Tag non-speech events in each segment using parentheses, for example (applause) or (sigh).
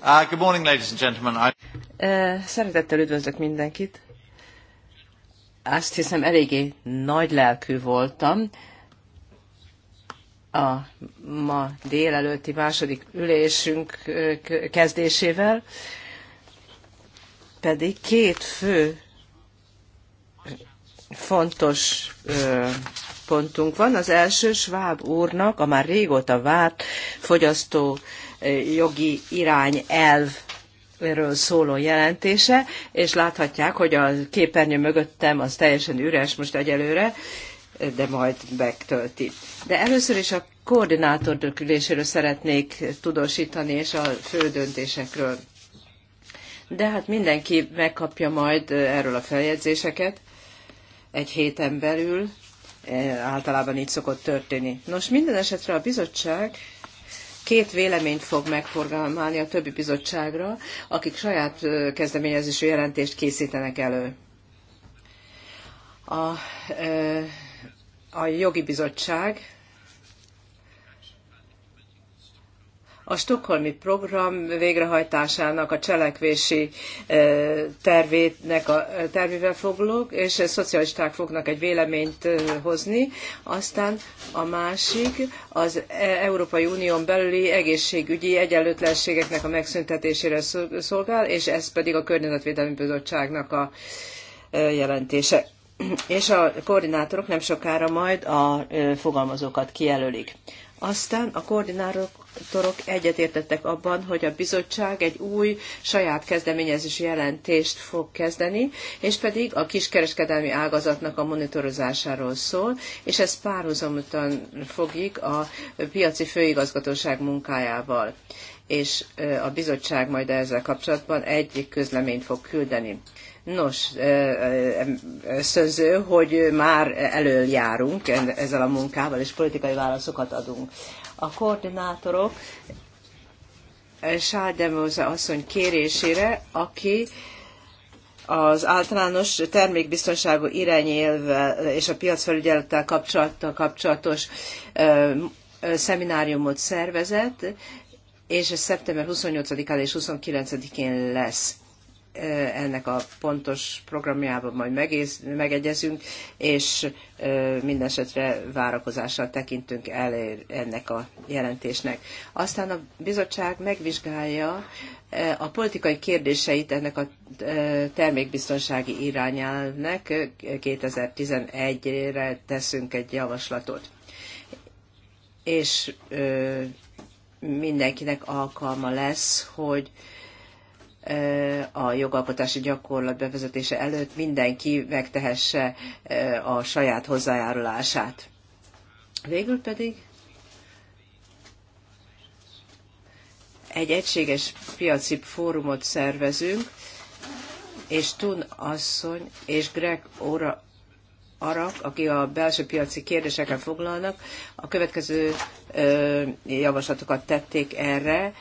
Uh, good morning, ladies and gentlemen. I... Eh, szeretettel üdvözlök mindenkit. Azt hiszem, eléggé nagy lelkű voltam a ma délelőtti második ülésünk eh, kezdésével, pedig két fő fontos eh, pontunk van. Az első Schwab úrnak a már régóta várt fogyasztó jogi irány elv erről szóló jelentése, és láthatják, hogy a képernyő mögöttem az teljesen üres most egyelőre, de majd megtölti. De először is a koordinátor döküléséről szeretnék tudósítani, és a fő döntésekről. De hát mindenki megkapja majd erről a feljegyzéseket egy héten belül, általában így szokott történni. Nos, minden esetre a bizottság két véleményt fog megforgalmálni a többi bizottságra, akik saját kezdeményezésű jelentést készítenek elő. A, a jogi bizottság A stokholmi program végrehajtásának a cselekvési e, tervének a e, tervével foglok, és a szocialisták fognak egy véleményt e, hozni. Aztán a másik az Európai Unión belüli egészségügyi egyenlőtlenségeknek a megszüntetésére szolgál, és ez pedig a Környezetvédelmi Bizottságnak a jelentése és a koordinátorok nem sokára majd a fogalmazókat kijelölik. Aztán a koordinátorok koordinátorok egyetértettek abban, hogy a bizottság egy új saját kezdeményezési jelentést fog kezdeni, és pedig a kiskereskedelmi ágazatnak a monitorozásáról szól, és ez párhuzamosan fogik a piaci főigazgatóság munkájával és a bizottság majd ezzel kapcsolatban egyik közleményt fog küldeni. Nos, szöző, hogy már elől járunk ezzel a munkával, és politikai válaszokat adunk. A koordinátorok Sáldemóza asszony kérésére, aki az általános termékbiztonságú irányélvel és a piacfelügyelettel kapcsolatos szemináriumot szervezett, és ez szeptember 28-án és 29-én lesz. Eh, ennek a pontos programjában majd megéz, megegyezünk, és eh, mindesetre várakozással tekintünk el ennek a jelentésnek. Aztán a bizottság megvizsgálja eh, a politikai kérdéseit ennek a termékbiztonsági irányelvnek 2011-re teszünk egy javaslatot. És mindenkinek alkalma lesz, hogy a jogalkotási gyakorlat bevezetése előtt mindenki megtehesse e, a saját hozzájárulását. Végül pedig egy egységes piaci fórumot szervezünk, és Tun asszony és Greg Ora Arak, aki a belső piaci kérdésekkel foglalnak, a következő ö, javaslatokat tették erre,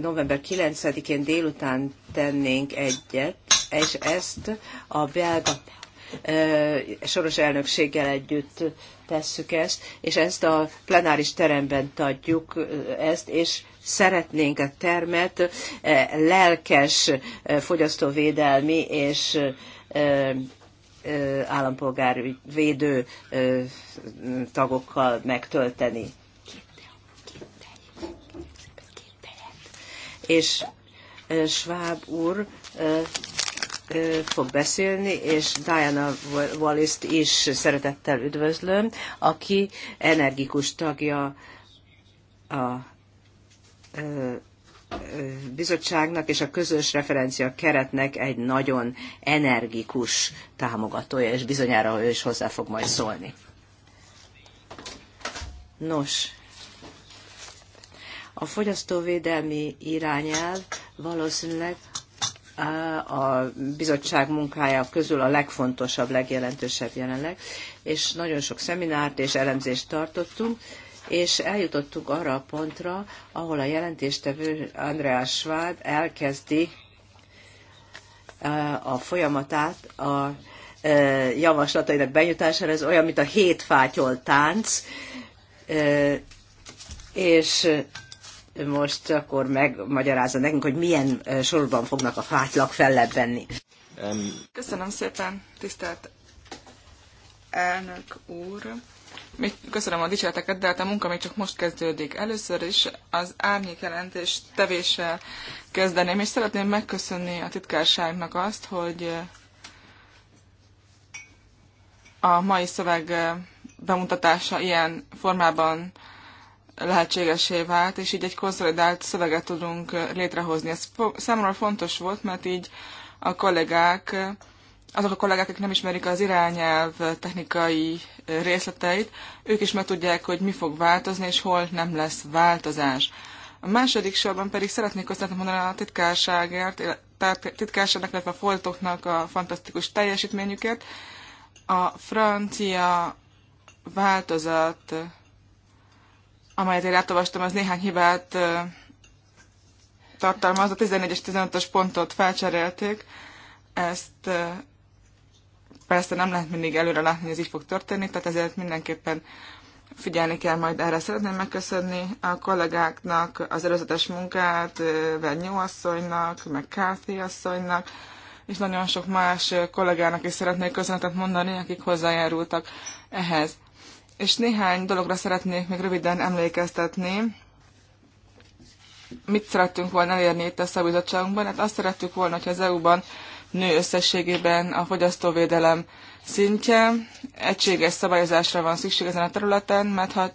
november 9-én délután tennénk egyet, és ezt a belga soros elnökséggel együtt tesszük ezt, és ezt a plenáris teremben tadjuk ezt, és szeretnénk a termet lelkes fogyasztóvédelmi és állampolgárvédő tagokkal megtölteni. és Schwab úr fog beszélni, és Diana wallace is szeretettel üdvözlöm, aki energikus tagja a bizottságnak és a közös referencia keretnek egy nagyon energikus támogatója, és bizonyára ő is hozzá fog majd szólni. Nos, a fogyasztóvédelmi irányelv valószínűleg a bizottság munkája közül a legfontosabb, legjelentősebb jelenleg, és nagyon sok szeminárt és elemzést tartottunk, és eljutottunk arra a pontra, ahol a jelentéstevő Andreas Schwab elkezdi a folyamatát a javaslatainak benyújtására, ez olyan, mint a hétfátyol tánc, és most akkor megmagyarázza nekünk, hogy milyen sorban fognak a fátlak fellebbenni. Köszönöm szépen, tisztelt elnök úr. Még köszönöm a dicséreteket, de hát a munka még csak most kezdődik. Először is az árnyék jelentés tevéssel kezdeném, és szeretném megköszönni a titkárságnak azt, hogy a mai szöveg bemutatása ilyen formában lehetségesé vált, és így egy konszolidált szöveget tudunk létrehozni. Ez számomra fontos volt, mert így a kollégák, azok a kollégák, akik nem ismerik az irányelv technikai részleteit, ők is meg tudják, hogy mi fog változni, és hol nem lesz változás. A második sorban pedig szeretnék köszönetet mondani a titkárságért, tehát titkárságnak, illetve a foltoknak a fantasztikus teljesítményüket. A francia változat amelyet én átolvastam, az néhány hibát tartalmaz. A 14 és 15-ös pontot felcserélték. Ezt persze nem lehet mindig előre látni, hogy ez így fog történni, tehát ezért mindenképpen figyelni kell majd erre. Szeretném megköszönni a kollégáknak az előzetes munkát, Vennyó asszonynak, meg Kárti asszonynak, és nagyon sok más kollégának is szeretnék köszönetet mondani, akik hozzájárultak ehhez és néhány dologra szeretnék még röviden emlékeztetni. Mit szerettünk volna elérni itt a szabizottságunkban? Hát azt szerettük volna, hogy az EU-ban nő összességében a fogyasztóvédelem szintje. Egységes szabályozásra van szükség ezen a területen, mert ha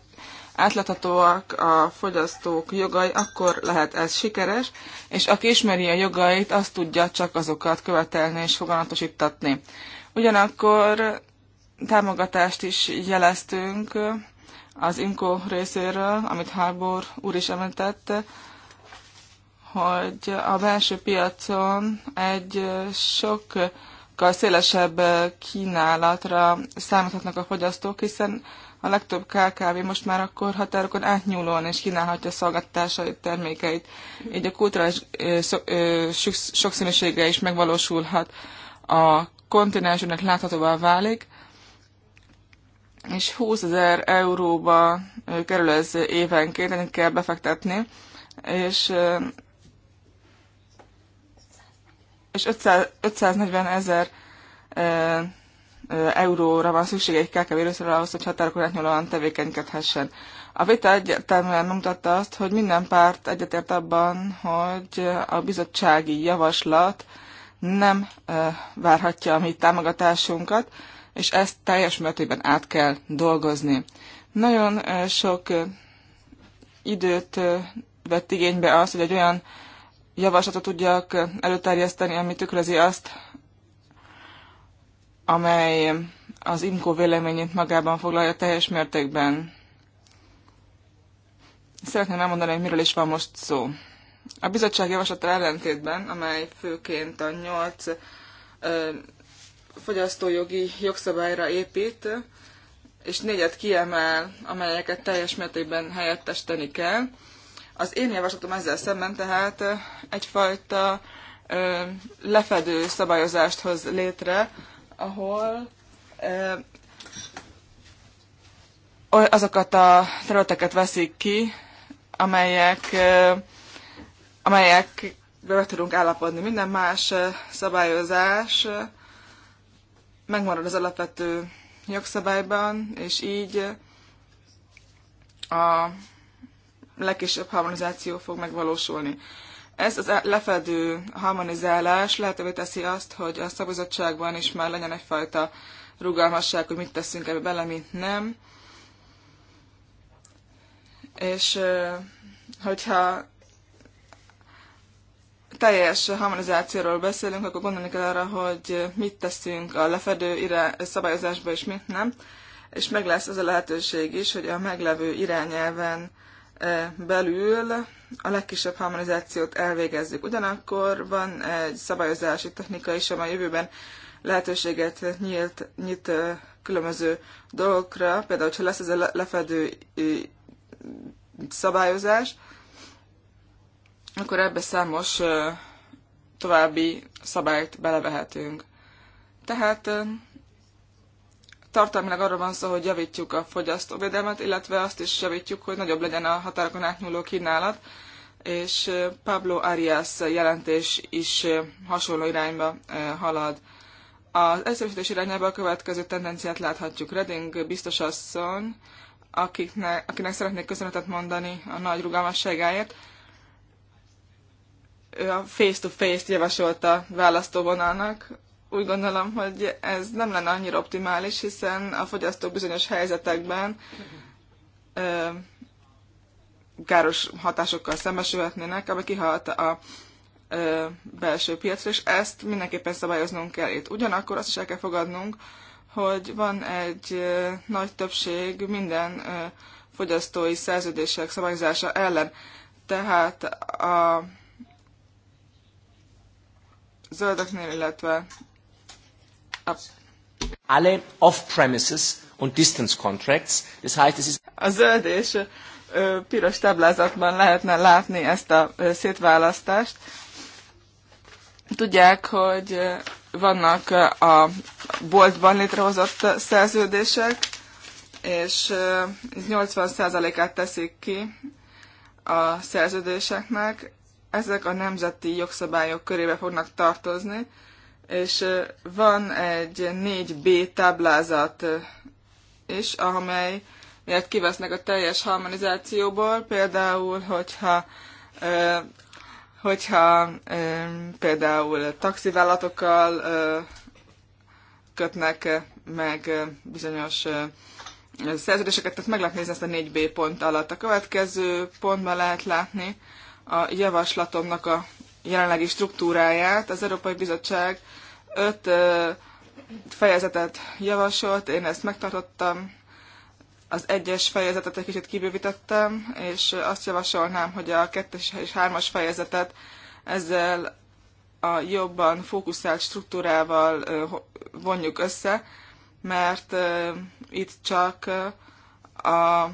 átláthatóak a fogyasztók jogai, akkor lehet ez sikeres, és aki ismeri a jogait, azt tudja csak azokat követelni és foganatosítatni. Ugyanakkor támogatást is jeleztünk az IMCO részéről, amit Harbour úr is említett, hogy a belső piacon egy sokkal szélesebb kínálatra számíthatnak a fogyasztók, hiszen a legtöbb KKV most már akkor határokon átnyúlóan és kínálhatja szolgáltatásait, termékeit. Így a kulturális sokszínűsége is megvalósulhat. A kontinensünknek láthatóvá válik, és 20 ezer euróba kerül ez évenként, ennyit kell befektetni, és, és 500, 540 ezer euróra van szükség egy KKV először ahhoz, hogy határokon átnyúlóan tevékenykedhessen. A vita egyértelműen mutatta azt, hogy minden párt egyetért abban, hogy a bizottsági javaslat nem várhatja a mi támogatásunkat, és ezt teljes mértékben át kell dolgozni. Nagyon sok időt vett igénybe az, hogy egy olyan javaslatot tudjak előterjeszteni, ami tükrözi azt, amely az IMCO véleményét magában foglalja teljes mértékben. Szeretném elmondani, hogy miről is van most szó. A bizottság javaslata ellentétben, amely főként a nyolc fogyasztójogi jogszabályra épít, és négyet kiemel, amelyeket teljes mértékben helyettesíteni kell. Az én javaslatom ezzel szemben tehát egyfajta ö, lefedő szabályozást hoz létre, ahol ö, azokat a területeket veszik ki, amelyek, ö, amelyek be tudunk állapodni. Minden más szabályozás megmarad az alapvető jogszabályban, és így a legkisebb harmonizáció fog megvalósulni. Ez az lefedő harmonizálás lehetővé teszi azt, hogy a szabozottságban is már legyen egyfajta rugalmasság, hogy mit teszünk ebbe bele, mint nem. És hogyha teljes harmonizációról beszélünk, akkor gondolni kell arra, hogy mit teszünk a lefedő irá- szabályozásba, és mit nem. És meg lesz az a lehetőség is, hogy a meglevő irányelven e, belül a legkisebb harmonizációt elvégezzük. Ugyanakkor van egy szabályozási technika is, amely a jövőben lehetőséget nyílt, nyit e, különböző dolgokra, például, ha lesz ez a lefedő szabályozás, akkor ebbe számos további szabályt belevehetünk. Tehát tartalmilag arról van szó, hogy javítjuk a fogyasztóvédelmet, illetve azt is javítjuk, hogy nagyobb legyen a határokon átnyúló kínálat, és Pablo Arias jelentés is hasonló irányba halad. Az egyszerűsítés irányába a következő tendenciát láthatjuk. Reding biztos asszony, akiknek, akinek szeretnék köszönetet mondani a nagy rugalmasságáért, ő a face-to-face-t javasolta választóvonalnak. Úgy gondolom, hogy ez nem lenne annyira optimális, hiszen a fogyasztók bizonyos helyzetekben ö, káros hatásokkal szembesülhetnének, ami kihalt a ö, belső piacra, és ezt mindenképpen szabályoznunk kell itt. Ugyanakkor azt is el kell fogadnunk, hogy van egy ö, nagy többség minden ö, fogyasztói szerződések szabályozása ellen. Tehát a zöldeknél, illetve a... Alle off-premises und distance contracts. Das heißt, es ist... A zöld és piros táblázatban lehetne látni ezt a szétválasztást. Tudják, hogy vannak a boltban létrehozott szerződések, és 80%-át teszik ki a szerződéseknek, ezek a nemzeti jogszabályok körébe fognak tartozni, és van egy 4B táblázat is, amely miért kivesznek a teljes harmonizációból, például, hogyha hogyha például taxivállalatokkal kötnek meg bizonyos szerződéseket, tehát meg lehet nézni ezt a 4B pont alatt. A következő pontban lehet látni, a javaslatomnak a jelenlegi struktúráját. Az Európai Bizottság öt fejezetet javasolt, én ezt megtartottam, az egyes fejezetet egy kicsit kibővítettem, és azt javasolnám, hogy a kettes és hármas fejezetet ezzel a jobban fókuszált struktúrával vonjuk össze, mert itt csak a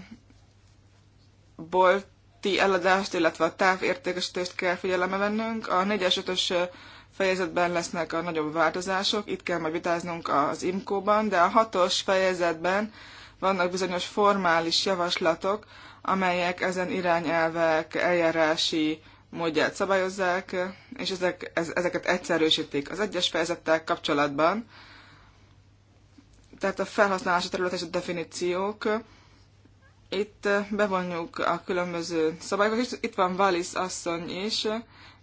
bolt eladást, illetve a távértékesítést kell figyelembe vennünk. A 4-es, 5-ös fejezetben lesznek a nagyobb változások, itt kell majd vitáznunk az IMCO-ban, de a 6-os fejezetben vannak bizonyos formális javaslatok, amelyek ezen irányelvek eljárási módját szabályozzák, és ezek, ez, ezeket egyszerűsítik. Az egyes fejezettel kapcsolatban, tehát a felhasználási terület és a definíciók, itt eh, bevonjuk a különböző szabályokat, és itt van Valisz asszony is,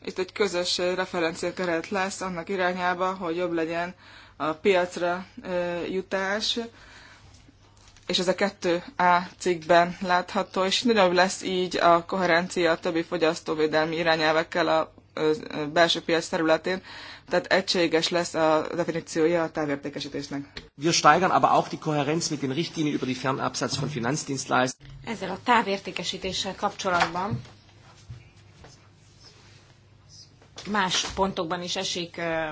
itt egy közös referenciakeret lesz annak irányába, hogy jobb legyen a piacra eh, jutás, és ez a 2A cikkben látható, és nagyobb lesz így a koherencia a többi fogyasztóvédelmi irányelvekkel a belső piac területén, tehát egységes lesz a definíciója a távértékesítésnek. Wir steigern aber auch die Kohärenz mit den Richtlinien über die Fernabsatz von Finanzdienstleistungen. Ezzel a távértékesítéssel kapcsolatban más pontokban is esik ö,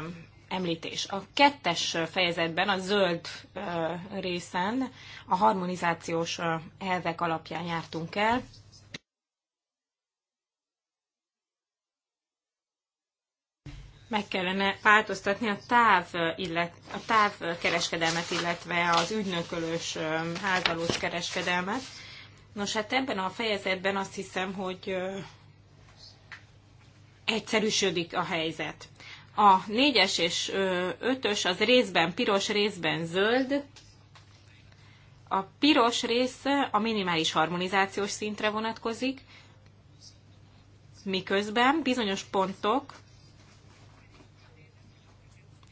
említés. A kettes fejezetben, a zöld ö, részen a harmonizációs ö, elvek alapján jártunk el. meg kellene változtatni a táv, illet, a táv kereskedelmet, illetve az ügynökölős házalós kereskedelmet. Nos, hát ebben a fejezetben azt hiszem, hogy egyszerűsödik a helyzet. A négyes és ötös az részben piros, részben zöld. A piros rész a minimális harmonizációs szintre vonatkozik, miközben bizonyos pontok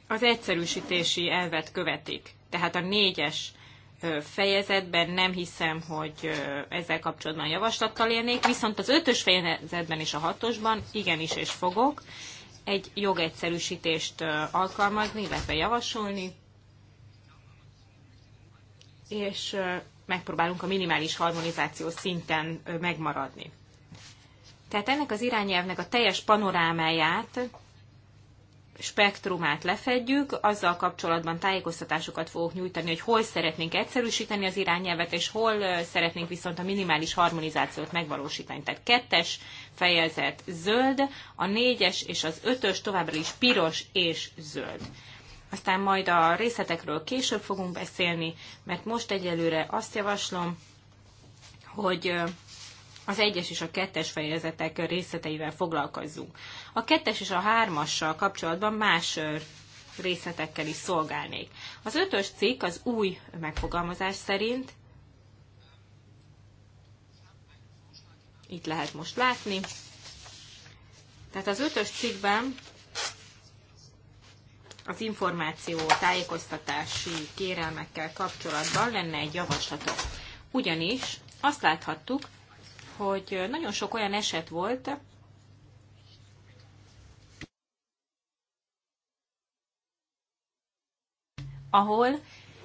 az egyszerűsítési elvet követik. Tehát a négyes fejezetben nem hiszem, hogy ezzel kapcsolatban javaslattal élnék, viszont az ötös fejezetben és a hatosban igenis és fogok egy jogegyszerűsítést alkalmazni, illetve javasolni, és megpróbálunk a minimális harmonizáció szinten megmaradni. Tehát ennek az irányelvnek a teljes panorámáját spektrumát lefedjük, azzal kapcsolatban tájékoztatásokat fogok nyújtani, hogy hol szeretnénk egyszerűsíteni az irányelvet, és hol szeretnénk viszont a minimális harmonizációt megvalósítani. Tehát kettes fejezet zöld, a négyes és az ötös továbbra is piros és zöld. Aztán majd a részletekről később fogunk beszélni, mert most egyelőre azt javaslom, hogy az egyes és a kettes fejezetek részleteivel foglalkozzunk. A kettes és a hármassal kapcsolatban más részletekkel is szolgálnék. Az ötös cikk az új megfogalmazás szerint, itt lehet most látni, tehát az ötös cikkben az információ tájékoztatási kérelmekkel kapcsolatban lenne egy javaslatok. Ugyanis azt láthattuk, hogy nagyon sok olyan eset volt, ahol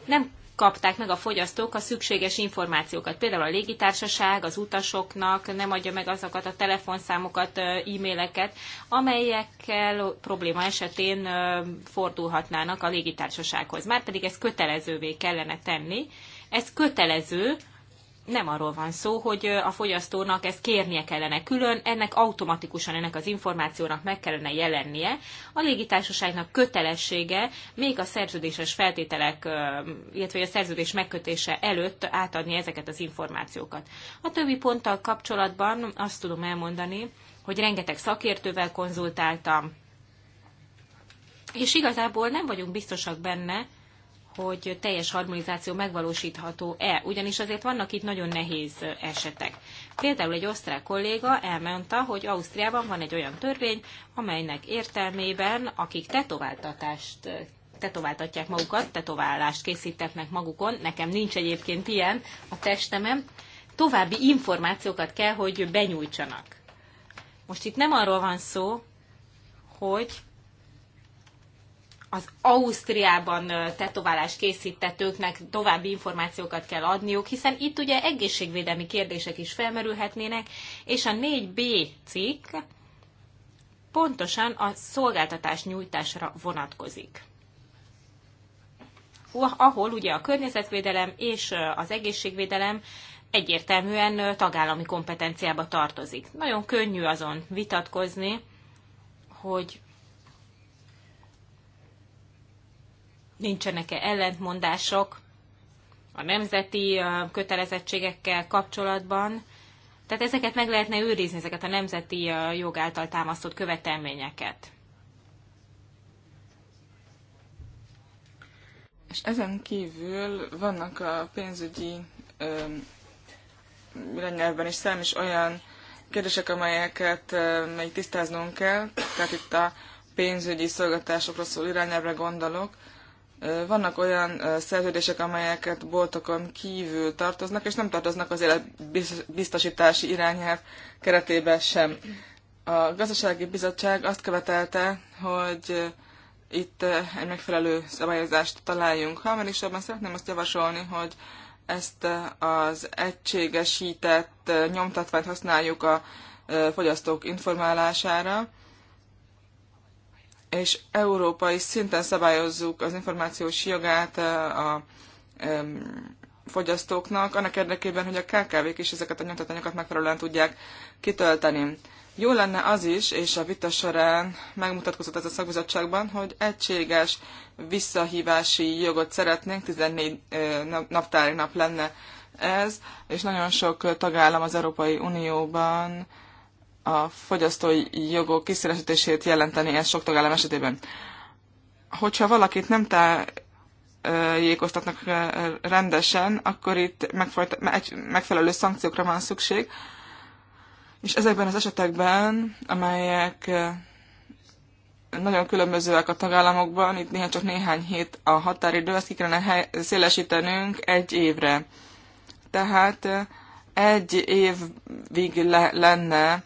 nem kapták meg a fogyasztók a szükséges információkat. Például a légitársaság az utasoknak nem adja meg azokat a telefonszámokat, e-maileket, amelyekkel probléma esetén fordulhatnának a légitársasághoz. Márpedig ezt kötelezővé kellene tenni. Ez kötelező nem arról van szó, hogy a fogyasztónak ezt kérnie kellene külön, ennek automatikusan, ennek az információnak meg kellene jelennie. A légitársaságnak kötelessége még a szerződéses feltételek, illetve a szerződés megkötése előtt átadni ezeket az információkat. A többi ponttal kapcsolatban azt tudom elmondani, hogy rengeteg szakértővel konzultáltam, és igazából nem vagyunk biztosak benne, hogy teljes harmonizáció megvalósítható-e, ugyanis azért vannak itt nagyon nehéz esetek. Például egy osztrák kolléga elmondta, hogy Ausztriában van egy olyan törvény, amelynek értelmében, akik tetováltatást tetováltatják magukat, tetoválást készítetnek magukon, nekem nincs egyébként ilyen a testemem, további információkat kell, hogy benyújtsanak. Most itt nem arról van szó, hogy az Ausztriában tetoválás készítetőknek további információkat kell adniuk, hiszen itt ugye egészségvédelmi kérdések is felmerülhetnének, és a 4B cikk pontosan a szolgáltatás nyújtásra vonatkozik ahol ugye a környezetvédelem és az egészségvédelem egyértelműen tagállami kompetenciába tartozik. Nagyon könnyű azon vitatkozni, hogy nincsenek-e ellentmondások a nemzeti kötelezettségekkel kapcsolatban. Tehát ezeket meg lehetne őrizni, ezeket a nemzeti jog által támasztott követelményeket. És ezen kívül vannak a pénzügyi irányelvben is szám is olyan kérdések, amelyeket még tisztáznunk kell, tehát itt a pénzügyi szolgáltatásokról szól irányelvre gondolok, vannak olyan szerződések, amelyeket boltokon kívül tartoznak, és nem tartoznak az életbiztosítási irányelv keretébe sem. A gazdasági bizottság azt követelte, hogy itt egy megfelelő szabályozást találjunk. Hamarisabban szeretném azt javasolni, hogy ezt az egységesített nyomtatványt használjuk a fogyasztók informálására, és európai szinten szabályozzuk az információs jogát a fogyasztóknak, annak érdekében, hogy a KKV-k is ezeket a nyomtatványokat megfelelően tudják kitölteni. Jó lenne az is, és a vita során megmutatkozott ez a szakbizottságban, hogy egységes visszahívási jogot szeretnénk, 14 naptári nap lenne ez, és nagyon sok tagállam az Európai Unióban a fogyasztói jogok kiszélesítését jelenteni ez sok tagállam esetében. Hogyha valakit nem tájékoztatnak eh, rendesen, akkor itt megfelelő szankciókra van szükség, és ezekben az esetekben, amelyek eh, nagyon különbözőek a tagállamokban, itt néha csak néhány hét a határidő, ezt ki kellene szélesítenünk egy évre. Tehát eh, egy évig le- lenne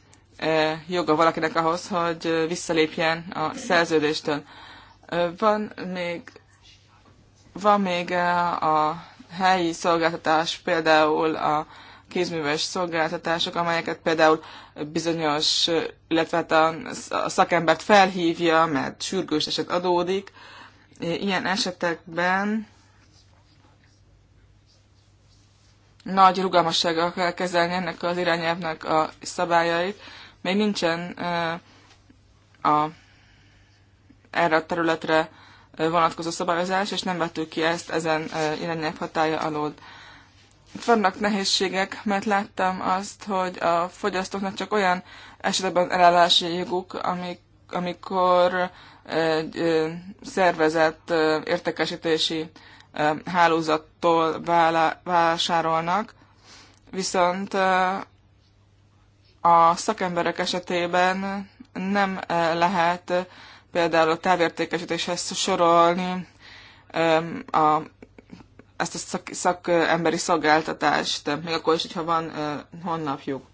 joga valakinek ahhoz, hogy visszalépjen a szerződéstől. Van még, van még a helyi szolgáltatás, például a kézműves szolgáltatások, amelyeket például bizonyos, illetve hát a szakembert felhívja, mert sürgős eset adódik. Ilyen esetekben nagy rugalmassággal kell kezelni ennek az irányelvnek a szabályait, még nincsen a, erre a területre vonatkozó szabályozás, és nem vettük ki ezt ezen irányelv hatája alól. Itt vannak nehézségek, mert láttam azt, hogy a fogyasztóknak csak olyan esetben elállási joguk, amik, amikor egy szervezett értekesítési hálózattól vásárolnak, viszont a szakemberek esetében nem eh, lehet eh, például a távértékesítéshez sorolni a, ezt a szak, szakemberi szolgáltatást, még akkor is, hogyha van eh, honnapjuk.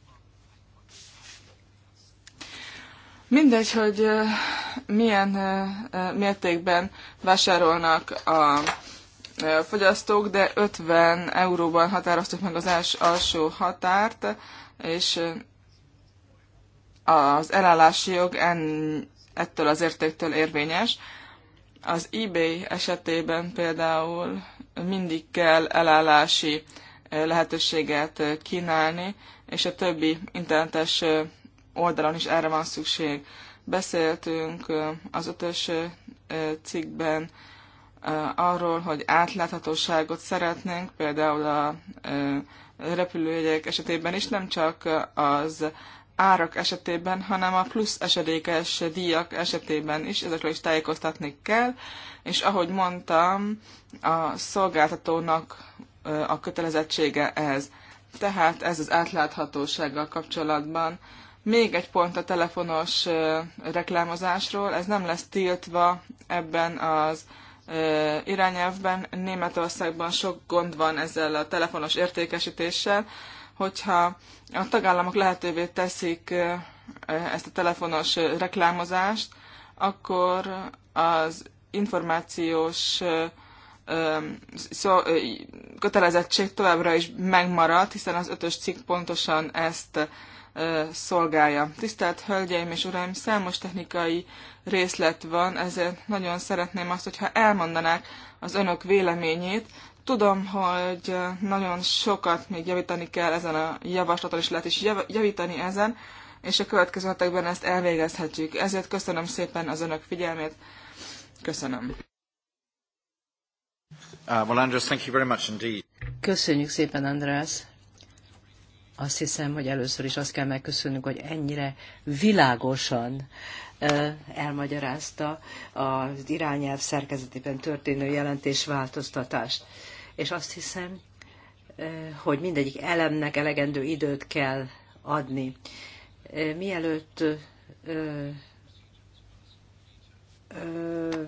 Mindegy, hogy milyen mértékben vásárolnak a fogyasztók, de 50 euróban határoztuk meg az els, alsó határt, és az elállási jog en, ettől az értéktől érvényes. Az eBay esetében például mindig kell elállási lehetőséget kínálni, és a többi internetes oldalon is erre van szükség. Beszéltünk az ötös cikkben arról, hogy átláthatóságot szeretnénk, például a repülőjegyek esetében is, nem csak az árak esetében, hanem a plusz esedékes díjak esetében is, ezekről is tájékoztatni kell, és ahogy mondtam, a szolgáltatónak a kötelezettsége ez. Tehát ez az átláthatósággal kapcsolatban. Még egy pont a telefonos reklámozásról, ez nem lesz tiltva ebben az irányelvben. Németországban sok gond van ezzel a telefonos értékesítéssel, hogyha a tagállamok lehetővé teszik ezt a telefonos reklámozást, akkor az információs szó, kötelezettség továbbra is megmarad, hiszen az ötös cikk pontosan ezt szolgálja. Tisztelt Hölgyeim és Uraim, számos technikai részlet van, ezért nagyon szeretném azt, hogyha elmondanák az önök véleményét, Tudom, hogy nagyon sokat még javítani kell ezen a javaslaton, és lehet is javítani ezen, és a következő hetekben ezt elvégezhetjük. Ezért köszönöm szépen az önök figyelmét. Köszönöm. Uh, well, Andres, thank you very much indeed. Köszönjük szépen, András. Azt hiszem, hogy először is azt kell megköszönnünk, hogy ennyire világosan uh, elmagyarázta az irányelv szerkezetében történő jelentés változtatást és azt hiszem, hogy mindegyik elemnek elegendő időt kell adni. Mielőtt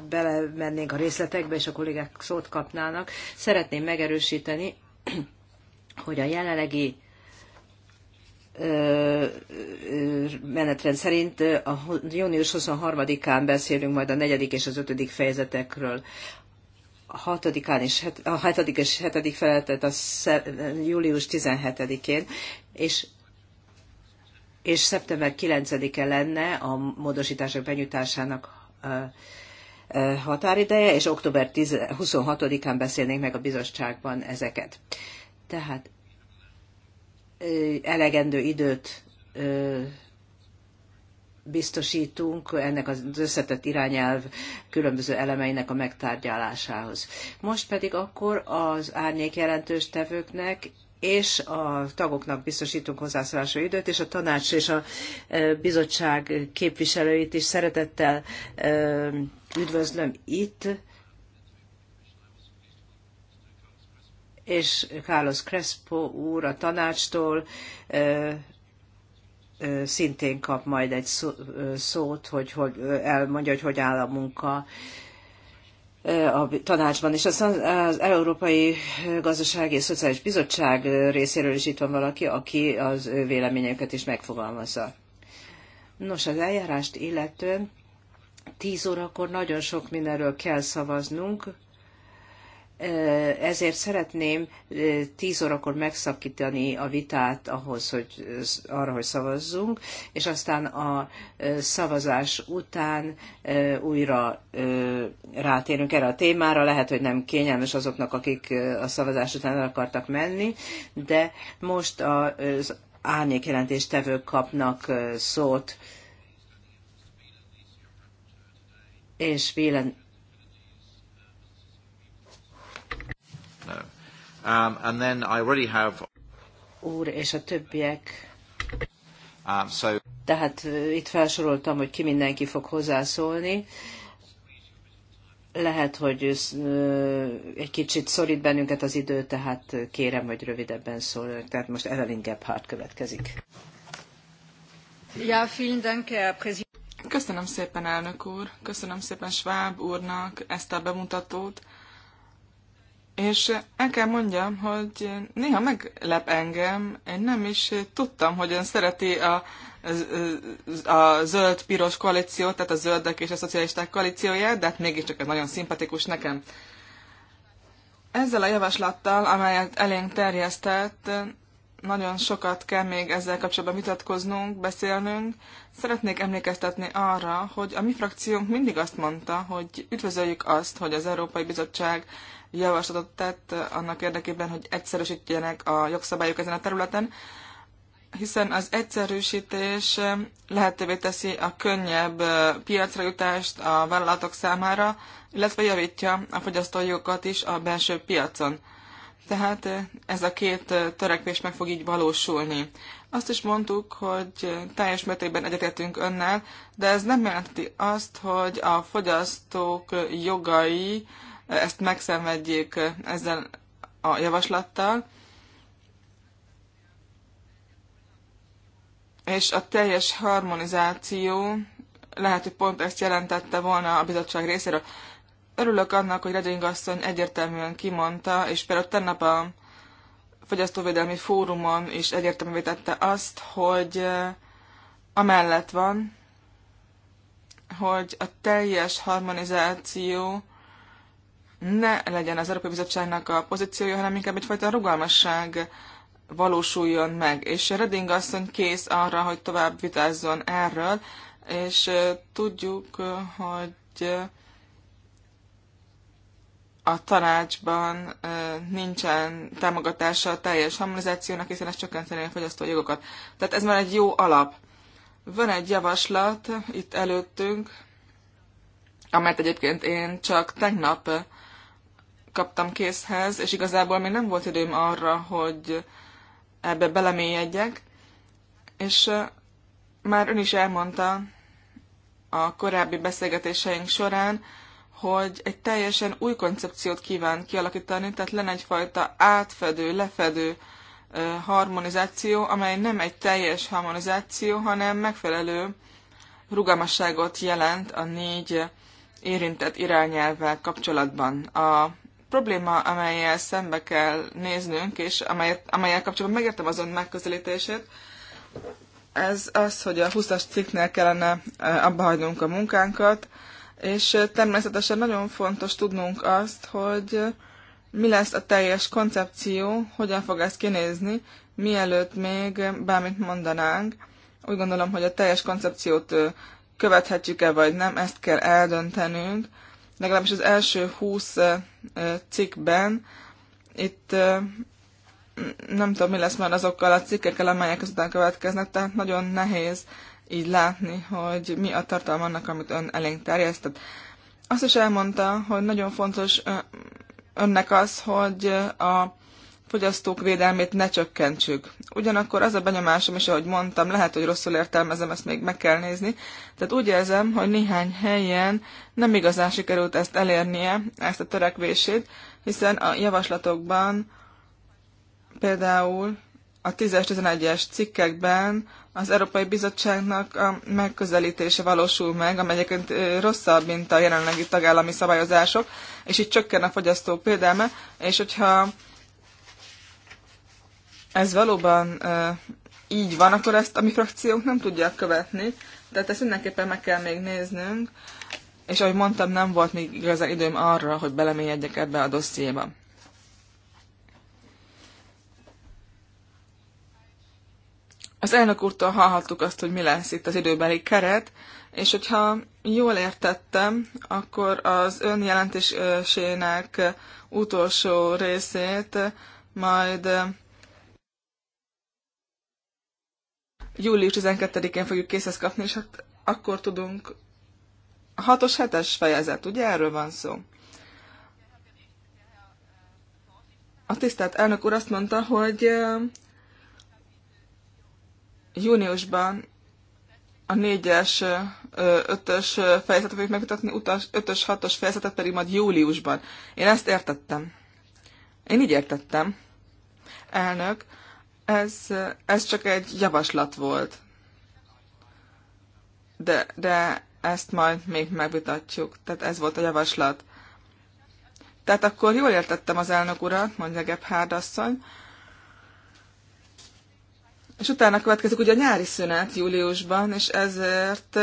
belemennénk a részletekbe, és a kollégák szót kapnának, szeretném megerősíteni, (clears throat) hogy a jelenlegi menetrend szerint a június 23-án beszélünk majd a negyedik és az ötödik fejezetekről hatodikán és het, a hetedik és hetedik feleltet a július 17-én, és és szeptember 9-e lenne a módosítások benyújtásának határideje, és október 26-án beszélnénk meg a bizottságban ezeket. Tehát elegendő időt biztosítunk ennek az összetett irányelv különböző elemeinek a megtárgyalásához. Most pedig akkor az árnyék jelentős tevőknek és a tagoknak biztosítunk hozzászólásra időt, és a tanács és a bizottság képviselőit is szeretettel üdvözlöm itt. És Carlos Crespo úr a tanácstól szintén kap majd egy szót, hogy, hogy elmondja, hogy hogy áll a munka a tanácsban, és aztán az Európai Gazdasági és Szociális Bizottság részéről is itt van valaki, aki az ő véleményeket is megfogalmazza. Nos, az eljárást illetően 10 órakor nagyon sok mindenről kell szavaznunk, ezért szeretném 10 órakor megszakítani a vitát ahhoz, hogy arra, hogy szavazzunk, és aztán a szavazás után újra rátérünk erre a témára. Lehet, hogy nem kényelmes azoknak, akik a szavazás után el akartak menni, de most az árnyékjelentéstevők kapnak szót. és Vélen Um, and then I already have... Úr és a többiek. Um, so... Tehát itt felsoroltam, hogy ki mindenki fog hozzászólni. Lehet, hogy egy kicsit szorít bennünket az idő, tehát kérem, hogy rövidebben szól. Tehát most Evelyn Gebhardt következik. Ja, vielen Dank, Köszönöm szépen, elnök úr. Köszönöm szépen Schwab úrnak ezt a bemutatót. És el kell mondjam, hogy néha meglep engem, én nem is tudtam, hogy ön szereti a, a, a zöld-piros koalíciót, tehát a zöldek és a szocialisták koalícióját, de hát mégiscsak ez nagyon szimpatikus nekem. Ezzel a javaslattal, amelyet elénk terjesztett, nagyon sokat kell még ezzel kapcsolatban vitatkoznunk, beszélnünk. Szeretnék emlékeztetni arra, hogy a mi frakciónk mindig azt mondta, hogy üdvözöljük azt, hogy az Európai Bizottság javaslatot tett annak érdekében, hogy egyszerűsítjenek a jogszabályok ezen a területen, hiszen az egyszerűsítés lehetővé teszi a könnyebb piacra jutást a vállalatok számára, illetve javítja a fogyasztójukat is a belső piacon. Tehát ez a két törekvés meg fog így valósulni. Azt is mondtuk, hogy teljes mértékben egyetértünk önnel, de ez nem jelenti azt, hogy a fogyasztók jogai ezt megszenvedjék ezzel a javaslattal. És a teljes harmonizáció lehet, hogy pont ezt jelentette volna a bizottság részéről. Örülök annak, hogy Redding asszony egyértelműen kimondta, és például tegnap a Fogyasztóvédelmi Fórumon is egyértelművé tette azt, hogy eh, amellett van, hogy a teljes harmonizáció ne legyen az Európai Bizottságnak a pozíciója, hanem inkább egyfajta rugalmasság valósuljon meg. És Reding asszony kész arra, hogy tovább vitázzon erről, és tudjuk, hogy a tanácsban nincsen támogatása a teljes harmonizációnak, hiszen ez csökkenteni a fogyasztói jogokat. Tehát ez már egy jó alap. Van egy javaslat itt előttünk, amelyet egyébként én csak tegnap kaptam készhez, és igazából még nem volt időm arra, hogy ebbe belemélyedjek, és már ön is elmondta a korábbi beszélgetéseink során, hogy egy teljesen új koncepciót kíván kialakítani, tehát lenne egyfajta átfedő, lefedő harmonizáció, amely nem egy teljes harmonizáció, hanem megfelelő rugalmasságot jelent a négy érintett irányelvvel kapcsolatban. A probléma, amelyel szembe kell néznünk, és amelyet, amelyel kapcsolatban megértem azon megközelítését, ez az, hogy a 20-as cikknél kellene eh, abbahagynunk a munkánkat, és eh, természetesen nagyon fontos tudnunk azt, hogy eh, mi lesz a teljes koncepció, hogyan fog ez kinézni, mielőtt még bármit mondanánk. Úgy gondolom, hogy a teljes koncepciót követhetjük-e vagy nem, ezt kell eldöntenünk, legalábbis az első 20 cikkben itt nem tudom, mi lesz már azokkal a cikkekkel, amelyek azután következnek, tehát nagyon nehéz így látni, hogy mi a tartalma annak, amit ön elénk terjesztett. Azt is elmondta, hogy nagyon fontos önnek az, hogy a fogyasztók védelmét ne csökkentsük. Ugyanakkor az a benyomásom is, ahogy mondtam, lehet, hogy rosszul értelmezem, ezt még meg kell nézni, tehát úgy érzem, hogy néhány helyen nem igazán sikerült ezt elérnie, ezt a törekvését, hiszen a javaslatokban például a 10-11-es cikkekben az Európai Bizottságnak a megközelítése valósul meg, amelyeket rosszabb, mint a jelenlegi tagállami szabályozások, és így csökken a fogyasztók védelme, és hogyha ez valóban így van, akkor ezt a mi frakciónk nem tudja követni, tehát ezt mindenképpen meg kell még néznünk, és ahogy mondtam, nem volt még igazán időm arra, hogy belemélyedjek ebbe a dossziéba. Az elnök úrtól hallhattuk azt, hogy mi lesz itt az időbeli keret, és hogyha jól értettem, akkor az önjelentésének utolsó részét majd július 12-én fogjuk készhez kapni, és hát akkor tudunk... A hatos hetes fejezet, ugye erről van szó? A tisztelt elnök úr azt mondta, hogy júniusban a négyes ötös fejezetet fogjuk megmutatni, utas, ötös, hatos fejezetet pedig majd júliusban. Én ezt értettem. Én így értettem. Elnök, ez, ez csak egy javaslat volt. De, de ezt majd még megvitatjuk. Tehát ez volt a javaslat. Tehát akkor jól értettem az elnök urat, mondja Gebhard asszony. És utána következik ugye a nyári szünet júliusban, és ezért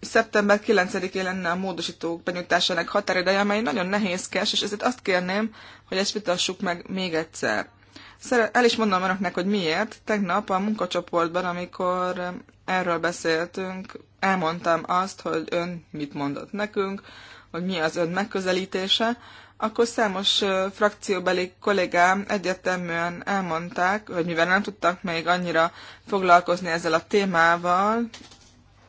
szeptember 9-én lenne a módosítók benyújtásának határideje, amely nagyon nehézkes, és ezért azt kérném, hogy ezt vitassuk meg még egyszer. El is mondom önöknek, hogy miért. Tegnap a munkacsoportban, amikor erről beszéltünk, elmondtam azt, hogy ön mit mondott nekünk, hogy mi az ön megközelítése, akkor számos frakcióbeli kollégám egyeteműen elmondták, hogy mivel nem tudtak még annyira foglalkozni ezzel a témával,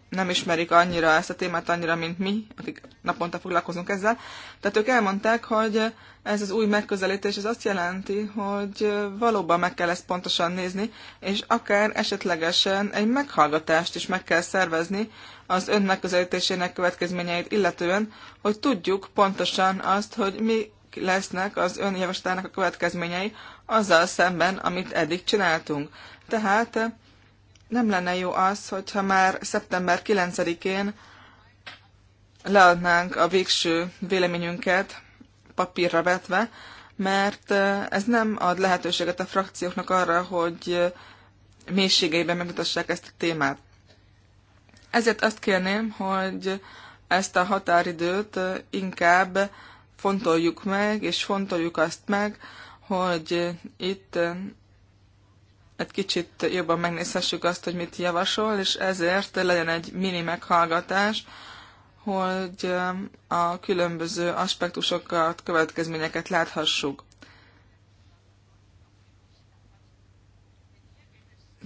nem ismerik annyira ezt a témát annyira, mint mi, akik naponta foglalkozunk ezzel. Tehát ők elmondták, hogy ez az új megközelítés ez azt jelenti, hogy valóban meg kell ezt pontosan nézni, és akár esetlegesen egy meghallgatást is meg kell szervezni az ön megközelítésének következményeit illetően, hogy tudjuk pontosan azt, hogy mi lesznek az ön javaslatának a következményei azzal szemben, amit eddig csináltunk. Tehát nem lenne jó az, hogyha már szeptember 9-én leadnánk a végső véleményünket papírra vetve, mert ez nem ad lehetőséget a frakcióknak arra, hogy mélységeiben megmutassák ezt a témát. Ezért azt kérném, hogy ezt a határidőt inkább fontoljuk meg, és fontoljuk azt meg, hogy itt egy kicsit jobban megnézhessük azt, hogy mit javasol, és ezért legyen egy mini meghallgatás, hogy a különböző aspektusokat, következményeket láthassuk.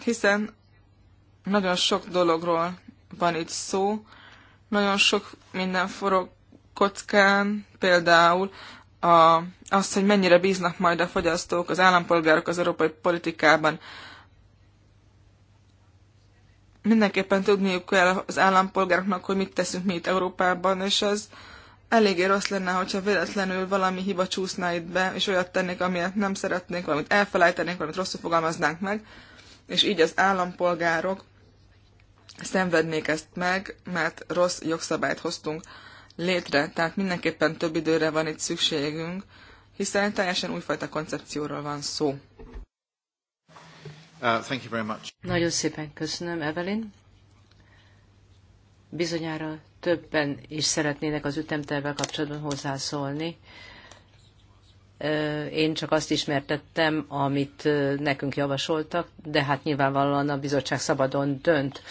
Hiszen nagyon sok dologról van itt szó, nagyon sok minden forog kockán, például a, azt, hogy mennyire bíznak majd a fogyasztók, az állampolgárok az európai politikában. Mindenképpen tudniuk kell az állampolgároknak, hogy mit teszünk mi itt Európában, és az eléggé rossz lenne, hogyha véletlenül valami hiba csúszná itt be, és olyat tennék, amilyet nem szeretnénk, valamit elfelejtenénk, valamit rosszul fogalmaznánk meg, és így az állampolgárok szenvednék ezt meg, mert rossz jogszabályt hoztunk létre, tehát mindenképpen több időre van itt szükségünk, hiszen teljesen újfajta koncepcióról van szó. Uh, thank you very much. Nagyon szépen köszönöm, Evelyn. Bizonyára többen is szeretnének az ütemtervvel kapcsolatban hozzászólni. Uh, én csak azt ismertettem, amit uh, nekünk javasoltak, de hát nyilvánvalóan a bizottság szabadon dönt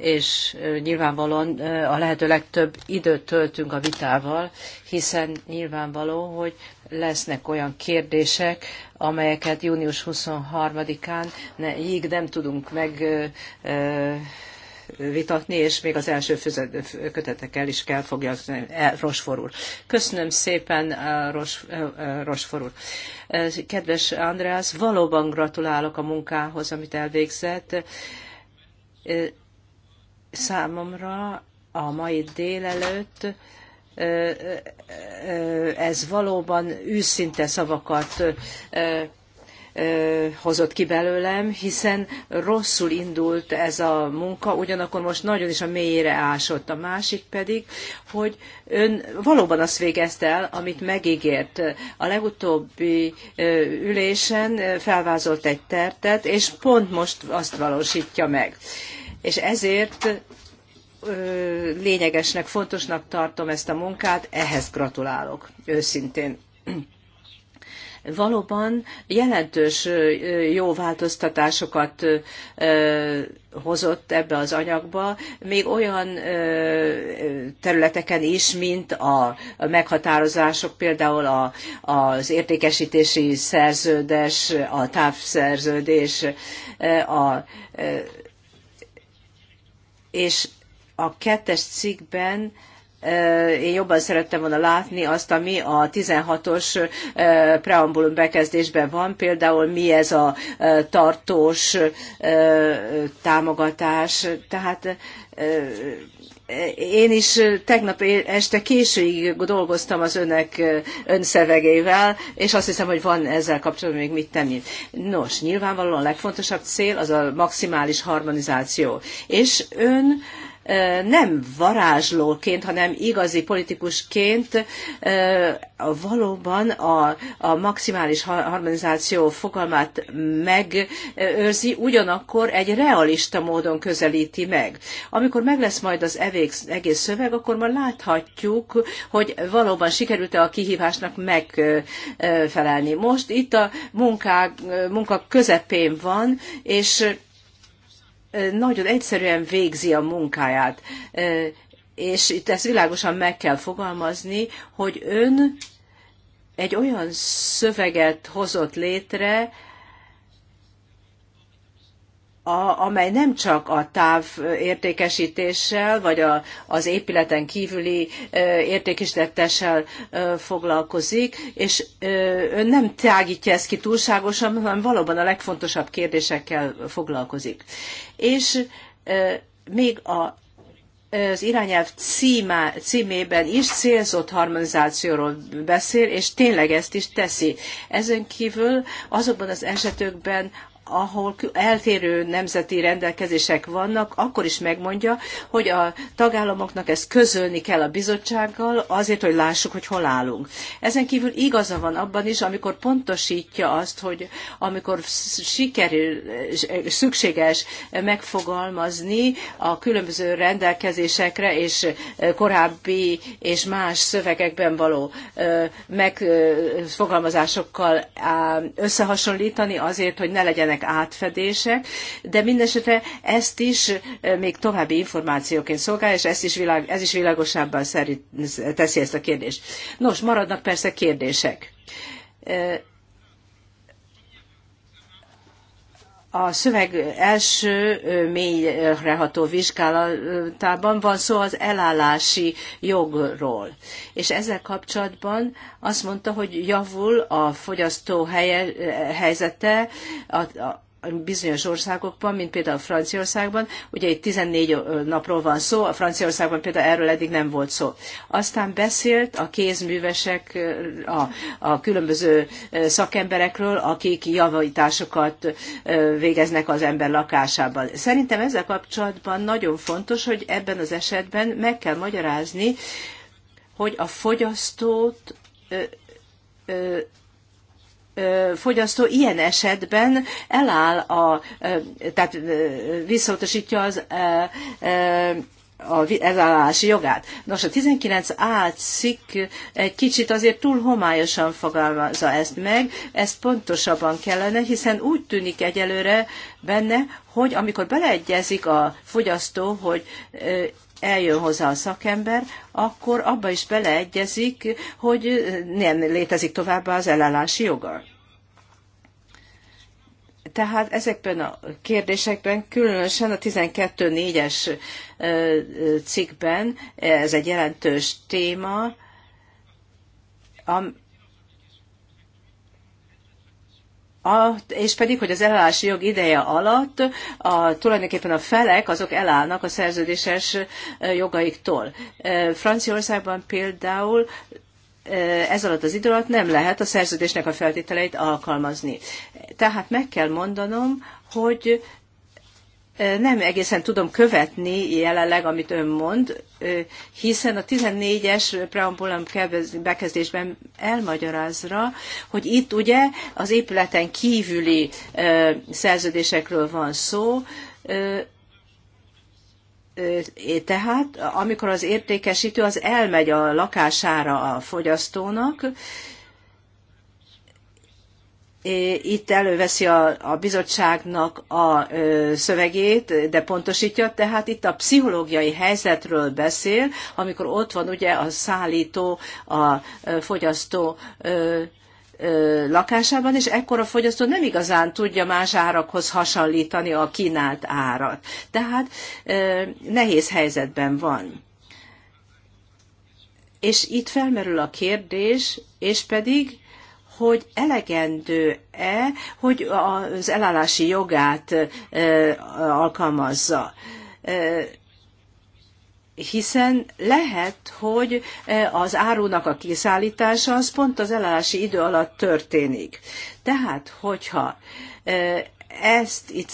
és nyilvánvalóan a lehető legtöbb időt töltünk a vitával, hiszen nyilvánvaló, hogy lesznek olyan kérdések, amelyeket június 23-ánig nem tudunk megvitatni, és még az első kötetekkel is kell foglalkozni, e, Rosfor úr. Köszönöm szépen, Ros, Rosfor úr. Kedves András, valóban gratulálok a munkához, amit elvégzett Számomra a mai délelőtt ez valóban őszinte szavakat hozott ki belőlem, hiszen rosszul indult ez a munka, ugyanakkor most nagyon is a mélyére ásott. A másik pedig, hogy ön valóban azt végezte el, amit megígért. A legutóbbi ülésen felvázolt egy tertet, és pont most azt valósítja meg. És ezért lényegesnek, fontosnak tartom ezt a munkát, ehhez gratulálok, őszintén. Valóban jelentős jó változtatásokat hozott ebbe az anyagba, még olyan területeken is, mint a meghatározások, például a, az értékesítési szerződés, a távszerződés, a és a kettes cikkben én jobban szerettem volna látni azt, ami a 16-os preambulum bekezdésben van, például mi ez a tartós támogatás. Tehát én is tegnap este későig dolgoztam az önök önszövegével, és azt hiszem, hogy van ezzel kapcsolatban még mit tenni. Nos, nyilvánvalóan a legfontosabb cél az a maximális harmonizáció. És ön nem varázslóként, hanem igazi politikusként valóban a, a maximális harmonizáció fogalmát megőrzi, ugyanakkor egy realista módon közelíti meg. Amikor meg lesz majd az egész szöveg, akkor már láthatjuk, hogy valóban sikerült-e a kihívásnak megfelelni. Most itt a munkák, munka közepén van, és nagyon egyszerűen végzi a munkáját. És itt ezt világosan meg kell fogalmazni, hogy ön egy olyan szöveget hozott létre, a, amely nem csak a értékesítéssel vagy a, az épületen kívüli ö, értékesítéssel foglalkozik, és ön nem tágítja ezt ki túlságosan, hanem valóban a legfontosabb kérdésekkel foglalkozik. És még a az irányelv címá, címében is célzott harmonizációról beszél, és tényleg ezt is teszi. Ezen kívül azokban az esetekben, ahol eltérő nemzeti rendelkezések vannak, akkor is megmondja, hogy a tagállamoknak ezt közölni kell a bizottsággal, azért, hogy lássuk, hogy hol állunk. Ezen kívül igaza van abban is, amikor pontosítja azt, hogy amikor sikerül, szükséges megfogalmazni a különböző rendelkezésekre és korábbi és más szövegekben való megfogalmazásokkal összehasonlítani azért, hogy ne legyenek lesznek átfedések, de mindesetre ezt is még további információként szolgál, és ez is világ, ez is világosabbá teszi ezt a kérdést. Nos, maradnak persze kérdések A szöveg első mélyreható vizsgálatában van szó az elállási jogról. És ezzel kapcsolatban azt mondta, hogy javul a fogyasztó helye, helyzete, a, a, bizonyos országokban, mint például Franciaországban, ugye itt 14 napról van szó, a Franciaországban például erről eddig nem volt szó. Aztán beszélt a kézművesek, a, a különböző szakemberekről, akik javításokat végeznek az ember lakásában. Szerintem ezzel kapcsolatban nagyon fontos, hogy ebben az esetben meg kell magyarázni, hogy a fogyasztót fogyasztó ilyen esetben eláll a, tehát visszautasítja az a elállási jogát. Nos, a 19 átszik egy kicsit azért túl homályosan fogalmazza ezt meg, ezt pontosabban kellene, hiszen úgy tűnik egyelőre benne, hogy amikor beleegyezik a fogyasztó, hogy eljön hozzá a szakember, akkor abba is beleegyezik, hogy nem létezik továbbá az elállási joga. Tehát ezekben a kérdésekben, különösen a 12.4-es cikkben, ez egy jelentős téma, A, és pedig, hogy az elállási jog ideje alatt a, tulajdonképpen a felek azok elállnak a szerződéses jogaiktól. Franciaországban például ez alatt az idő alatt nem lehet a szerződésnek a feltételeit alkalmazni. Tehát meg kell mondanom, hogy nem egészen tudom követni jelenleg, amit ön mond, hiszen a 14-es preambulum bekezdésben elmagyarázra, hogy itt ugye az épületen kívüli szerződésekről van szó, tehát amikor az értékesítő az elmegy a lakására a fogyasztónak, itt előveszi a, a bizottságnak a ö, szövegét, de pontosítja, tehát itt a pszichológiai helyzetről beszél, amikor ott van ugye a szállító, a ö, fogyasztó ö, ö, lakásában, és ekkor a fogyasztó nem igazán tudja más árakhoz hasonlítani a kínált árat. Tehát ö, nehéz helyzetben van. És itt felmerül a kérdés, és pedig hogy elegendő-e, hogy az elállási jogát alkalmazza hiszen lehet, hogy az árunak a kiszállítása az pont az elállási idő alatt történik. Tehát, hogyha ezt itt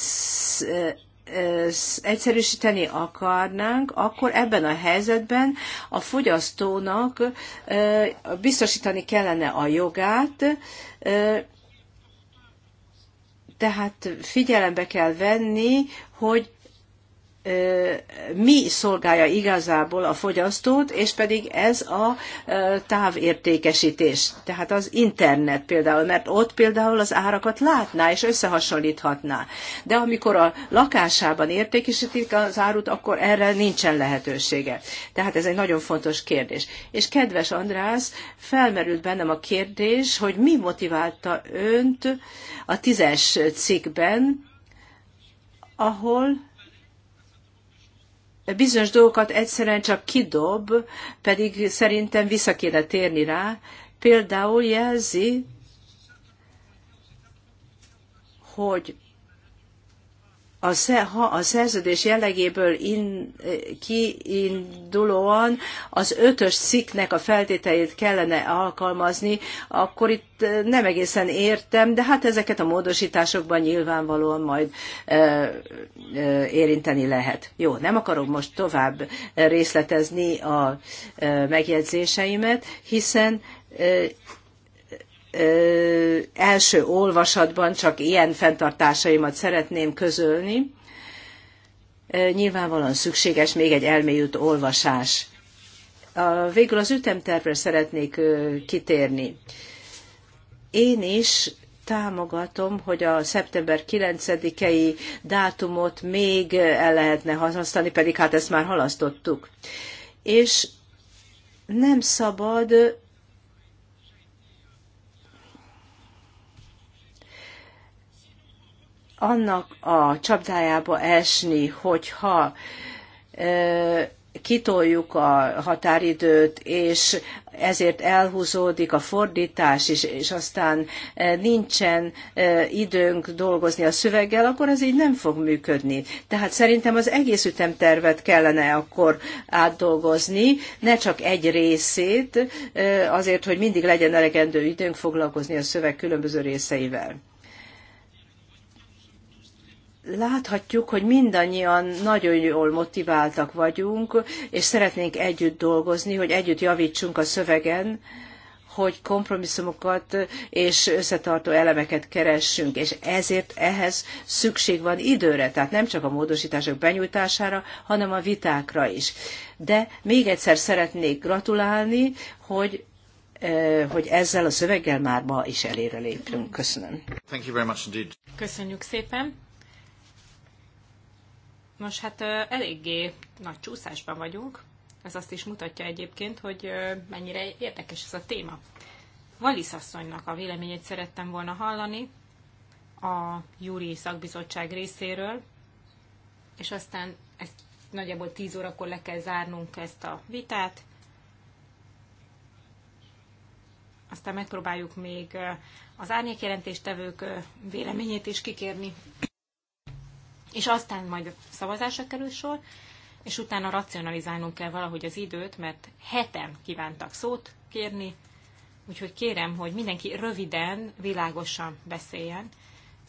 egyszerűsíteni akarnánk, akkor ebben a helyzetben a fogyasztónak biztosítani kellene a jogát, tehát figyelembe kell venni, hogy mi szolgálja igazából a fogyasztót, és pedig ez a távértékesítés, tehát az internet például, mert ott például az árakat látná és összehasonlíthatná. De amikor a lakásában értékesítik az árut, akkor erre nincsen lehetősége. Tehát ez egy nagyon fontos kérdés. És kedves András, felmerült bennem a kérdés, hogy mi motiválta önt a tízes cikkben, ahol bizonyos dolgokat egyszerűen csak kidob, pedig szerintem vissza kéne térni rá. Például jelzi, hogy a, ha a szerződés jellegéből in, eh, kiindulóan az ötös cikknek a feltételét kellene alkalmazni, akkor itt eh, nem egészen értem, de hát ezeket a módosításokban nyilvánvalóan majd ö, eh, ö, érinteni lehet. Jó, nem akarok most tovább részletezni a ö, megjegyzéseimet, hiszen ö, első olvasatban csak ilyen fenntartásaimat szeretném közölni. Nyilvánvalóan szükséges még egy elmélyült olvasás. Végül az ütemtervre szeretnék kitérni. Én is támogatom, hogy a szeptember 9-i dátumot még el lehetne használni, pedig hát ezt már halasztottuk. És nem szabad annak a csapdájába esni, hogyha kitoljuk a határidőt, és ezért elhúzódik a fordítás és, és aztán nincsen időnk dolgozni a szöveggel, akkor az így nem fog működni. Tehát szerintem az egész ütemtervet kellene akkor átdolgozni, ne csak egy részét, azért, hogy mindig legyen elegendő időnk foglalkozni a szöveg különböző részeivel láthatjuk, hogy mindannyian nagyon jól motiváltak vagyunk, és szeretnénk együtt dolgozni, hogy együtt javítsunk a szövegen, hogy kompromisszumokat és összetartó elemeket keressünk, és ezért ehhez szükség van időre, tehát nem csak a módosítások benyújtására, hanem a vitákra is. De még egyszer szeretnék gratulálni, hogy eh, hogy ezzel a szöveggel már ma is elérre lépünk. Köszönöm. Köszönjük szépen. Nos, hát eléggé nagy csúszásban vagyunk. Ez azt is mutatja egyébként, hogy mennyire érdekes ez a téma. Valisz asszonynak a véleményét szerettem volna hallani a júri szakbizottság részéről, és aztán ezt nagyjából 10 órakor le kell zárnunk ezt a vitát. Aztán megpróbáljuk még az árnyékjelentéstevők véleményét is kikérni és aztán majd szavazásra kerül sor, és utána racionalizálnunk kell valahogy az időt, mert heten kívántak szót kérni, úgyhogy kérem, hogy mindenki röviden, világosan beszéljen,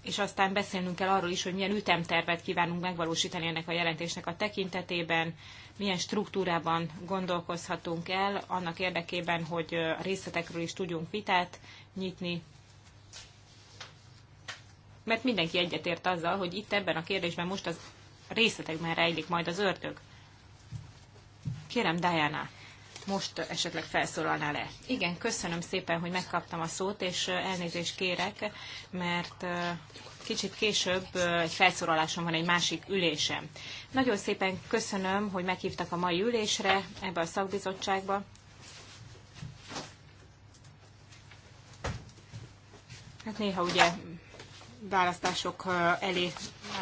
és aztán beszélnünk kell arról is, hogy milyen ütemtervet kívánunk megvalósítani ennek a jelentésnek a tekintetében, milyen struktúrában gondolkozhatunk el, annak érdekében, hogy a részletekről is tudjunk vitát nyitni, mert mindenki egyetért azzal, hogy itt ebben a kérdésben most az részletekben rejlik majd az ördög. Kérem, Diana, most esetleg felszólalnál le. Igen, köszönöm szépen, hogy megkaptam a szót, és elnézést kérek, mert kicsit később egy felszólalásom van egy másik ülésem. Nagyon szépen köszönöm, hogy meghívtak a mai ülésre ebbe a szakbizottságba. Hát néha ugye választások elé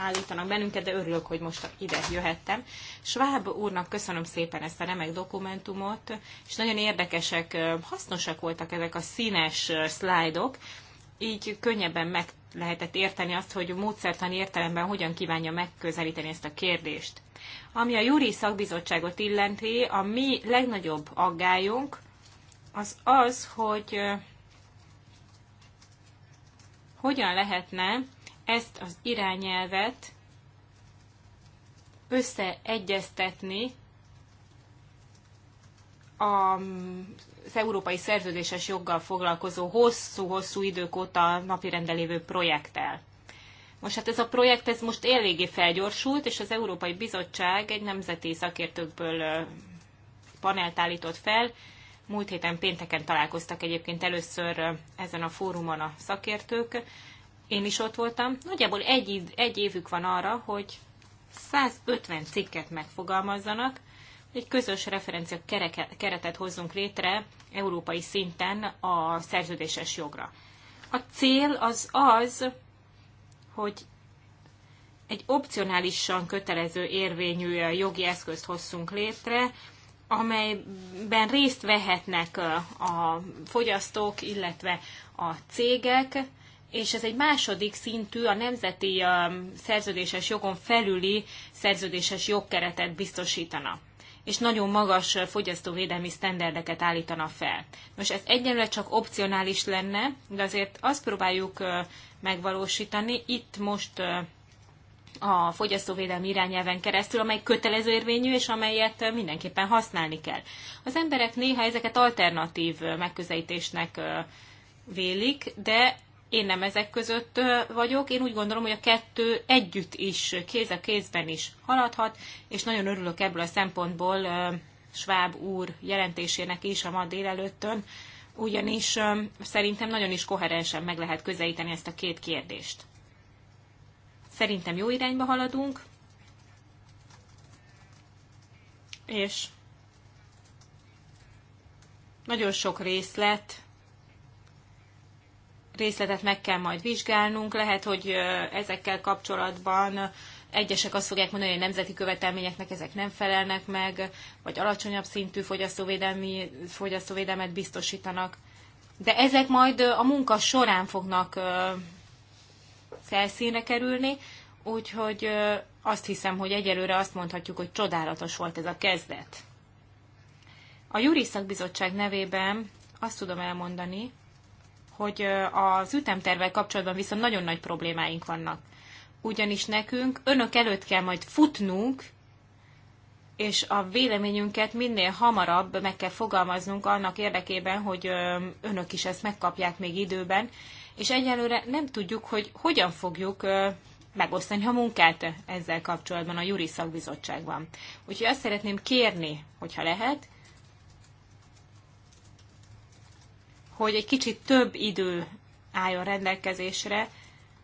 állítanak bennünket, de örülök, hogy most ide jöhettem. Schwab úrnak köszönöm szépen ezt a remek dokumentumot, és nagyon érdekesek, hasznosak voltak ezek a színes szlájdok, így könnyebben meg lehetett érteni azt, hogy módszertani értelemben hogyan kívánja megközelíteni ezt a kérdést. Ami a júri szakbizottságot illeti, a mi legnagyobb aggályunk az az, hogy hogyan lehetne ezt az irányelvet összeegyeztetni az európai szerződéses joggal foglalkozó hosszú-hosszú idők óta napirendre lévő projekttel. Most hát ez a projekt ez most eléggé felgyorsult, és az Európai Bizottság egy nemzeti szakértőkből panelt állított fel, Múlt héten pénteken találkoztak egyébként először ezen a fórumon a szakértők. Én is ott voltam. Nagyjából egy, egy évük van arra, hogy 150 cikket megfogalmazzanak, egy közös referencia keretet hozzunk létre európai szinten a szerződéses jogra. A cél az az, hogy egy opcionálisan kötelező érvényű jogi eszközt hozzunk létre, amelyben részt vehetnek a fogyasztók, illetve a cégek, és ez egy második szintű, a nemzeti szerződéses jogon felüli szerződéses jogkeretet biztosítana és nagyon magas fogyasztóvédelmi sztenderdeket állítana fel. Most ez egyenlőre csak opcionális lenne, de azért azt próbáljuk megvalósítani. Itt most a fogyasztóvédelmi irányelven keresztül, amely kötelező érvényű, és amelyet mindenképpen használni kell. Az emberek néha ezeket alternatív megközelítésnek vélik, de én nem ezek között vagyok. Én úgy gondolom, hogy a kettő együtt is, kéz a kézben is haladhat, és nagyon örülök ebből a szempontból Schwab úr jelentésének is a ma délelőttön, ugyanis szerintem nagyon is koherensen meg lehet közelíteni ezt a két kérdést. Szerintem jó irányba haladunk, és nagyon sok részlet, részletet meg kell majd vizsgálnunk. Lehet, hogy ezekkel kapcsolatban egyesek azt fogják mondani, hogy a nemzeti követelményeknek ezek nem felelnek meg, vagy alacsonyabb szintű fogyasztóvédelmi, fogyasztóvédelmet biztosítanak. De ezek majd a munka során fognak felszínre kerülni, úgyhogy azt hiszem, hogy egyelőre azt mondhatjuk, hogy csodálatos volt ez a kezdet. A Júri Szakbizottság nevében azt tudom elmondani, hogy az ütemtervel kapcsolatban viszont nagyon nagy problémáink vannak. Ugyanis nekünk önök előtt kell majd futnunk, és a véleményünket minél hamarabb meg kell fogalmaznunk annak érdekében, hogy önök is ezt megkapják még időben, és egyelőre nem tudjuk, hogy hogyan fogjuk megosztani a munkát ezzel kapcsolatban a Juri Szakbizottságban. Úgyhogy azt szeretném kérni, hogyha lehet, hogy egy kicsit több idő álljon rendelkezésre,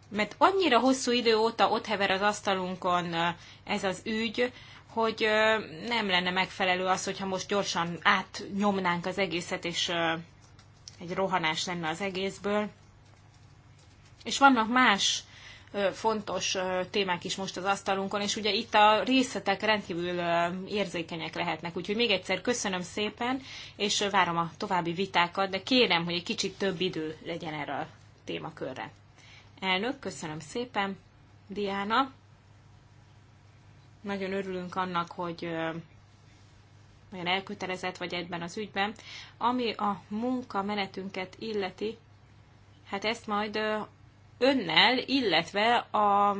mert annyira hosszú idő óta ott hever az asztalunkon ez az ügy, hogy nem lenne megfelelő az, hogyha most gyorsan átnyomnánk az egészet, és egy rohanás lenne az egészből. És vannak más fontos témák is most az asztalunkon, és ugye itt a részletek rendkívül érzékenyek lehetnek. Úgyhogy még egyszer köszönöm szépen, és várom a további vitákat, de kérem, hogy egy kicsit több idő legyen erre a témakörre. Elnök, köszönöm szépen, Diana. Nagyon örülünk annak, hogy olyan elkötelezett vagy egyben az ügyben. Ami a munka menetünket illeti, hát ezt majd önnel, illetve a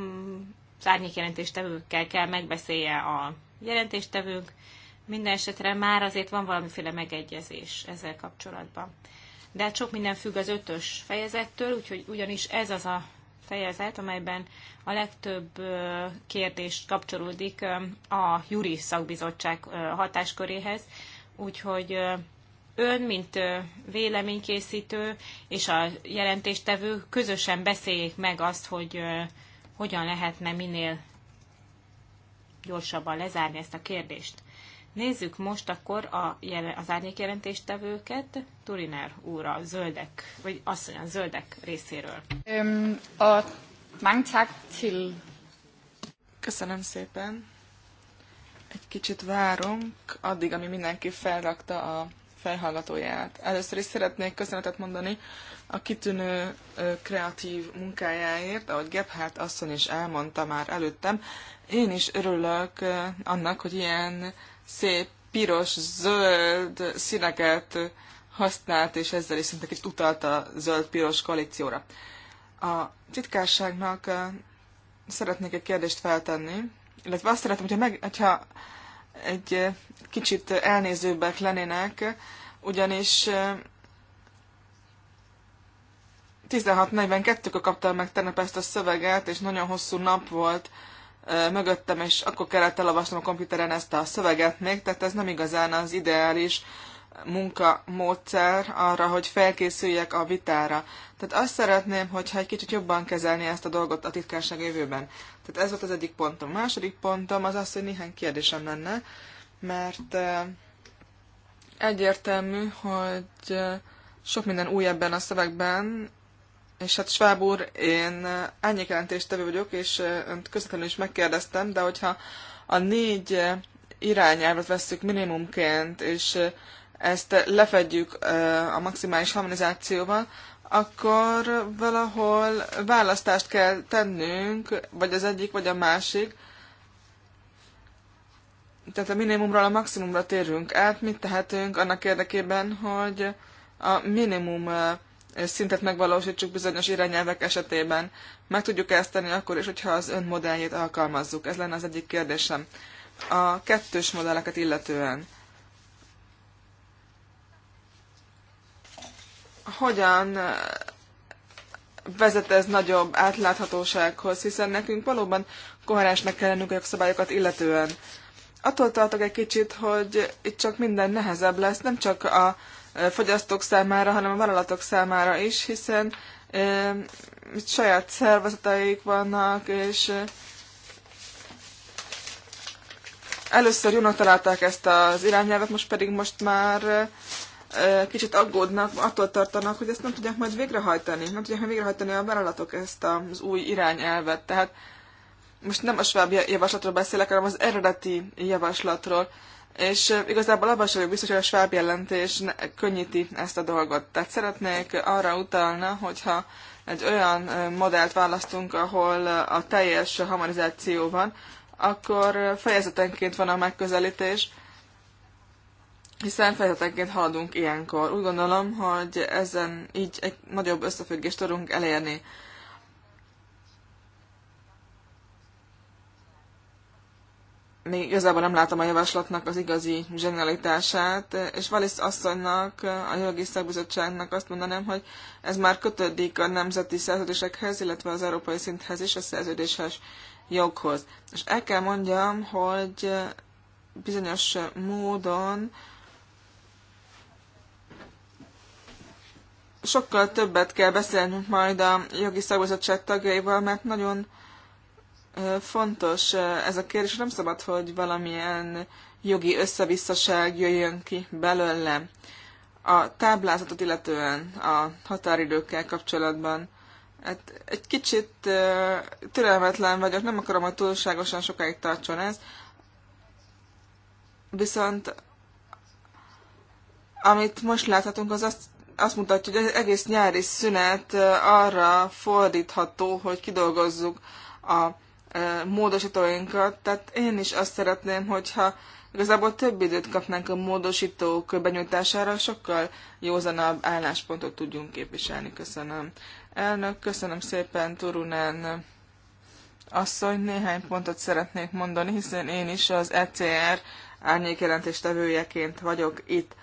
árnyékjelentéstevőkkel kell megbeszélje a jelentéstevők. Minden esetre már azért van valamiféle megegyezés ezzel kapcsolatban. De hát sok minden függ az ötös fejezettől, úgyhogy ugyanis ez az a fejezet, amelyben a legtöbb kérdés kapcsolódik a juri szakbizottság hatásköréhez, úgyhogy ön, mint véleménykészítő és a jelentéstevő közösen beszéljék meg azt, hogy hogyan lehetne minél gyorsabban lezárni ezt a kérdést. Nézzük most akkor a, az árnyékjelentéstevőket, Turiner úr a zöldek, vagy asszony a zöldek részéről. A til. Köszönöm szépen. Egy kicsit várunk, addig, ami mindenki felrakta a fejhallgatóját. Először is szeretnék köszönetet mondani a kitűnő kreatív munkájáért, ahogy Gebhardt asszony is elmondta már előttem. Én is örülök annak, hogy ilyen szép piros, zöld színeket használt, és ezzel is szinte kicsit utalt a zöld-piros koalícióra. A titkárságnak szeretnék egy kérdést feltenni, illetve azt szeretném, hogyha, meg, hogyha egy kicsit elnézőbbek lennének, ugyanis 16.42-kor kaptam meg tegnap ezt a szöveget, és nagyon hosszú nap volt mögöttem, és akkor kellett elolvasnom a komputeren ezt a szöveget még, tehát ez nem igazán az ideális munkamódszer arra, hogy felkészüljek a vitára. Tehát azt szeretném, hogyha egy kicsit jobban kezelni ezt a dolgot a titkárság jövőben. Tehát ez volt az egyik pontom. A második pontom az az, hogy néhány kérdésem lenne, mert egyértelmű, hogy sok minden új ebben a szövegben, és hát Schwab úr, én árnyékjelentéstevő vagyok, és önt közvetlenül is megkérdeztem, de hogyha a négy irányelvet veszük minimumként, és ezt lefedjük a maximális harmonizációval, akkor valahol választást kell tennünk, vagy az egyik, vagy a másik. Tehát a minimumról a maximumra térünk át, mit tehetünk annak érdekében, hogy a minimum szintet megvalósítsuk bizonyos irányelvek esetében. Meg tudjuk ezt tenni akkor is, hogyha az ön modelljét alkalmazzuk. Ez lenne az egyik kérdésem. A kettős modelleket illetően. hogyan vezet ez nagyobb átláthatósághoz, hiszen nekünk valóban koherensnek kell lennünk a jogszabályokat illetően. Attól tartok egy kicsit, hogy itt csak minden nehezebb lesz, nem csak a fogyasztók számára, hanem a vállalatok számára is, hiszen e, itt saját szervezeteik vannak, és e, először jónak találták ezt az irányelvet, most pedig most már e, kicsit aggódnak, attól tartanak, hogy ezt nem tudják majd végrehajtani. Nem tudják majd végrehajtani a vállalatok ezt az új irányelvet. Tehát most nem a sváb javaslatról beszélek, hanem az eredeti javaslatról. És igazából abban sem biztos, hogy a sváb jelentés könnyíti ezt a dolgot. Tehát szeretnék arra utalna, hogyha egy olyan modellt választunk, ahol a teljes harmonizáció van, akkor fejezetenként van a megközelítés, hiszen fejezetenként haladunk ilyenkor. Úgy gondolom, hogy ezen így egy nagyobb összefüggést tudunk elérni. Még igazából nem látom a javaslatnak az igazi zsenialitását, és Valisz asszonynak, a jogi szakbizottságnak azt mondanám, hogy ez már kötődik a nemzeti szerződésekhez, illetve az európai szinthez is, a szerződéses joghoz. És el kell mondjam, hogy bizonyos módon sokkal többet kell beszélnünk majd a jogi szakbizottság tagjaival, mert nagyon fontos ez a kérdés. Nem szabad, hogy valamilyen jogi összevisszaság jöjjön ki belőle. A táblázatot illetően a határidőkkel kapcsolatban Hát egy kicsit uh, türelmetlen vagyok, nem akarom, hogy túlságosan sokáig tartson ez. Viszont amit most láthatunk, az azt azt mutatja, hogy az egész nyári szünet arra fordítható, hogy kidolgozzuk a módosítóinkat. Tehát én is azt szeretném, hogyha igazából több időt kapnánk a módosítók benyújtására, sokkal józanabb álláspontot tudjunk képviselni. Köszönöm. Elnök, köszönöm szépen Turunen asszony. Néhány pontot szeretnék mondani, hiszen én is az ECR tevőjeként vagyok itt.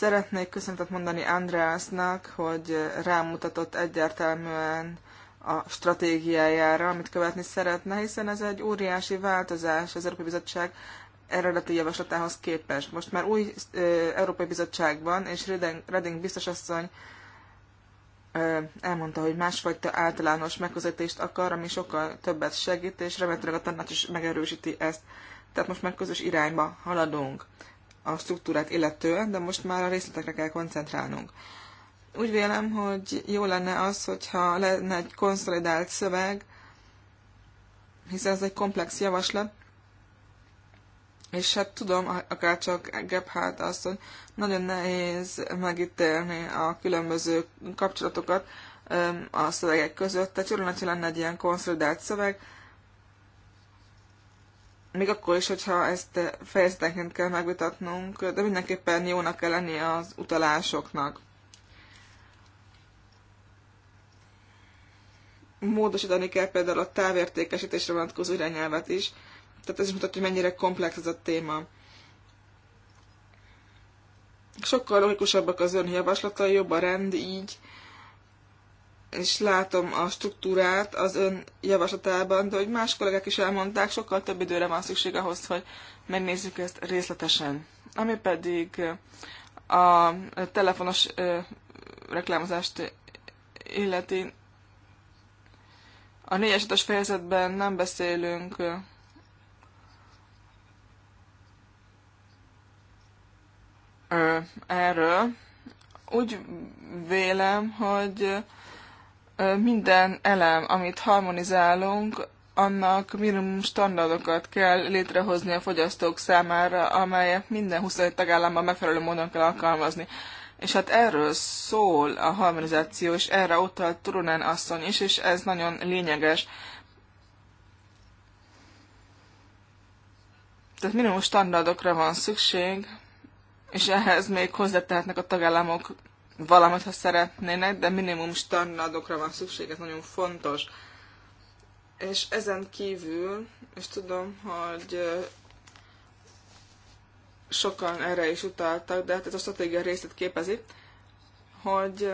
Szeretnék köszöntet mondani Andreasnak, hogy rámutatott egyértelműen a stratégiájára, amit követni szeretne, hiszen ez egy óriási változás az Európai Bizottság eredeti javaslatához képest. Most már új ö, Európai Bizottság van, és Reding, Reding biztosasszony ö, elmondta, hogy másfajta általános megközelítést akar, ami sokkal többet segít, és remélhetőleg a tanács is megerősíti ezt. Tehát most már közös irányba haladunk a struktúrát illetően, de most már a részletekre kell koncentrálnunk. Úgy vélem, hogy jó lenne az, hogyha lenne egy konszolidált szöveg, hiszen ez egy komplex javaslat, és hát tudom, akár csak Gebhardt azt, hogy nagyon nehéz megítélni a különböző kapcsolatokat a szövegek között, tehát jól lenne, egy ilyen konszolidált szöveg, még akkor is, hogyha ezt fejezetenként kell megvitatnunk, de mindenképpen jónak kell lenni az utalásoknak. Módosítani kell például a távértékesítésre vonatkozó irányelvet is, tehát ez is mutatja, hogy mennyire komplex ez a téma. Sokkal logikusabbak az ön javaslatai, jobb a rend így, és látom a struktúrát az ön javaslatában, de hogy más kollégák is elmondták, sokkal több időre van szükség ahhoz, hogy megnézzük ezt részletesen. Ami pedig a telefonos reklámozást illeti, a 4 5 fejezetben nem beszélünk erről. Úgy vélem, hogy minden elem, amit harmonizálunk, annak minimum standardokat kell létrehozni a fogyasztók számára, amelyek minden 27 tagállamban megfelelő módon kell alkalmazni. És hát erről szól a harmonizáció, és erre utalt Turunen asszony is, és ez nagyon lényeges. Tehát minimum standardokra van szükség, és ehhez még hozzátehetnek a tagállamok valamit, ha szeretnének, de minimum standardokra van szükség, ez nagyon fontos. És ezen kívül, és tudom, hogy sokan erre is utaltak, de hát ez a stratégia részét képezi, hogy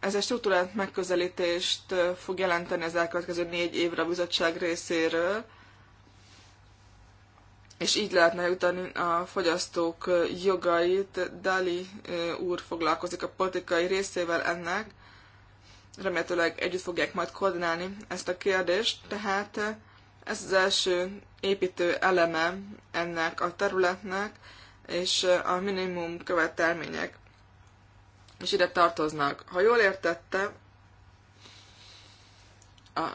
ez egy struktúrált megközelítést fog jelenteni az elkövetkező négy évre a bizottság részéről, és így lehetne jutani a fogyasztók jogait. Dali úr foglalkozik a politikai részével ennek, remélhetőleg együtt fogják majd koordinálni ezt a kérdést, tehát ez az első építő eleme ennek a területnek, és a minimum követelmények és ide tartoznak. Ha jól értette, a,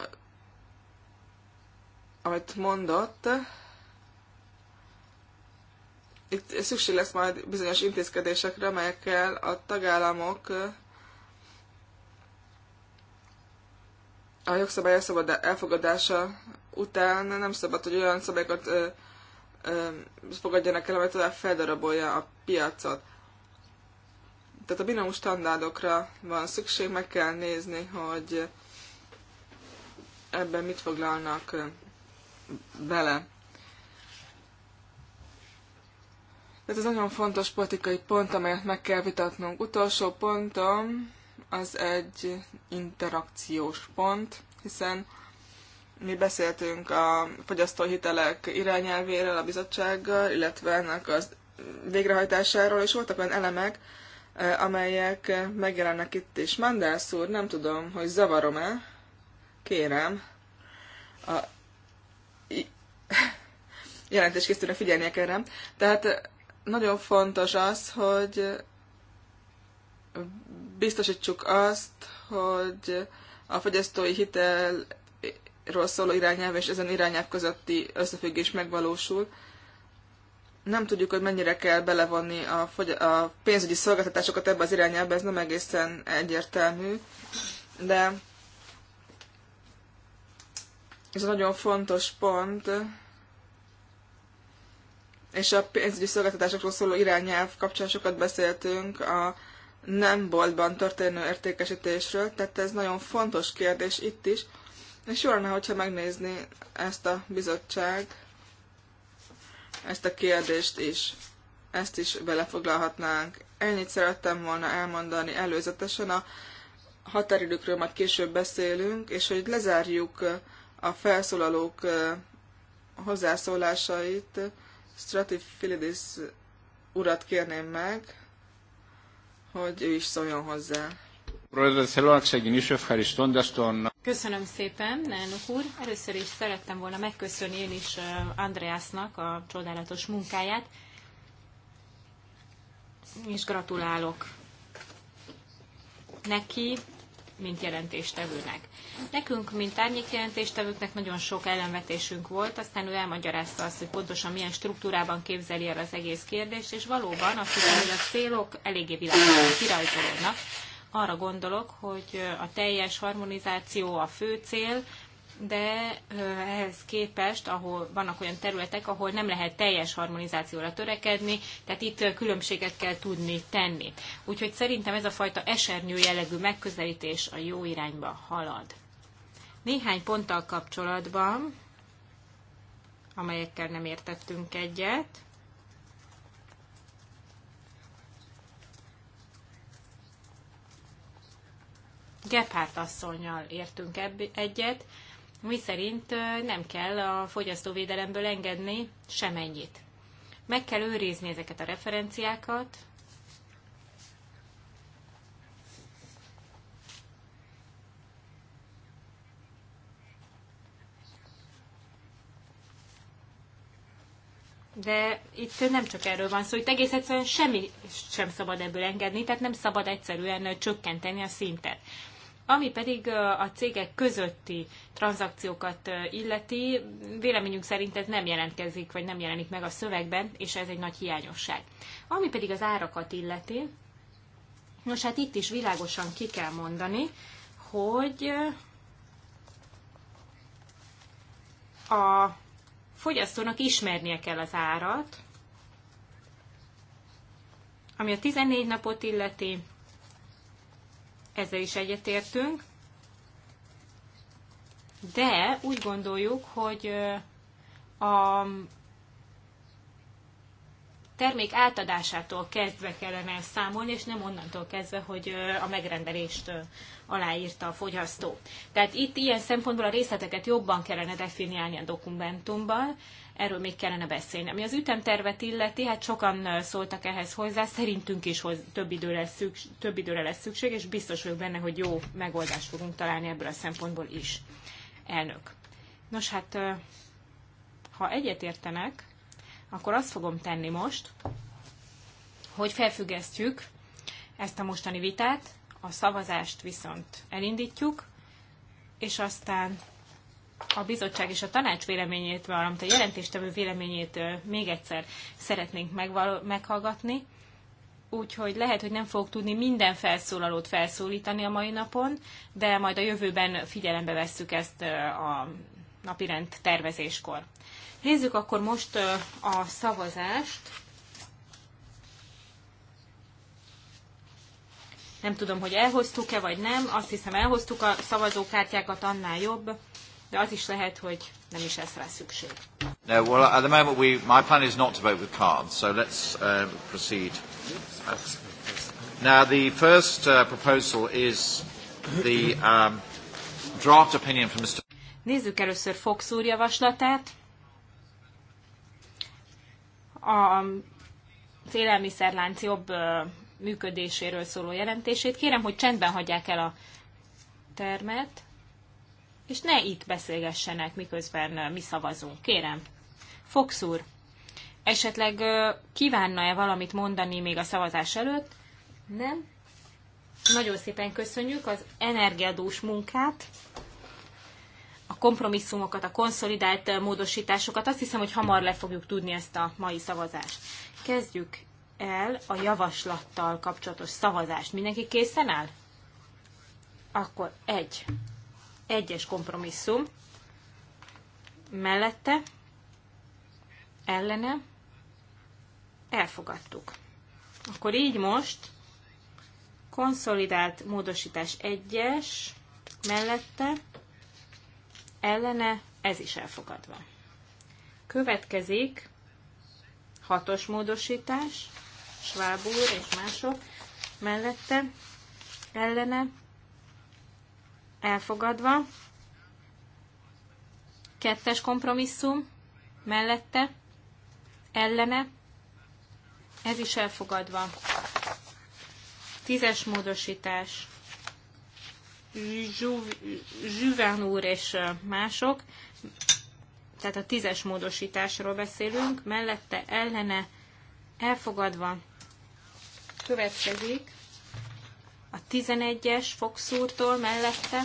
amit mondott, itt szükség lesz majd bizonyos intézkedésekre, amelyekkel a tagállamok a jogszabály elfogadása után nem szabad, hogy olyan szabályokat fogadjanak el, amely tovább feldarabolja a piacot. Tehát a binomus standardokra van szükség, meg kell nézni, hogy ebben mit foglalnak bele. Ez az nagyon fontos politikai pont, amelyet meg kell vitatnunk. Utolsó pontom az egy interakciós pont, hiszen mi beszéltünk a fogyasztóhitelek irányelvéről, a bizottsággal, illetve ennek az végrehajtásáról, és voltak olyan elemek, eh, amelyek megjelennek itt is. Mandász úr, nem tudom, hogy zavarom-e, kérem, a (laughs) jelentés készülne figyelnie erre. Tehát nagyon fontos az, hogy biztosítsuk azt, hogy a fogyasztói hitelről szóló irányelv és ezen irányelv közötti összefüggés megvalósul. Nem tudjuk, hogy mennyire kell belevonni a, fogy- a pénzügyi szolgáltatásokat ebbe az irányába, ez nem egészen egyértelmű, de ez nagyon fontos pont, és a pénzügyi szolgáltatásokról szóló irányelv kapcsán sokat beszéltünk a nem boltban történő értékesítésről, tehát ez nagyon fontos kérdés itt is, és jó lenne, hogyha megnézni ezt a bizottság, ezt a kérdést is. Ezt is belefoglalhatnánk. Ennyit szerettem volna elmondani előzetesen. A határidőkről majd később beszélünk, és hogy lezárjuk a felszólalók eh, hozzászólásait, Stratifilidis urat kérném meg, hogy ő is szóljon hozzá. Köszönöm szépen, elnök úr. Először is szerettem volna megköszönni én is eh, Andreasnak a csodálatos munkáját, és gratulálok neki mint jelentéstevőnek. Nekünk, mint jelentéstevőknek nagyon sok ellenvetésünk volt, aztán ő elmagyarázta azt, hogy pontosan milyen struktúrában képzeli el az egész kérdést, és valóban azt hiszem, hogy a célok eléggé világosan kirajzolódnak. Arra gondolok, hogy a teljes harmonizáció a fő cél, de ehhez képest, ahol vannak olyan területek, ahol nem lehet teljes harmonizációra törekedni, tehát itt különbséget kell tudni tenni. Úgyhogy szerintem ez a fajta esernyő jellegű megközelítés a jó irányba halad. Néhány ponttal kapcsolatban, amelyekkel nem értettünk egyet, Gephardt asszonynal értünk egyet, mi szerint nem kell a fogyasztóvédelemből engedni semennyit. Meg kell őrizni ezeket a referenciákat, de itt nem csak erről van szó, itt egész egyszerűen semmi sem szabad ebből engedni, tehát nem szabad egyszerűen csökkenteni a szintet. Ami pedig a cégek közötti tranzakciókat illeti, véleményünk szerint ez nem jelentkezik, vagy nem jelenik meg a szövegben, és ez egy nagy hiányosság. Ami pedig az árakat illeti, nos hát itt is világosan ki kell mondani, hogy a fogyasztónak ismernie kell az árat, ami a 14 napot illeti, ezzel is egyetértünk, de úgy gondoljuk, hogy a termék átadásától kezdve kellene számolni, és nem onnantól kezdve, hogy a megrendelést aláírta a fogyasztó. Tehát itt ilyen szempontból a részleteket jobban kellene definiálni a dokumentumban, erről még kellene beszélni. Ami az ütemtervet illeti, hát sokan szóltak ehhez hozzá, szerintünk is hoz, több, időre szükség, több időre lesz szükség, és biztos vagyok benne, hogy jó megoldást fogunk találni ebből a szempontból is. Elnök. Nos hát, ha egyetértenek, akkor azt fogom tenni most, hogy felfüggesztjük ezt a mostani vitát, a szavazást viszont elindítjuk, és aztán a bizottság és a tanács véleményét, valamint a jelentéstevő véleményét még egyszer szeretnénk meghallgatni. Úgyhogy lehet, hogy nem fogok tudni minden felszólalót felszólítani a mai napon, de majd a jövőben figyelembe vesszük ezt a napirend tervezéskor. Nézzük akkor most a szavazást. Nem tudom, hogy elhoztuk-e vagy nem. Azt hiszem elhoztuk a szavazókártyákat, annál jobb de az is lehet, hogy nem is lesz rá szükség. No, well, at the moment we, my plan is not to vote with cards, so let's uh, proceed. Now, the first uh, proposal is the um, draft opinion from Mr. Nézzük először Fox úr javaslatát. A élelmiszerlánc jobb működéséről szóló jelentését. Kérem, hogy csendben hagyják el a termet és ne itt beszélgessenek, miközben mi szavazunk. Kérem. Fox úr, esetleg kívánna-e valamit mondani még a szavazás előtt? Nem. Nagyon szépen köszönjük az energiadús munkát, a kompromisszumokat, a konszolidált módosításokat. Azt hiszem, hogy hamar le fogjuk tudni ezt a mai szavazást. Kezdjük el a javaslattal kapcsolatos szavazást. Mindenki készen áll? Akkor egy. Egyes kompromisszum mellette, ellene, elfogadtuk. Akkor így most konszolidált módosítás egyes mellette, ellene, ez is elfogadva. Következik hatos módosítás, Schwab úr és mások mellette, ellene, elfogadva. Kettes kompromisszum, mellette, ellene, ez is elfogadva. Tízes módosítás. Zsüven úr és mások, tehát a tízes módosításról beszélünk, mellette, ellene, elfogadva. Következik a 11-es Fox mellette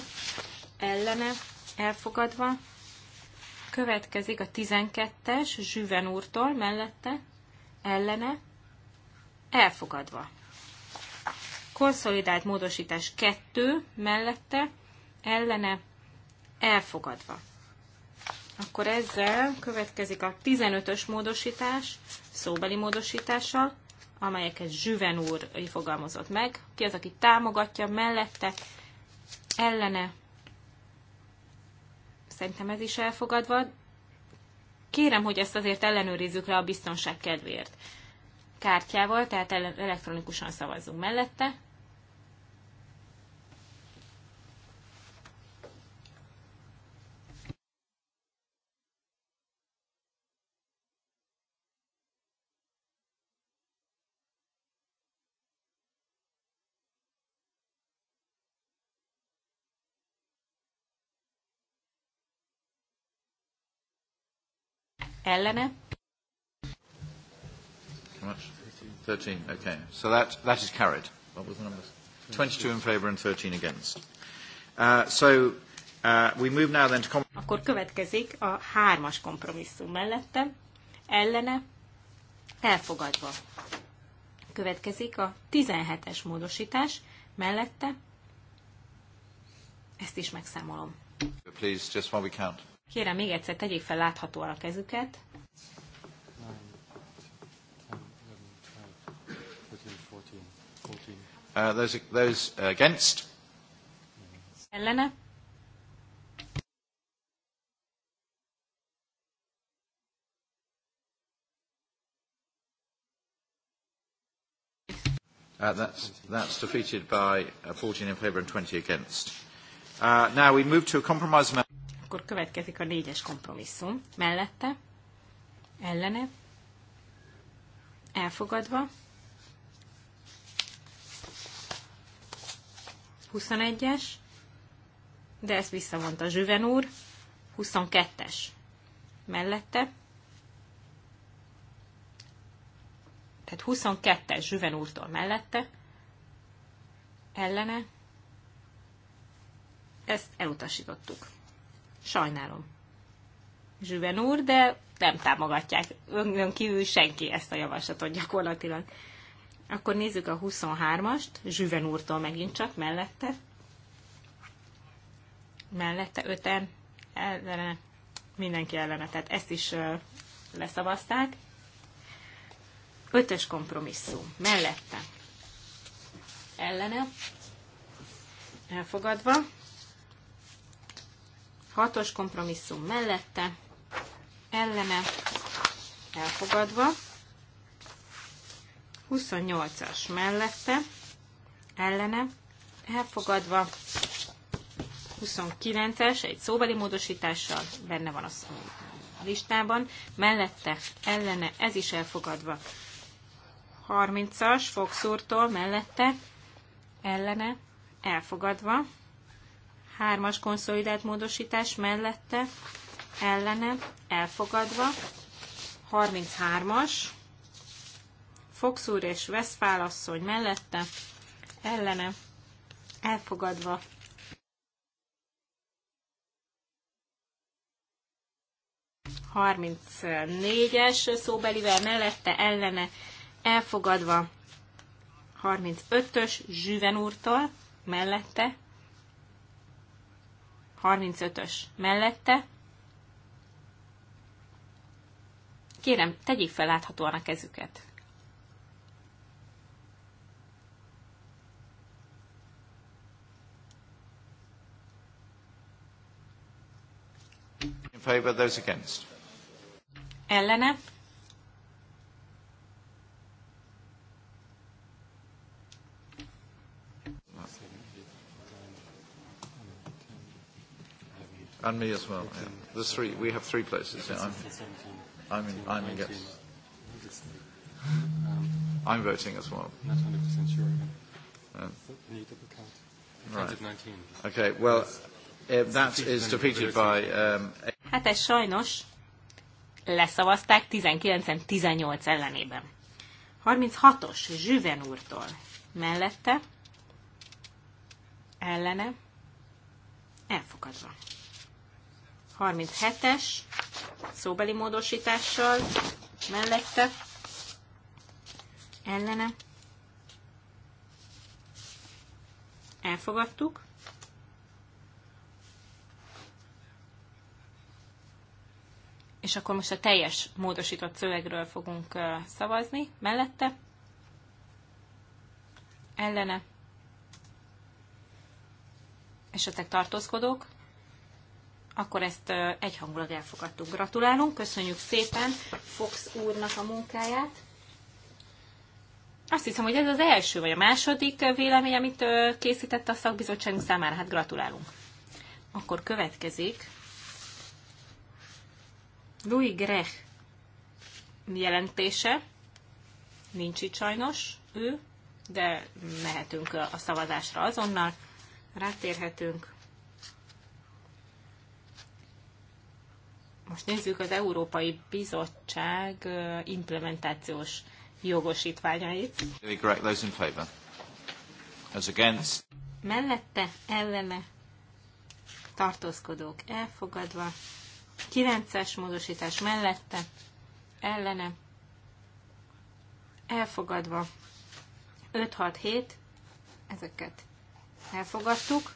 ellene elfogadva. Következik a 12-es Zsüven úrtól mellette ellene elfogadva. Konszolidált módosítás 2 mellette ellene elfogadva. Akkor ezzel következik a 15-ös módosítás szóbeli módosítással amelyeket Zsüven úr fogalmazott meg. Ki az, aki támogatja mellette, ellene. Szerintem ez is elfogadva. Kérem, hogy ezt azért ellenőrizzük le a biztonság kedvéért. Kártyával, tehát elektronikusan szavazzunk mellette. ellene. 13, okay. So that, that is carried. What was the numbers? 22 in favour and 13 against. Uh, so uh, we move now then to... Akkor következik a hármas kompromisszum mellette, ellene, elfogadva. Következik a 17-es módosítás mellette, ezt is megszámolom. Please, just while we count. Kérem, még egyszer tegyék fel láthatóan a kezüket. Uh, those, those against. Ellene. Uh, that's, that's defeated by uh, 14 in favour and 20 against. Uh, now we move to a compromise amendment akkor következik a négyes kompromisszum. Mellette, ellene, elfogadva, 21-es, de ezt visszavonta Zsüven úr, 22-es mellette, tehát 22-es Zsüven úrtól mellette, ellene, ezt elutasítottuk. Sajnálom. Zsüven úr, de nem támogatják ön kívül senki ezt a javaslatot gyakorlatilag. Akkor nézzük a 23-ast, Zsüven úrtól megint csak, mellette. Mellette öten, ellene, mindenki ellene, tehát ezt is leszavazták. Ötös kompromisszum, mellette. Ellene, elfogadva. Hatos kompromisszum mellette, elleme elfogadva. 28-as mellette, ellene, elfogadva. 29-es, egy szóbeli módosítással benne van a listában, mellette, ellene, ez is elfogadva. 30-as, fogszúrtól mellette, ellene, elfogadva hármas konszolidált módosítás mellette ellene elfogadva, 33-as, Fox úr és Veszpál asszony mellette ellene elfogadva, harminc négyes szóbelivel mellette ellene elfogadva harminc ötös Zsüven úrtól mellette 35-ös mellette. Kérem, tegyék fel láthatóan a kezüket. In favor, those against. Ellene And me as well. Yeah. The three. We have three places. Yeah, I'm, I'm in. I'm in. Yes. Um, I'm voting as well. Not 100% sure. Yeah. Need double count. Right. Okay. Well, eh, that is defeated by. Um, hát ez sajnos leszavazták 19-18 ellenében. 36-os Zsüven úrtól. Mellette, ellene, elfogadva. 37-es szóbeli módosítással mellette ellene elfogadtuk. És akkor most a teljes módosított szövegről fogunk szavazni mellette. Ellene. Esetleg tartózkodók akkor ezt egyhangulag elfogadtuk. Gratulálunk, köszönjük szépen Fox úrnak a munkáját. Azt hiszem, hogy ez az első vagy a második vélemény, amit készített a szakbizottságunk számára. Hát gratulálunk. Akkor következik Louis Grech jelentése. Nincs itt sajnos ő, de mehetünk a szavazásra azonnal. Rátérhetünk Most nézzük az Európai Bizottság implementációs jogosítványait. Mellette, ellene, tartózkodók elfogadva, 9-es módosítás mellette, ellene, elfogadva, 5-6-7, ezeket elfogadtuk,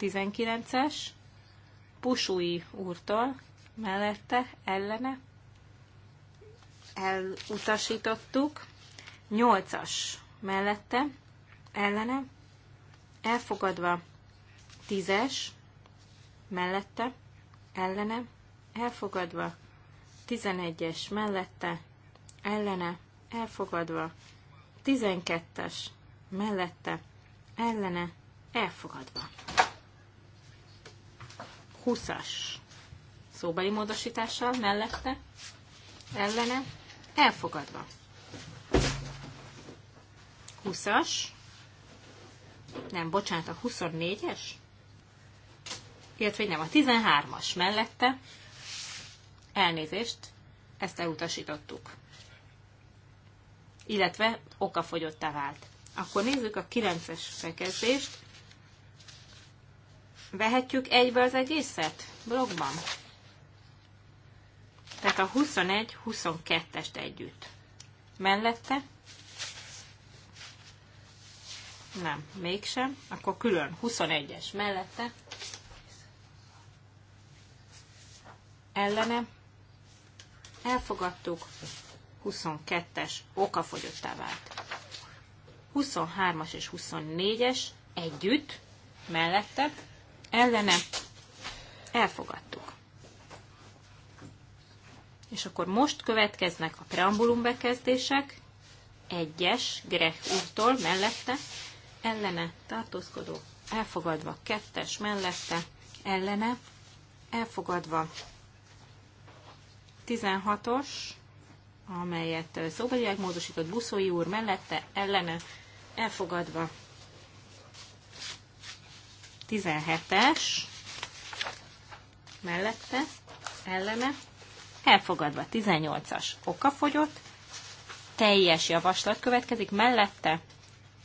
19-es, Pusui úrtól, mellette, ellene, elutasítottuk, 8-as mellette, ellene, elfogadva, 10-es, mellette, ellene, elfogadva, 11-es mellette, ellene, elfogadva, 12-es mellette, ellene, elfogadva. 20-as szóbeli módosítással mellette, ellene, elfogadva. 20-as, nem, bocsánat, a 24-es, illetve nem, a 13-as mellette, elnézést, ezt elutasítottuk. Illetve okafogyottá vált. Akkor nézzük a 9-es fekezést, Vehetjük egybe az egészet? Blogban? Tehát a 21-22-est együtt. Mellette? Nem, mégsem. Akkor külön 21-es mellette. Ellene. Elfogadtuk. 22-es okafogyottá vált. 23-as és 24-es együtt, mellette, ellene elfogadtuk. És akkor most következnek a preambulum bekezdések, egyes, Greg úrtól mellette, ellene tartózkodó, elfogadva, kettes mellette, ellene, elfogadva, 16-os, amelyet szóbelileg módosított Buszói úr mellette, ellene, elfogadva, 17-es mellette, ellene, elfogadva 18-as okafogyott, teljes javaslat következik, mellette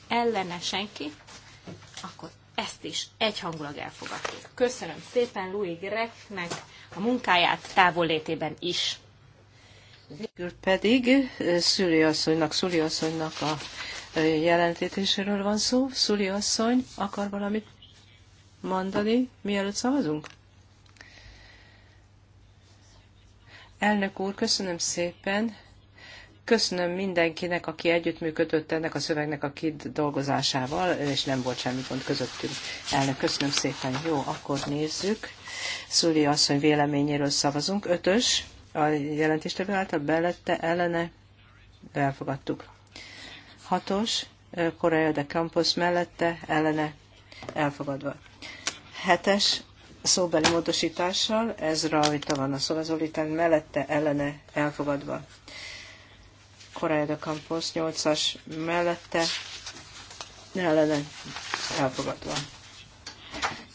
ellene senki, akkor ezt is egyhangulag elfogadjuk. Köszönöm szépen Louis Grecknek a munkáját távollétében is. Végül pedig eh, Szüli asszonynak, Szüli asszonynak a eh, jelentéséről van szó. Szüli asszony akar valamit mondani, mielőtt szavazunk? Elnök úr, köszönöm szépen. Köszönöm mindenkinek, aki együttműködött ennek a szövegnek a kidolgozásával, és nem volt semmi pont közöttünk. Elnök, köszönöm szépen. Jó, akkor nézzük. Szuli asszony véleményéről szavazunk. Ötös, a jelentéstevő által belette ellene elfogadtuk. Hatos, Korea de Campos mellette ellene elfogadva. Hetes szóbeli módosítással, ez rajta van a szolazolitán, mellette ellene elfogadva. Korája de Campos 8-as mellette ellene elfogadva.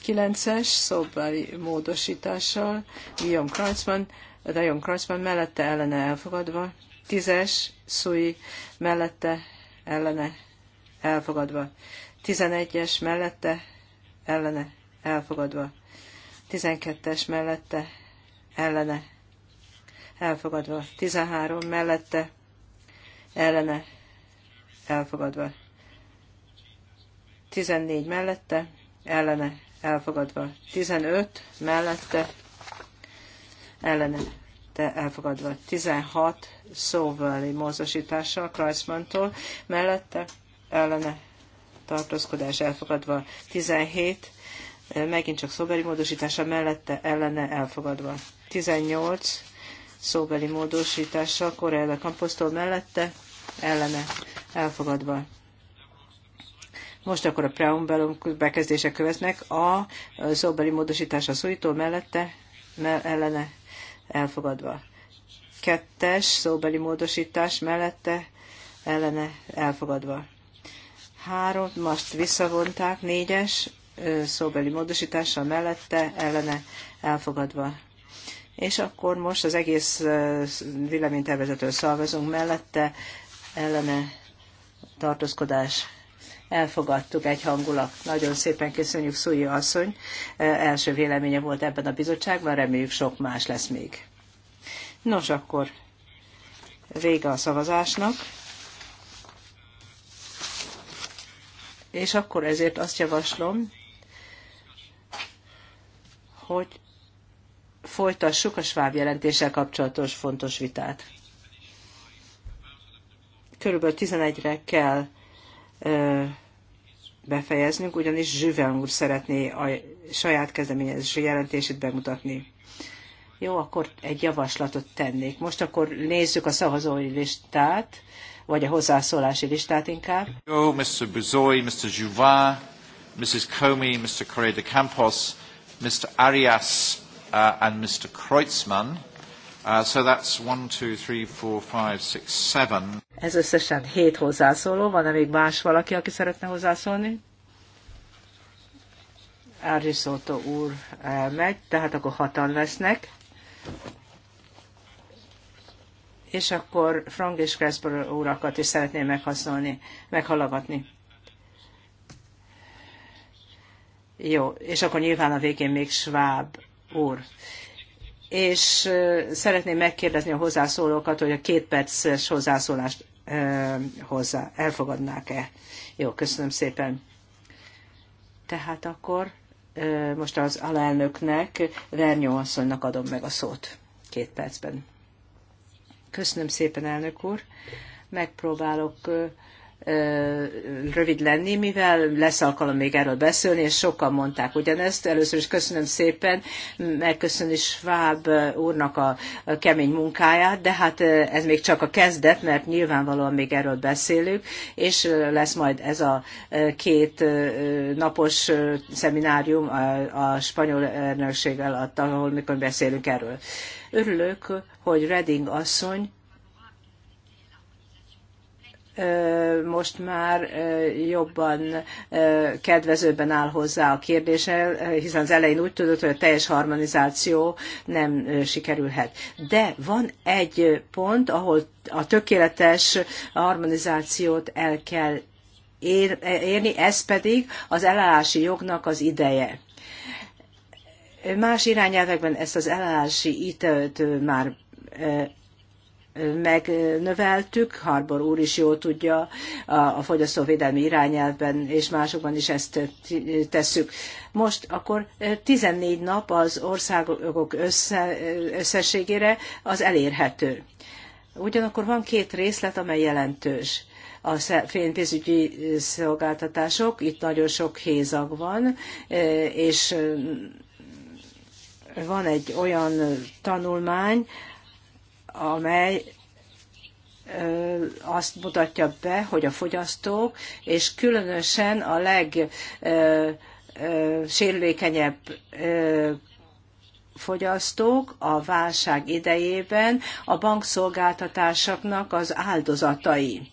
9-es szóbeli módosítással, Guillaume Kreuzmann, Dajon Kreuzmann mellette ellene elfogadva, 10-es Sui mellette ellene elfogadva, 11-es mellette ellene elfogadva. 12-es mellette ellene elfogadva. 13 mellette ellene elfogadva. 14 mellette ellene elfogadva. 15 mellette ellene te elfogadva. 16 szóvali mozgosítással Kreismantól mellette ellene tartózkodás elfogadva. 17 megint csak szóbeli módosítása mellette ellene elfogadva. 18 szóbeli módosítással Koreele Kamposztól mellette ellene elfogadva. Most akkor a preambulum bekezdések követnek. A szóbeli módosítása szújtó mellette ellene elfogadva. Kettes szóbeli módosítás mellette ellene elfogadva. Három, most visszavonták, négyes szóbeli módosítása mellette, ellene elfogadva. És akkor most az egész véleménytervezetről szavazunk mellette, ellene tartózkodás elfogadtuk egy hangulat. Nagyon szépen köszönjük Szúji asszony. Első véleménye volt ebben a bizottságban, reméljük sok más lesz még. Nos, akkor vége a szavazásnak. és akkor ezért azt javaslom, hogy folytassuk a sváb jelentéssel kapcsolatos fontos vitát. Körülbelül 11-re kell ö, befejeznünk, ugyanis Zsüven úr szeretné a saját kezdeményezési jelentését bemutatni. Jó, akkor egy javaslatot tennék. Most akkor nézzük a szavazói listát vagy a hozzászólási listát inkább. Jó, Mr. Buzoy, Mr. Juvin, Mrs. Comey, Mr. Correa de Campos, Mr. Arias uh, and Mr. Kreutzmann. Uh, so that's one, two, three, four, five, six, seven. Ez összesen hét hozzászóló. Van-e még más valaki, aki szeretne hozzászólni? Árizóta úr elmegy, eh, tehát akkor hatan lesznek és akkor Frank és Kressborough órakat is szeretném meghaszolni, meghallgatni. Jó, és akkor nyilván a végén még Schwab úr. És szeretném megkérdezni a hozzászólókat, hogy a két perces hozzászólást hozzá elfogadnák-e. Jó, köszönöm szépen. Tehát akkor most az alelnöknek, Vernyó asszonynak adom meg a szót két percben. Köszönöm szépen, elnök úr. Megpróbálok rövid lenni, mivel lesz alkalom még erről beszélni, és sokan mondták ugyanezt. Először is köszönöm szépen, megköszönöm Schwab úrnak a kemény munkáját, de hát ez még csak a kezdet, mert nyilvánvalóan még erről beszélünk, és lesz majd ez a két napos szeminárium a spanyol elnökség alatt, ahol mikor beszélünk erről. Örülök, hogy Reding asszony most már jobban kedvezőbben áll hozzá a kérdése, hiszen az elején úgy tudott, hogy a teljes harmonizáció nem sikerülhet. De van egy pont, ahol a tökéletes harmonizációt el kell e, érni, ez pedig az elállási jognak az ideje. Más irányelvekben ezt az elállási időt már megnöveltük, Harbor úr is jól tudja, a fogyasztóvédelmi irányelvben és másokban is ezt tesszük. Most akkor 14 eh, nap az országok össze, összességére az elérhető. Ugyanakkor van két részlet, amely jelentős a fénypénzügyi szolgáltatások, itt nagyon sok hézag van, eh, és mm, van egy olyan tanulmány, amely azt mutatja be, hogy a fogyasztók, és különösen a legsérülékenyebb fogyasztók a válság idejében a bankszolgáltatásoknak az áldozatai.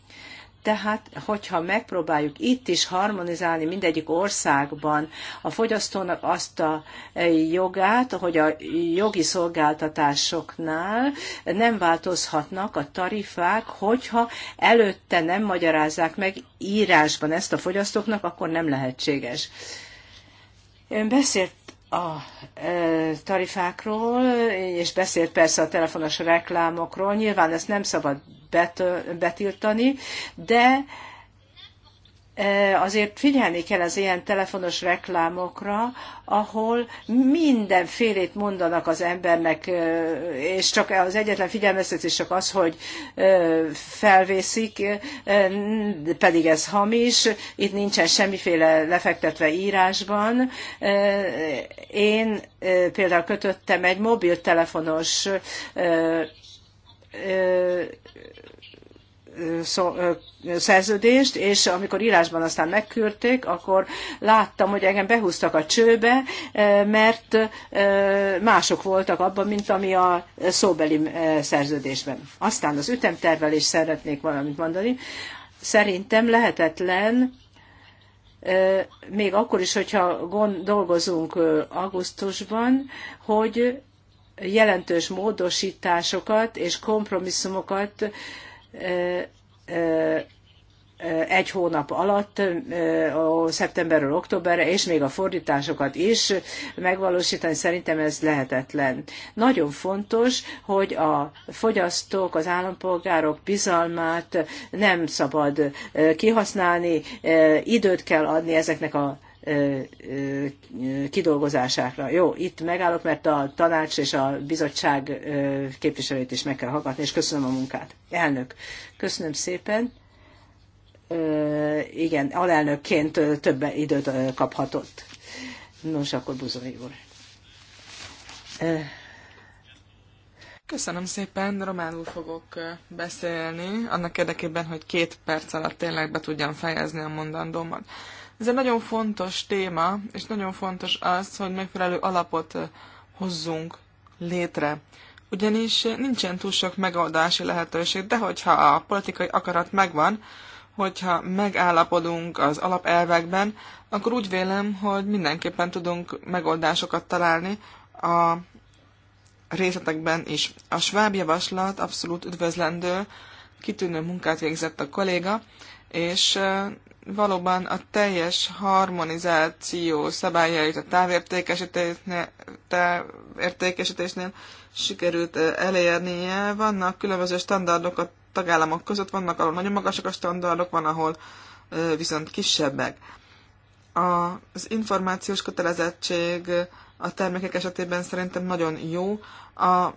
Tehát, hogyha megpróbáljuk itt is harmonizálni mindegyik országban a fogyasztónak azt a e, jogát, hogy a jogi szolgáltatásoknál nem változhatnak a tarifák, hogyha előtte nem magyarázzák meg írásban ezt a fogyasztóknak, akkor nem lehetséges. Ön beszélt a e, tarifákról, és beszélt persze a telefonos reklámokról. Nyilván ezt nem szabad betiltani, de e, azért figyelni kell az ilyen telefonos reklámokra, ahol mindenfélét mondanak az embernek, e, és csak az egyetlen figyelmeztetés csak az, hogy e, felvészik, pedig ez hamis, itt nincsen semmiféle lefektetve írásban. Én például kötöttem egy mobiltelefonos szerződést, és amikor írásban aztán megkürték, akkor láttam, hogy engem behúztak a csőbe, eh, mert eh, mások voltak abban, mint ami a szóbeli eh, szerződésben. Aztán az ütemtervel is szeretnék valamit mondani. Szerintem lehetetlen, még akkor is, hogyha dolgozunk augusztusban, hogy jelentős módosításokat és kompromisszumokat egy hónap alatt, szeptemberről októberre, és még a fordításokat is megvalósítani, szerintem ez lehetetlen. Nagyon fontos, hogy a fogyasztók, az állampolgárok bizalmát nem szabad kihasználni, időt kell adni ezeknek a kidolgozására. Jó, itt megállok, mert a tanács és a bizottság képviselőt is meg kell hallgatni, és köszönöm a munkát. Elnök, köszönöm szépen. Igen, alelnökként több időt kaphatott. Nos, akkor Buzoni úr. Köszönöm szépen, románul fogok beszélni, annak érdekében, hogy két perc alatt tényleg be tudjam fejezni a mondandómat. Ez egy nagyon fontos téma, és nagyon fontos az, hogy megfelelő alapot hozzunk létre. Ugyanis nincsen túl sok megoldási lehetőség, de hogyha a politikai akarat megvan, hogyha megállapodunk az alapelvekben, akkor úgy vélem, hogy mindenképpen tudunk megoldásokat találni a részletekben is. A sváb javaslat abszolút üdvözlendő, kitűnő munkát végzett a kolléga, és valóban a teljes harmonizáció szabályait a távértékesítésnél, sikerült elérnie. Vannak különböző standardok a tagállamok között, vannak ahol nagyon magasak a standardok, van ahol viszont kisebbek. Az információs kötelezettség a termékek esetében szerintem nagyon jó. A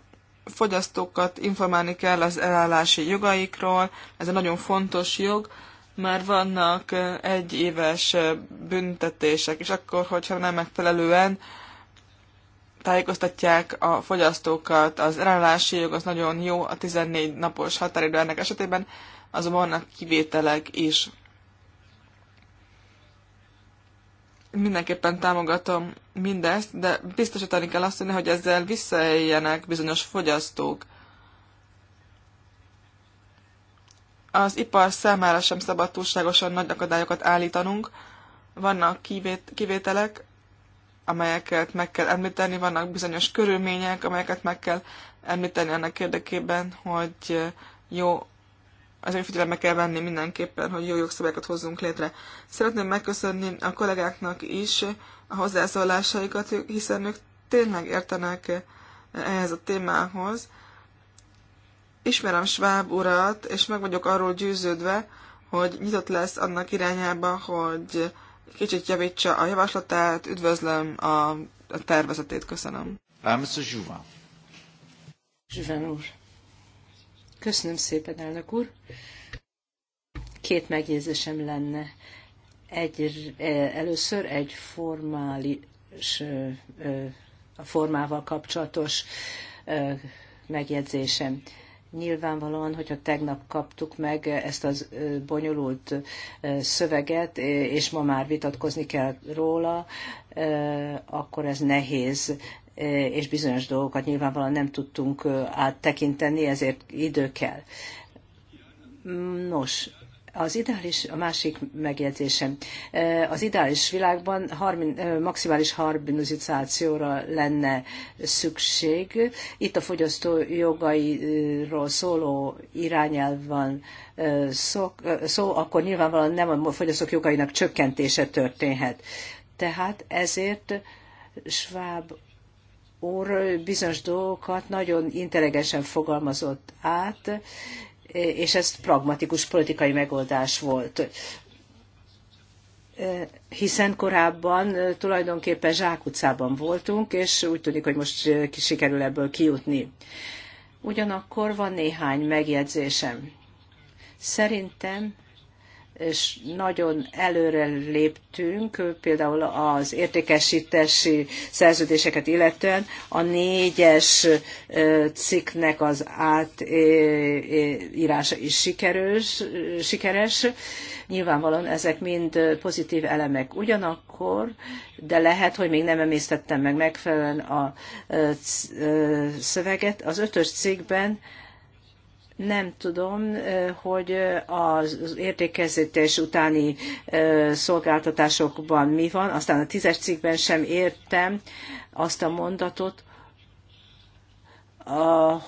fogyasztókat informálni kell az elállási jogaikról, ez egy nagyon fontos jog, már vannak egy éves büntetések, és akkor, hogyha nem megfelelően tájékoztatják a fogyasztókat, az ellenállási jog az nagyon jó a 14 napos határidő ennek esetében, azonban vannak kivételek is. Mindenképpen támogatom mindezt, de biztosítani kell azt, hogy ezzel visszaéljenek bizonyos fogyasztók Az ipar számára sem szabad túlságosan nagy akadályokat állítanunk. Vannak kivét, kivételek, amelyeket meg kell említeni, vannak bizonyos körülmények, amelyeket meg kell említeni annak érdekében, hogy jó, azért figyelembe kell venni mindenképpen, hogy jó jogszabályokat hozzunk létre. Szeretném megköszönni a kollégáknak is a hozzászólásaikat, hiszen ők tényleg értenek ehhez a témához, Ismerem Schwab urat, és meg vagyok arról győződve, hogy nyitott lesz annak irányába, hogy kicsit javítsa a javaslatát. Üdvözlöm a, a tervezetét, köszönöm. Mr. Juvin. Juvin úr. Köszönöm szépen, elnök úr. Két megjegyzésem lenne. Egy, eh, először egy formális, a formával kapcsolatos megjegyzésem. Nyilvánvalóan, hogyha tegnap kaptuk meg ezt az bonyolult szöveget, és ma már vitatkozni kell róla, akkor ez nehéz, és bizonyos dolgokat nyilvánvalóan nem tudtunk áttekinteni, ezért idő kell. Nos, az ideális, a másik megjegyzésem, az ideális világban harmin maximális harmonizációra lenne szükség. Itt a fogyasztó jogairól szóló irányelv van szó, szó, akkor nyilvánvalóan nem a fogyasztók jogainak csökkentése történhet. Tehát ezért Schwab úr bizonyos dolgokat nagyon intelligensen fogalmazott át, és ez pragmatikus politikai megoldás volt hiszen korábban tulajdonképpen zsákutcában voltunk, és úgy tűnik, hogy most sikerül ebből kijutni. Ugyanakkor van néhány megjegyzésem. Szerintem és nagyon előre léptünk, például az értékesítési szerződéseket illetően a négyes cikknek az átírása is sikerős, sikeres. Nyilvánvalóan ezek mind pozitív elemek ugyanakkor, de lehet, hogy még nem emésztettem meg megfelelően a szöveget. Az ötös cikkben nem tudom, hogy az értékezítés utáni szolgáltatásokban mi van, aztán a tízes cikkben sem értem azt a mondatot,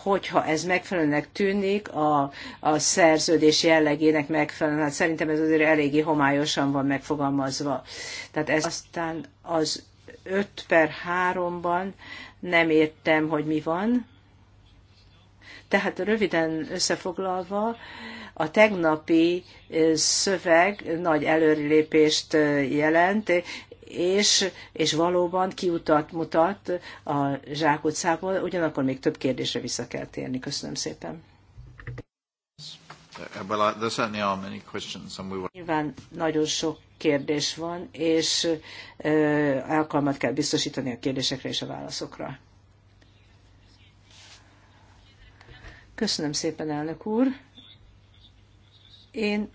hogyha ez megfelelőnek tűnik, a, a szerződés jellegének megfelelően, hát szerintem ez azért eléggé homályosan van megfogalmazva. Tehát ez aztán az 5 per 3-ban nem értem, hogy mi van tehát röviden összefoglalva, a tegnapi szöveg nagy előrelépést jelent, és, és valóban kiutat mutat a zsákutcából, ugyanakkor még több kérdésre vissza kell térni. Köszönöm szépen. Uh, Nyilván nagyon sok kérdés van, és alkalmat kell biztosítani a kérdésekre és a válaszokra. Köszönöm szépen, elnök úr. Én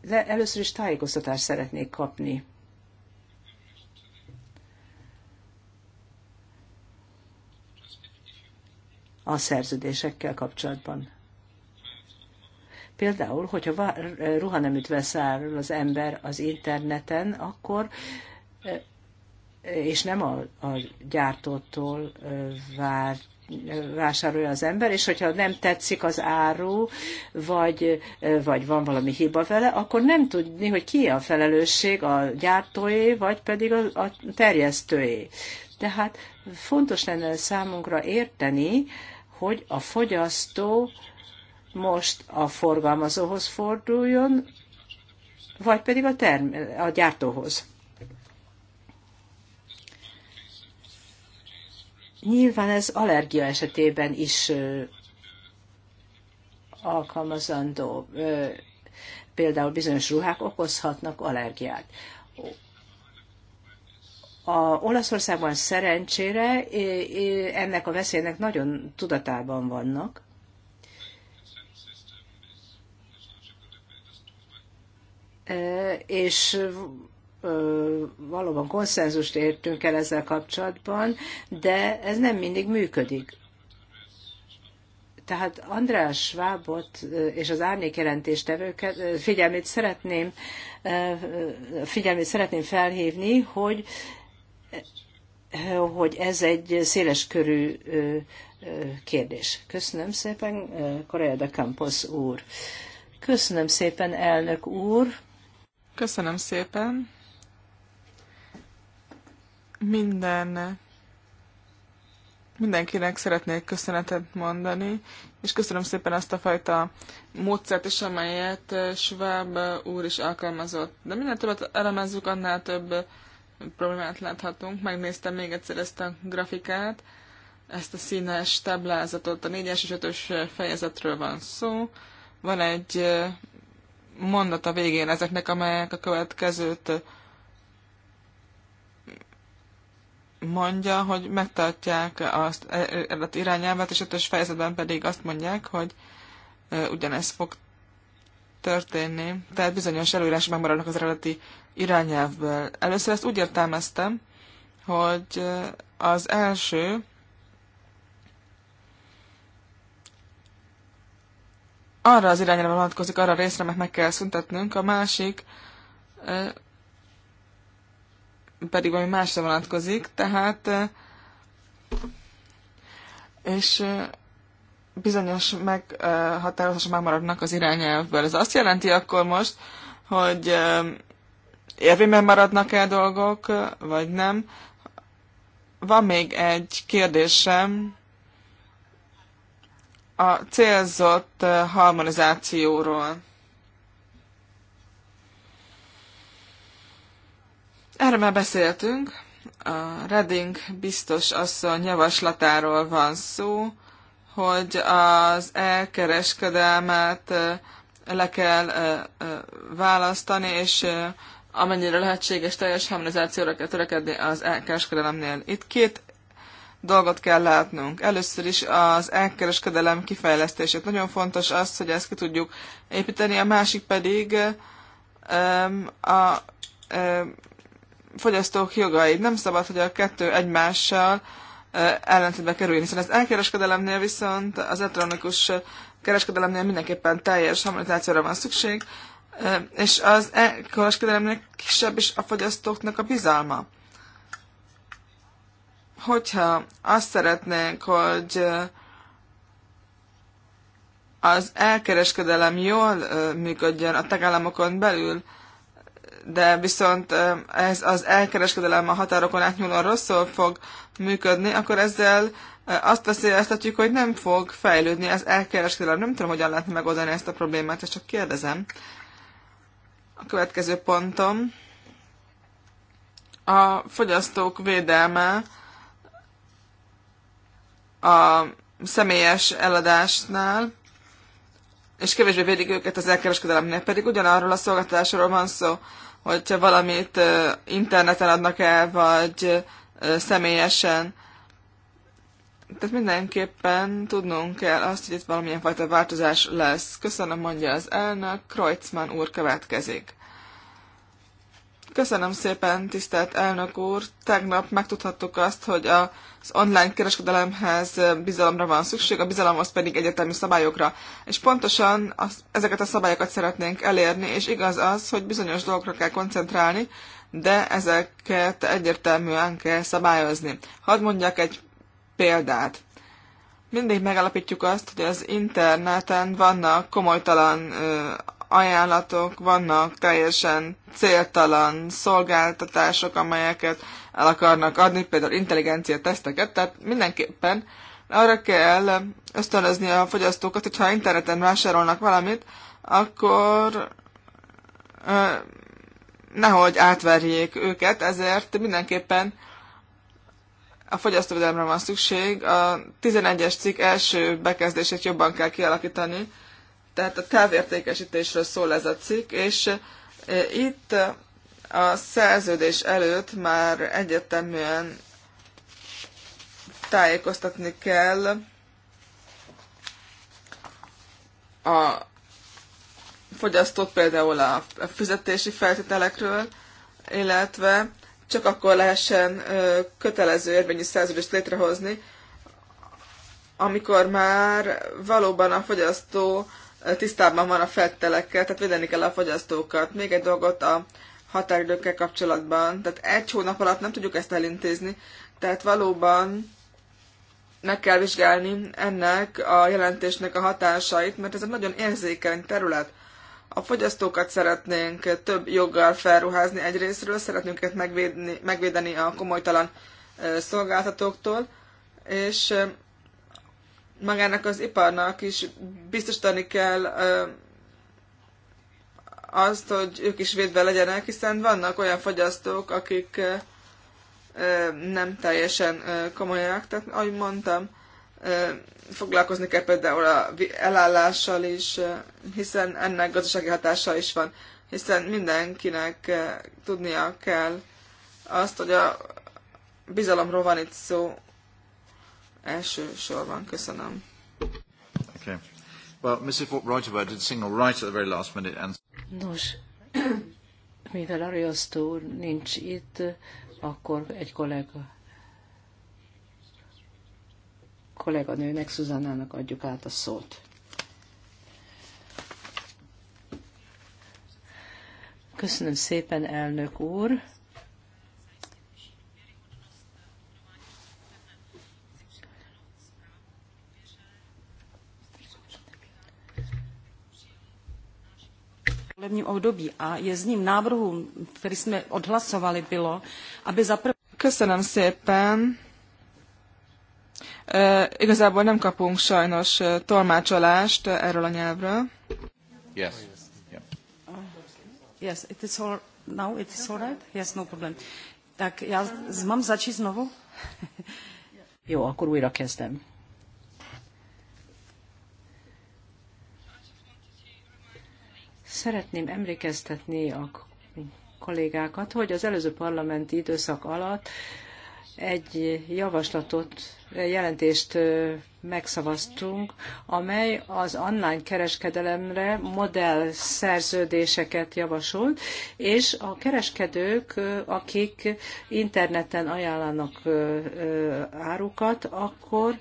de először is tájékoztatást szeretnék kapni. a szerződésekkel kapcsolatban. Például, hogyha ruhaneműt veszárul az ember az interneten, akkor eh, és nem a, a gyártótól eh, várt vásárolja az ember, és hogyha nem tetszik az áru, vagy, vagy van valami hiba vele, akkor nem tudni, hogy ki a felelősség, a gyártóé, vagy pedig a, a terjesztőé. Tehát fontos lenne számunkra érteni, hogy a fogyasztó most a forgalmazóhoz forduljon, vagy pedig a, term- a gyártóhoz. Nyilván ez allergia esetében is alkalmazandó. Például bizonyos ruhák okozhatnak allergiát. A Olaszországban szerencsére ennek a veszélynek nagyon tudatában vannak, és valóban konszenzust értünk el ezzel kapcsolatban, de ez nem mindig működik. Tehát András Schwabot és az árnyék jelentéstevőket figyelmét szeretném, figyelmét szeretném felhívni, hogy hogy ez egy széles körű kérdés. Köszönöm szépen, Korea de Campos úr. Köszönöm szépen, elnök úr. Köszönöm szépen minden mindenkinek szeretnék köszönetet mondani, és köszönöm szépen azt a fajta módszert is, amelyet eh, Schwab eh, úr is alkalmazott. De minél többet elemezzük, annál több problémát láthatunk. Megnéztem még egyszer ezt a grafikát, ezt a színes táblázatot, a 4-es és 5-ös fejezetről van szó. Van egy eh, mondat a végén ezeknek, amelyek a következőt mondja, hogy megtartják az eredet irányelvet, és ötös fejezetben pedig azt mondják, hogy e, ugyanez fog történni. Tehát bizonyos előírások megmaradnak az eredeti irányelvből. Először ezt úgy értelmeztem, hogy e, az első arra az irányra vonatkozik, arra a részre, mert meg kell szüntetnünk, a másik e, pedig valami másra vonatkozik, tehát és bizonyos meghatározások megmaradnak az irányelvből. Ez azt jelenti akkor most, hogy érvényben maradnak-e dolgok, vagy nem. Van még egy kérdésem a célzott harmonizációról. Erre már beszéltünk. A Redding biztos asszony javaslatáról van szó, hogy az elkereskedelmet le kell választani, és amennyire lehetséges teljes harmonizációra kell törekedni az elkereskedelemnél. Itt két dolgot kell látnunk. Először is az elkereskedelem kifejlesztését. Nagyon fontos az, hogy ezt ki tudjuk építeni, a másik pedig a fogyasztók jogait. Nem szabad, hogy a kettő egymással ellentétbe kerüljön, hiszen az elkereskedelemnél viszont az elektronikus kereskedelemnél mindenképpen teljes harmonizációra van szükség, és az elkereskedelemnél kisebb is a fogyasztóknak a bizalma. Hogyha azt szeretnénk, hogy az elkereskedelem jól működjön a tagállamokon belül, de viszont ez az elkereskedelem a határokon átnyúlóan rosszul fog működni, akkor ezzel azt veszélyeztetjük, hogy nem fog fejlődni az elkereskedelem. Nem tudom, hogyan lehetne megoldani ezt a problémát, és csak kérdezem. A következő pontom. A fogyasztók védelme a személyes eladásnál, és kevésbé védik őket az elkereskedelemnél, pedig ugyanarról a szolgáltatásról van szó hogyha valamit interneten adnak el, vagy személyesen. Tehát mindenképpen tudnunk kell azt, hogy itt valamilyen fajta változás lesz. Köszönöm, mondja az elnök. Kreutzmann úr következik. Köszönöm szépen, tisztelt elnök úr! Tegnap megtudhattuk azt, hogy az online kereskedelemhez bizalomra van szükség, a bizalomhoz pedig egyetemi szabályokra. És pontosan az, ezeket a szabályokat szeretnénk elérni, és igaz az, hogy bizonyos dolgokra kell koncentrálni, de ezeket egyértelműen kell szabályozni. Hadd mondjak egy példát. Mindig megalapítjuk azt, hogy az interneten vannak komolytalan ajánlatok, vannak teljesen céltalan szolgáltatások, amelyeket el akarnak adni, például intelligencia teszteket, tehát mindenképpen arra kell ösztönözni a fogyasztókat, hogyha interneten vásárolnak valamit, akkor nehogy átverjék őket, ezért mindenképpen a fogyasztóvédelemre van szükség. A 11-es cikk első bekezdését jobban kell kialakítani, tehát a távértékesítésről szól ez a cikk, és e, itt a szerződés előtt már egyeteműen tájékoztatni kell a fogyasztót például a fizetési feltételekről, illetve csak akkor lehessen kötelező érvényű szerződést létrehozni, amikor már valóban a fogyasztó tisztában van a fettelekkel, tehát védeni kell a fogyasztókat. Még egy dolgot a határidőkkel kapcsolatban, tehát egy hónap alatt nem tudjuk ezt elintézni, tehát valóban meg kell vizsgálni ennek a jelentésnek a hatásait, mert ez egy nagyon érzékeny terület. A fogyasztókat szeretnénk több joggal felruházni egyrésztről, szeretnénk őket megvédeni, megvédeni a komolytalan szolgáltatóktól, és magának az iparnak is biztosítani kell azt, hogy ők is védve legyenek, hiszen vannak olyan fogyasztók, akik nem teljesen komolyak. Tehát, ahogy mondtam, foglalkozni kell például a elállással is, hiszen ennek gazdasági hatása is van, hiszen mindenkinek tudnia kell azt, hogy a bizalomról van itt szó, elsősorban. Köszönöm. Okay. Well, Mrs. Reuterer did signal right at the very last minute and... Nos, (clears throat) mivel Ariosto úr nincs itt, akkor egy kollega kolléganőnek, Szuzannának adjuk át a szót. Köszönöm szépen, elnök úr! volebním období a je z ním návrhu, který jsme odhlasovali, bylo, aby za zaprvé... Köszönöm szépen! E, igazából nem kapunk sajnos tolmácsolást erről a nyelvről. Yes. Uh, yes, it is all, now it is all right? Yes, no problem. Tak já mám začít znovu? Jo, akkor újra kezdem. Szeretném emlékeztetni a kollégákat, hogy az előző parlamenti időszak alatt egy javaslatot, jelentést megszavaztunk, amely az online kereskedelemre modell szerződéseket javasolt, és a kereskedők, akik interneten ajánlanak árukat, akkor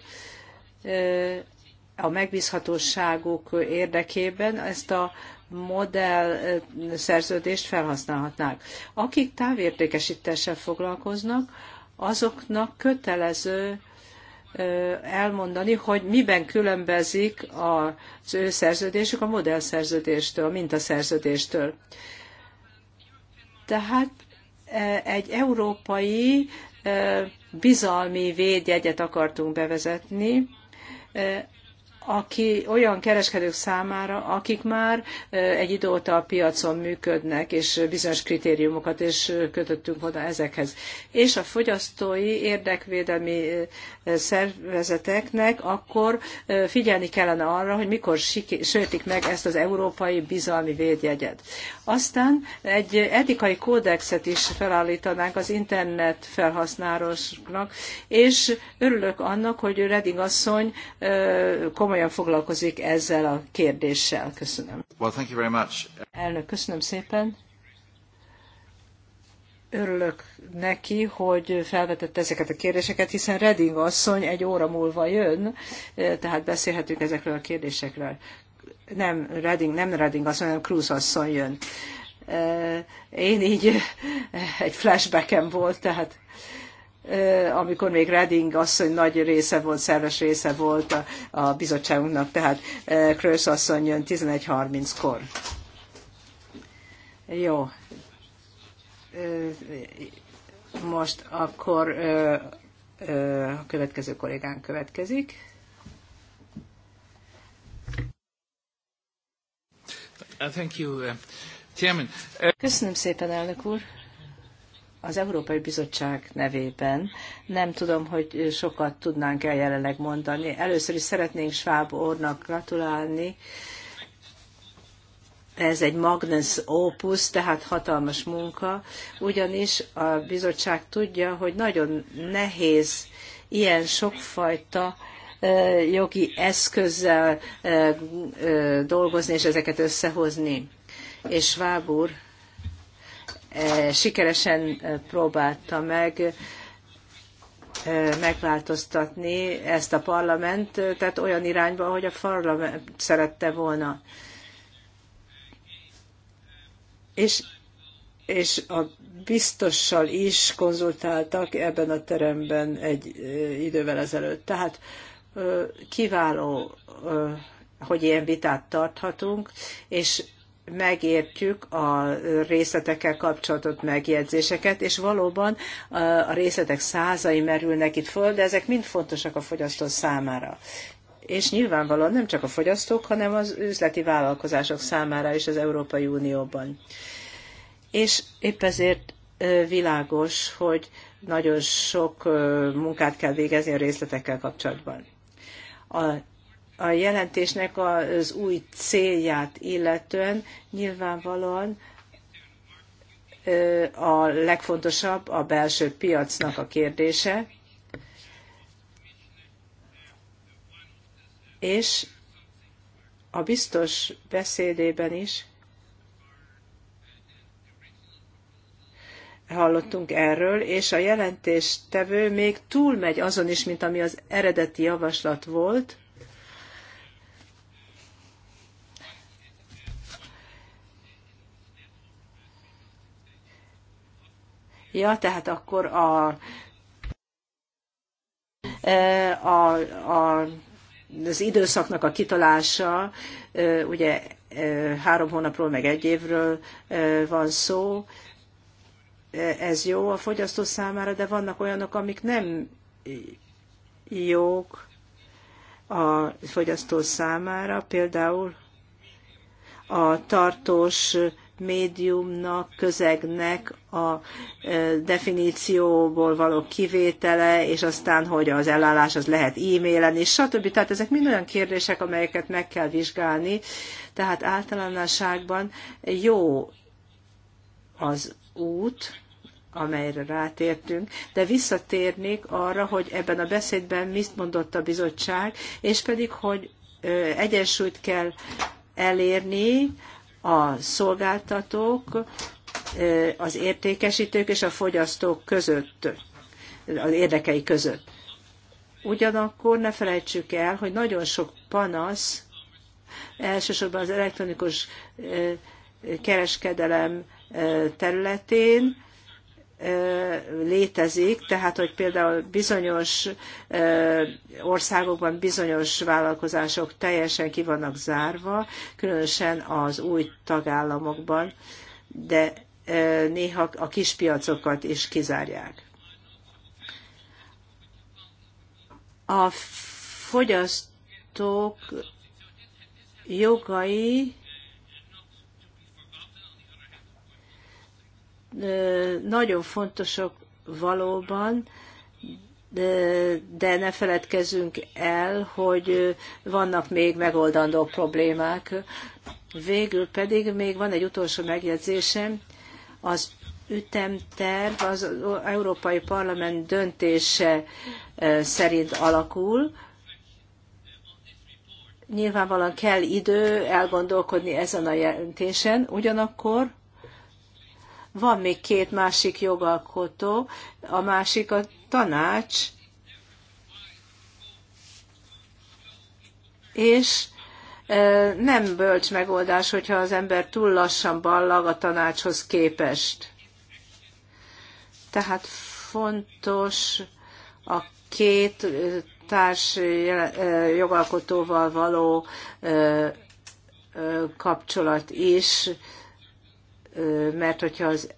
a megbízhatóságuk érdekében ezt a modell szerződést felhasználhatnák. Akik távértékesítéssel foglalkoznak, azoknak kötelező elmondani, hogy miben különbözik az ő szerződésük a modell mint a szerződéstől. Tehát egy európai bizalmi védjegyet akartunk bevezetni, aki olyan kereskedők számára, akik már egy idő óta a piacon működnek, és bizonyos kritériumokat is kötöttünk oda ezekhez. És a fogyasztói érdekvédelmi szervezeteknek akkor figyelni kellene arra, hogy mikor sértik meg ezt az európai bizalmi védjegyet. Aztán egy etikai kódexet is felállítanánk az internet felhasználósnak, és örülök annak, hogy Reding asszony komoly komolyan foglalkozik ezzel a kérdéssel. Köszönöm. Well, thank you very much. Elnök, köszönöm szépen. Örülök neki, hogy felvetett ezeket a kérdéseket, hiszen Reding asszony egy óra múlva jön, eh, tehát beszélhetünk ezekről a kérdésekről. Nem Reding, nem Reding asszony, hanem Cruz asszony jön. Eh, én így eh, egy flashbackem volt, tehát amikor még Reding asszony nagy része volt, szerves része volt a, a bizottságunknak, tehát Krösz asszony jön 11.30-kor. Jó. Most akkor a következő kollégánk következik. Uh, thank you, uh, Chairman. Uh, Köszönöm szépen, elnök úr az Európai Bizottság nevében. Nem tudom, hogy sokat tudnánk el jelenleg mondani. Először is szeretnénk Schwab úrnak gratulálni. Ez egy magnus opus, tehát hatalmas munka, ugyanis a bizottság tudja, hogy nagyon nehéz ilyen sokfajta jogi eszközzel dolgozni és ezeket összehozni. És Schwab úr Eh, sikeresen eh, próbálta meg eh, megváltoztatni ezt a parlament, tehát olyan irányba, ahogy a parlament szerette volna. És, és a biztossal is konzultáltak ebben a teremben egy idővel ezelőtt. Tehát kiváló, hogy ilyen vitát tarthatunk, és megértjük a részletekkel kapcsolatot megjegyzéseket, és valóban a részletek százai merülnek itt föl, de ezek mind fontosak a fogyasztó számára. És nyilvánvalóan nem csak a fogyasztók, hanem az üzleti vállalkozások számára is az Európai Unióban. És épp ezért világos, hogy nagyon sok munkát kell végezni a részletekkel kapcsolatban. A a jelentésnek az új célját illetően nyilvánvalóan a legfontosabb a belső piacnak a kérdése, és a biztos beszédében is hallottunk erről, és a jelentéstevő még túlmegy azon is, mint ami az eredeti javaslat volt, Ja, tehát akkor a, e, a, a, az időszaknak a kitalása, e, ugye e, három hónapról, meg egy évről van szó, ez jó a fogyasztó számára, de vannak olyanok, amik nem jók a fogyasztó számára, például a tartós médiumnak, közegnek a e, definícióból való kivétele, és aztán, hogy az elállás az lehet e-mailen is, stb. Tehát ezek mind olyan kérdések, amelyeket meg kell vizsgálni. Tehát általánosságban jó az út, amelyre rátértünk, de visszatérnék arra, hogy ebben a beszédben mit mondott a bizottság, és pedig, hogy egyensúlyt kell elérni a szolgáltatók, az értékesítők és a fogyasztók között, az érdekei között. Ugyanakkor ne felejtsük el, hogy nagyon sok panasz, elsősorban az elektronikus kereskedelem területén létezik, tehát hogy például bizonyos országokban bizonyos vállalkozások teljesen ki vannak zárva, különösen az új tagállamokban, de néha a kispiacokat is kizárják. A fogyasztók jogai nagyon fontosak valóban, de, de ne feledkezzünk el, hogy vannak még megoldandó problémák. Végül pedig még van egy utolsó megjegyzésem, az ütemterv az Európai Parlament döntése szerint alakul. Nyilvánvalóan kell idő elgondolkodni ezen a jelentésen, ugyanakkor van még két másik jogalkotó, a másik a tanács, és nem bölcs megoldás, hogyha az ember túl lassan ballag a tanácshoz képest. Tehát fontos a két társ jogalkotóval való kapcsolat is, mert hogyha az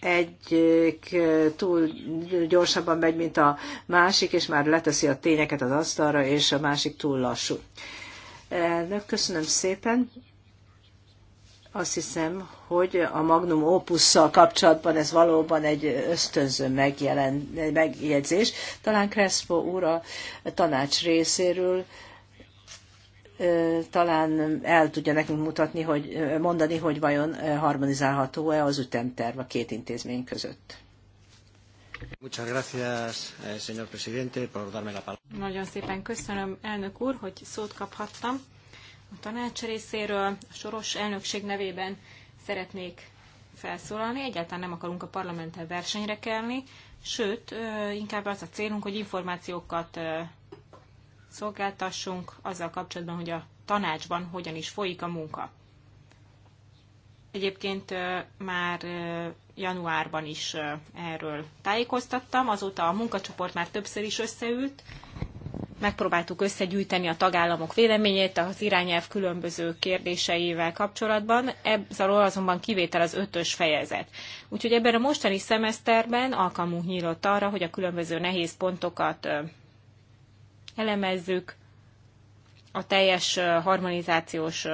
egyik túl gyorsabban megy, mint a másik, és már leteszi a tényeket az asztalra, és a másik túl lassú. Köszönöm szépen. Azt hiszem, hogy a Magnum Opusszal kapcsolatban ez valóban egy ösztönző megjelen, megjegyzés. Talán Crespo úr a tanács részéről talán el tudja nekünk mutatni, hogy, mondani, hogy vajon harmonizálható-e az ütemterv a két intézmény között. Eh, Nagyon szépen köszönöm, elnök úr, hogy szót kaphattam. A tanács részéről a soros elnökség nevében szeretnék felszólalni. Egyáltalán nem akarunk a parlamenttel versenyre kelni, sőt, inkább az a célunk, hogy információkat szolgáltassunk azzal kapcsolatban, hogy a tanácsban hogyan is folyik a munka. Egyébként már januárban is erről tájékoztattam, azóta a munkacsoport már többször is összeült, megpróbáltuk összegyűjteni a tagállamok véleményét az irányelv különböző kérdéseivel kapcsolatban, ezzel azonban kivétel az ötös fejezet. Úgyhogy ebben a mostani szemeszterben alkalmunk nyílott arra, hogy a különböző nehéz pontokat elemezzük, a teljes harmonizációs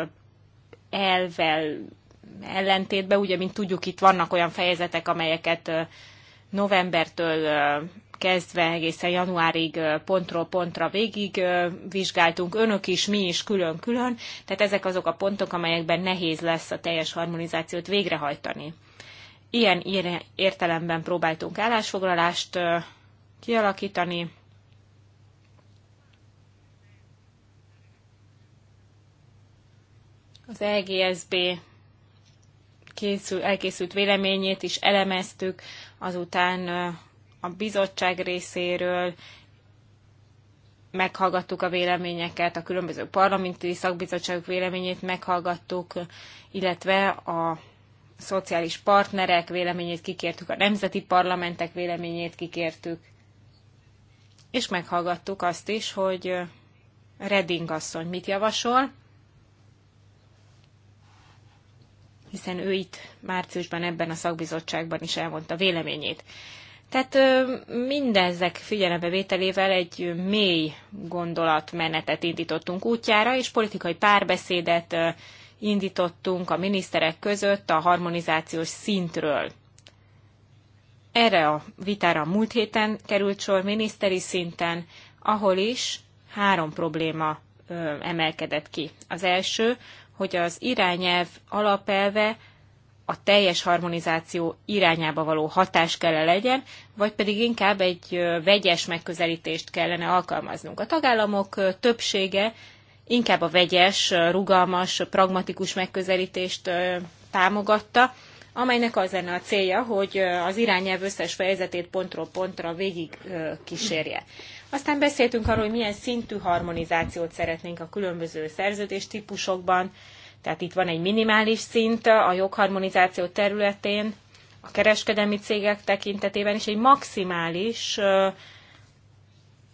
elvel ellentétben, ugye, mint tudjuk, itt vannak olyan fejezetek, amelyeket novembertől kezdve egészen januárig pontról pontra végig vizsgáltunk, önök is, mi is külön-külön, tehát ezek azok a pontok, amelyekben nehéz lesz a teljes harmonizációt végrehajtani. Ilyen értelemben próbáltunk állásfoglalást kialakítani, Az EGSB készült elkészült véleményét is elemeztük, azután a bizottság részéről meghallgattuk a véleményeket, a különböző parlamenti szakbizottságok véleményét meghallgattuk, illetve a szociális partnerek véleményét kikértük, a nemzeti parlamentek véleményét kikértük, és meghallgattuk azt is, hogy Redding asszony mit javasol, hiszen ő itt márciusban ebben a szakbizottságban is elmondta véleményét. Tehát mindezek figyelembevételével egy mély gondolatmenetet indítottunk útjára, és politikai párbeszédet indítottunk a miniszterek között a harmonizációs szintről. Erre a vitára múlt héten került sor miniszteri szinten, ahol is három probléma emelkedett ki. Az első hogy az irányelv alapelve a teljes harmonizáció irányába való hatás kell legyen, vagy pedig inkább egy vegyes megközelítést kellene alkalmaznunk. A tagállamok többsége inkább a vegyes, rugalmas, pragmatikus megközelítést támogatta, amelynek az lenne a célja, hogy az irányelv összes fejezetét pontról pontra végig kísérje. Aztán beszéltünk arról, hogy milyen szintű harmonizációt szeretnénk a különböző szerződéstípusokban, tehát itt van egy minimális szint a jogharmonizáció területén, a kereskedelmi cégek tekintetében, és egy maximális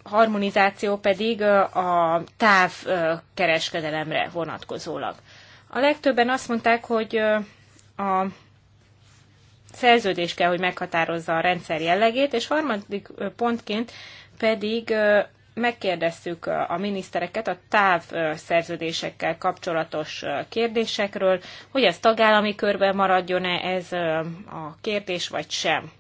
harmonizáció pedig a távkereskedelemre vonatkozólag. A legtöbben azt mondták, hogy a szerződés kell, hogy meghatározza a rendszer jellegét, és harmadik pontként pedig megkérdeztük a minisztereket a távszerződésekkel kapcsolatos kérdésekről, hogy ez tagállami körben maradjon-e ez a kérdés, vagy sem.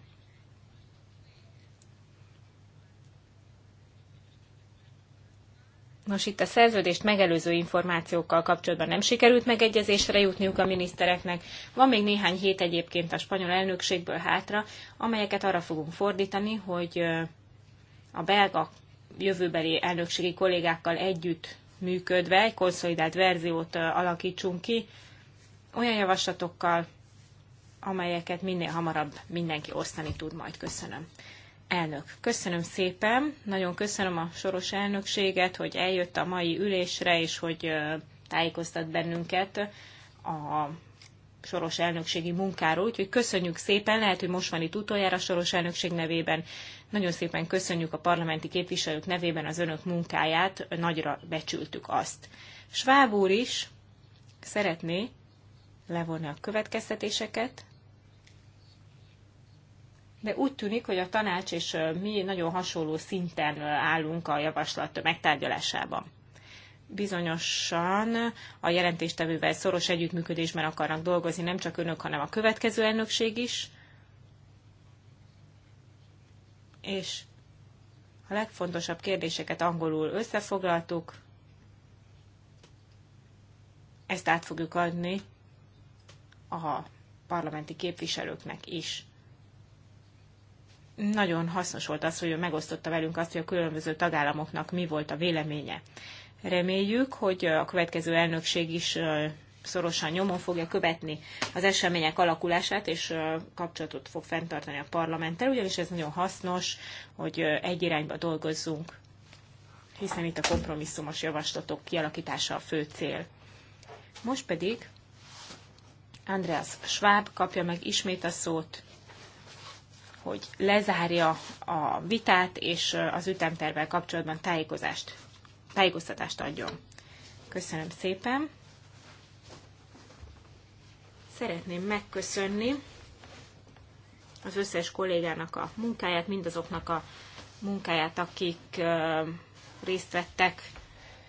Nos, itt a szerződést megelőző információkkal kapcsolatban nem sikerült megegyezésre jutniuk a minisztereknek. Van még néhány hét egyébként a spanyol elnökségből hátra, amelyeket arra fogunk fordítani, hogy a belga jövőbeli elnökségi kollégákkal együtt működve egy konszolidált verziót alakítsunk ki, olyan javaslatokkal, amelyeket minél hamarabb mindenki osztani tud majd. Köszönöm. Elnök, köszönöm szépen, nagyon köszönöm a soros elnökséget, hogy eljött a mai ülésre, és hogy tájékoztat bennünket a soros elnökségi munkáról, úgyhogy köszönjük szépen, lehet, hogy most van itt utoljára soros elnökség nevében. Nagyon szépen köszönjük a parlamenti képviselők nevében az önök munkáját, nagyra becsültük azt. Schwab úr is szeretné levonni a következtetéseket, de úgy tűnik, hogy a tanács és mi nagyon hasonló szinten állunk a javaslat megtárgyalásában bizonyosan a jelentéstevővel szoros együttműködésben akarnak dolgozni, nem csak önök, hanem a következő elnökség is. És a legfontosabb kérdéseket angolul összefoglaltuk. Ezt át fogjuk adni a parlamenti képviselőknek is. Nagyon hasznos volt az, hogy ő megosztotta velünk azt, hogy a különböző tagállamoknak mi volt a véleménye. Reméljük, hogy a következő elnökség is szorosan nyomon fogja követni az események alakulását, és kapcsolatot fog fenntartani a parlamenttel, ugyanis ez nagyon hasznos, hogy egy irányba dolgozzunk, hiszen itt a kompromisszumos javaslatok kialakítása a fő cél. Most pedig Andreas Schwab kapja meg ismét a szót, hogy lezárja a vitát és az ütemtervel kapcsolatban tájékozást tájékoztatást adjon. Köszönöm szépen. Szeretném megköszönni az összes kollégának a munkáját, mindazoknak a munkáját, akik részt vettek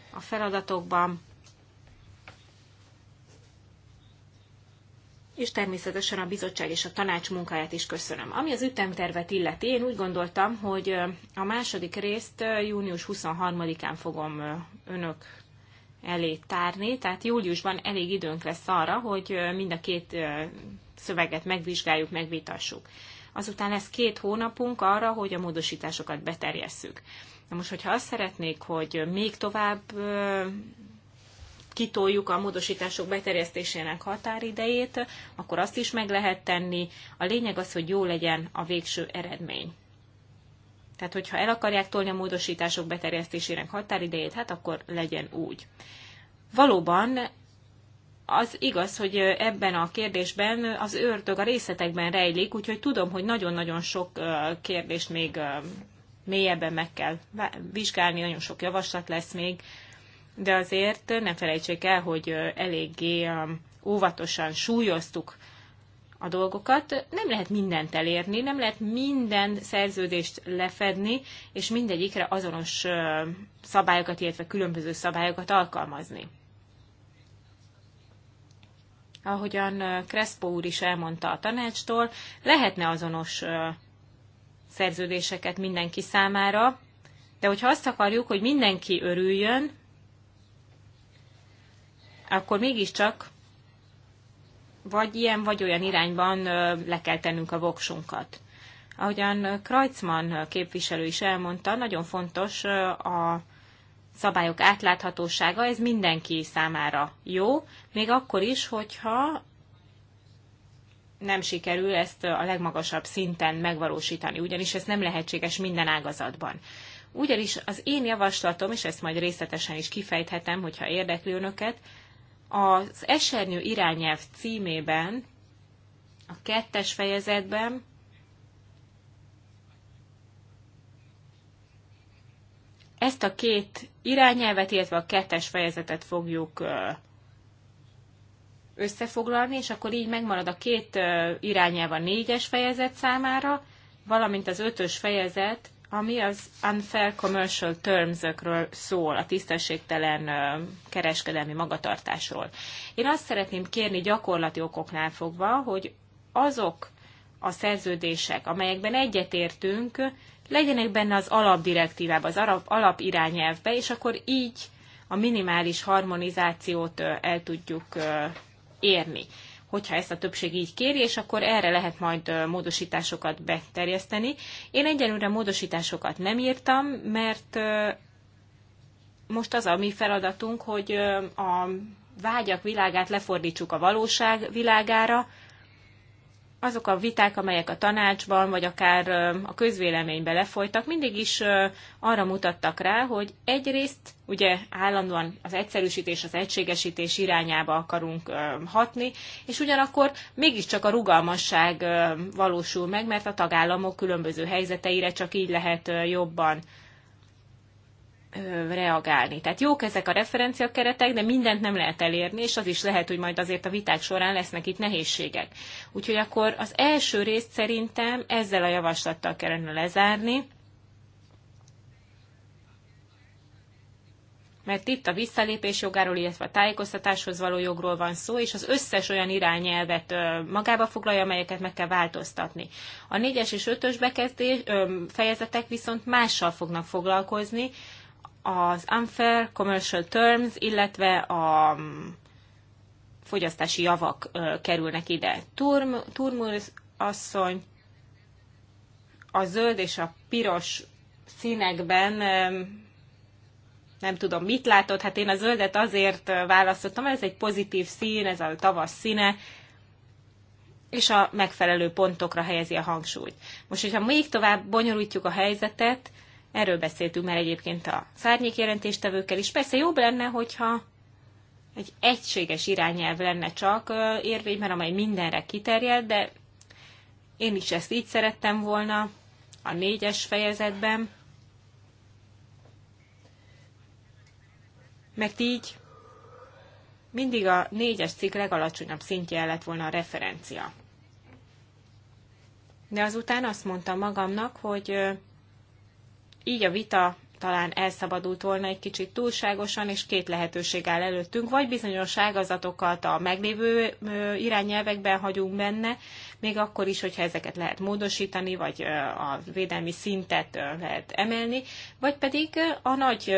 a feladatokban. és természetesen a bizottság és a tanács munkáját is köszönöm. Ami az ütemtervet illeti, én úgy gondoltam, hogy a második részt június 23-án fogom önök elé tárni, tehát júliusban elég időnk lesz arra, hogy mind a két szöveget megvizsgáljuk, megvitassuk. Azután lesz két hónapunk arra, hogy a módosításokat beterjesszük. Na most, hogyha azt szeretnék, hogy még tovább kitoljuk a módosítások beterjesztésének határidejét, akkor azt is meg lehet tenni. A lényeg az, hogy jó legyen a végső eredmény. Tehát, hogyha el akarják tolni a módosítások beterjesztésének határidejét, hát akkor legyen úgy. Valóban az igaz, hogy ebben a kérdésben az ördög a részletekben rejlik, úgyhogy tudom, hogy nagyon-nagyon sok kérdést még mélyebben meg kell vizsgálni, nagyon sok javaslat lesz még, de azért nem felejtsék el, hogy eléggé óvatosan súlyoztuk a dolgokat. Nem lehet mindent elérni, nem lehet minden szerződést lefedni, és mindegyikre azonos szabályokat, illetve különböző szabályokat alkalmazni. Ahogyan Crespo úr is elmondta a tanácstól, lehetne azonos szerződéseket mindenki számára, de hogyha azt akarjuk, hogy mindenki örüljön, akkor mégiscsak vagy ilyen, vagy olyan irányban le kell tennünk a voksunkat. Ahogyan Kreutzmann képviselő is elmondta, nagyon fontos a szabályok átláthatósága, ez mindenki számára jó, még akkor is, hogyha nem sikerül ezt a legmagasabb szinten megvalósítani, ugyanis ez nem lehetséges minden ágazatban. Ugyanis az én javaslatom, és ezt majd részletesen is kifejthetem, hogyha érdekli önöket, az esernyő irányelv címében, a kettes fejezetben ezt a két irányelvet, illetve a kettes fejezetet fogjuk összefoglalni, és akkor így megmarad a két irányelv a négyes fejezet számára, valamint az ötös fejezet ami az unfair commercial terms szól, a tisztességtelen kereskedelmi magatartásról. Én azt szeretném kérni gyakorlati okoknál fogva, hogy azok a szerződések, amelyekben egyetértünk, legyenek benne az alapdirektívába, az alapirányelvbe, és akkor így a minimális harmonizációt el tudjuk érni hogyha ezt a többség így kéri, és akkor erre lehet majd módosításokat beterjeszteni. Én egyelőre módosításokat nem írtam, mert most az a mi feladatunk, hogy a vágyak világát lefordítsuk a valóság világára, azok a viták, amelyek a tanácsban, vagy akár a közvéleményben lefolytak, mindig is arra mutattak rá, hogy egyrészt ugye állandóan az egyszerűsítés, az egységesítés irányába akarunk hatni, és ugyanakkor mégiscsak a rugalmasság valósul meg, mert a tagállamok különböző helyzeteire csak így lehet jobban reagálni. Tehát jók ezek a referenciakeretek, de mindent nem lehet elérni, és az is lehet, hogy majd azért a viták során lesznek itt nehézségek. Úgyhogy akkor az első részt szerintem ezzel a javaslattal kellene lezárni, mert itt a visszalépés jogáról, illetve a tájékoztatáshoz való jogról van szó, és az összes olyan irányelvet magába foglalja, amelyeket meg kell változtatni. A négyes és ötös bekezdés, fejezetek viszont mással fognak foglalkozni, az unfair commercial terms, illetve a fogyasztási javak kerülnek ide. Turm, Turmur asszony a zöld és a piros színekben nem tudom, mit látott, hát én a zöldet azért választottam, ez egy pozitív szín, ez a tavasz színe, és a megfelelő pontokra helyezi a hangsúlyt. Most, hogyha még tovább bonyolítjuk a helyzetet, Erről beszéltünk már egyébként a szárnyék jelentéstevőkkel is. Persze jobb lenne, hogyha egy egységes irányelv lenne csak érvényben, amely mindenre kiterjed, de én is ezt így szerettem volna a négyes fejezetben. Mert így mindig a négyes cikk legalacsonyabb szintje lett volna a referencia. De azután azt mondtam magamnak, hogy így a vita talán elszabadult volna egy kicsit túlságosan, és két lehetőség áll előttünk, vagy bizonyos ágazatokat a meglévő irányelvekben hagyunk benne, még akkor is, hogyha ezeket lehet módosítani, vagy a védelmi szintet lehet emelni, vagy pedig a nagy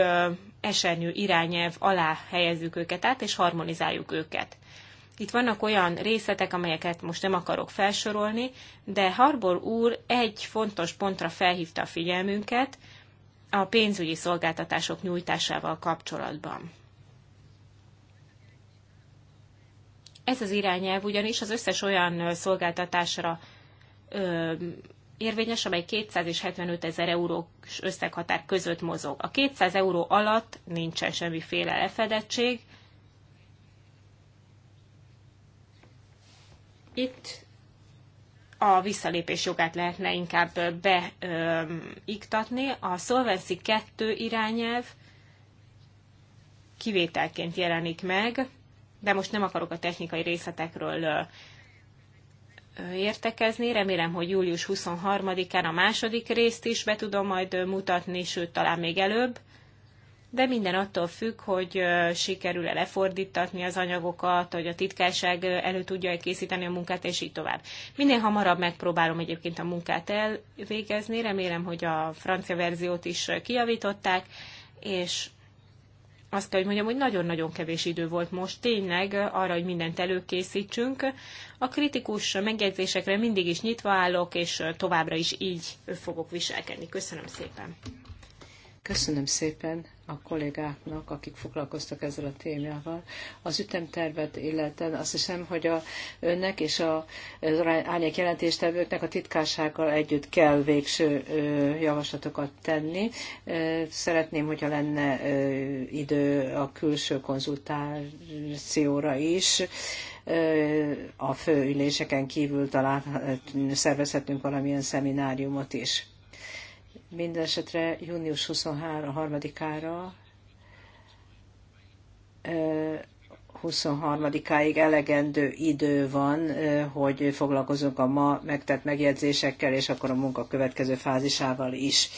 esernyő irányelv alá helyezzük őket át, és harmonizáljuk őket. Itt vannak olyan részletek, amelyeket most nem akarok felsorolni, de Harbor úr egy fontos pontra felhívta a figyelmünket, a pénzügyi szolgáltatások nyújtásával kapcsolatban. Ez az irányelv ugyanis az összes olyan szolgáltatásra ö, érvényes, amely 200 és 75 ezer eurós összeghatár között mozog. A 200 euró alatt nincsen semmiféle lefedettség. Itt a visszalépés jogát lehetne inkább beiktatni. A Solvency 2 irányelv kivételként jelenik meg, de most nem akarok a technikai részletekről értekezni. Remélem, hogy július 23-án a második részt is be tudom majd mutatni, sőt, talán még előbb de minden attól függ, hogy sikerül-e lefordítatni az anyagokat, hogy a titkárság elő tudja-e készíteni a munkát, és így tovább. Minél hamarabb megpróbálom egyébként a munkát elvégezni, remélem, hogy a francia verziót is kijavították, és azt kell, hogy mondjam, hogy nagyon-nagyon kevés idő volt most tényleg arra, hogy mindent előkészítsünk. A kritikus megjegyzésekre mindig is nyitva állok, és továbbra is így fogok viselkedni. Köszönöm szépen! Köszönöm szépen a kollégáknak, akik foglalkoztak ezzel a témával. Az ütemtervet illeten azt hiszem, hogy a önnek és a árnyék jelentéstevőknek a titkársággal együtt kell végső javaslatokat tenni. Szeretném, hogyha lenne idő a külső konzultációra is a főüléseken kívül talán szervezhetünk valamilyen szemináriumot is. Mindenesetre június 23-ára 23-áig elegendő idő van, hogy foglalkozunk a ma megtett megjegyzésekkel, és akkor a munka következő fázisával is.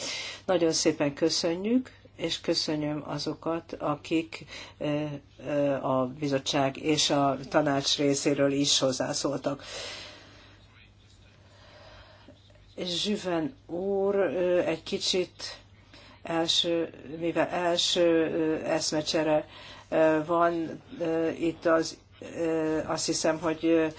Nagyon szépen köszönjük, és köszönöm azokat, akik a bizottság és a tanács részéről is hozzászóltak. Zsüven úr egy kicsit első, mivel első eszmecsere van itt az, azt hiszem, hogy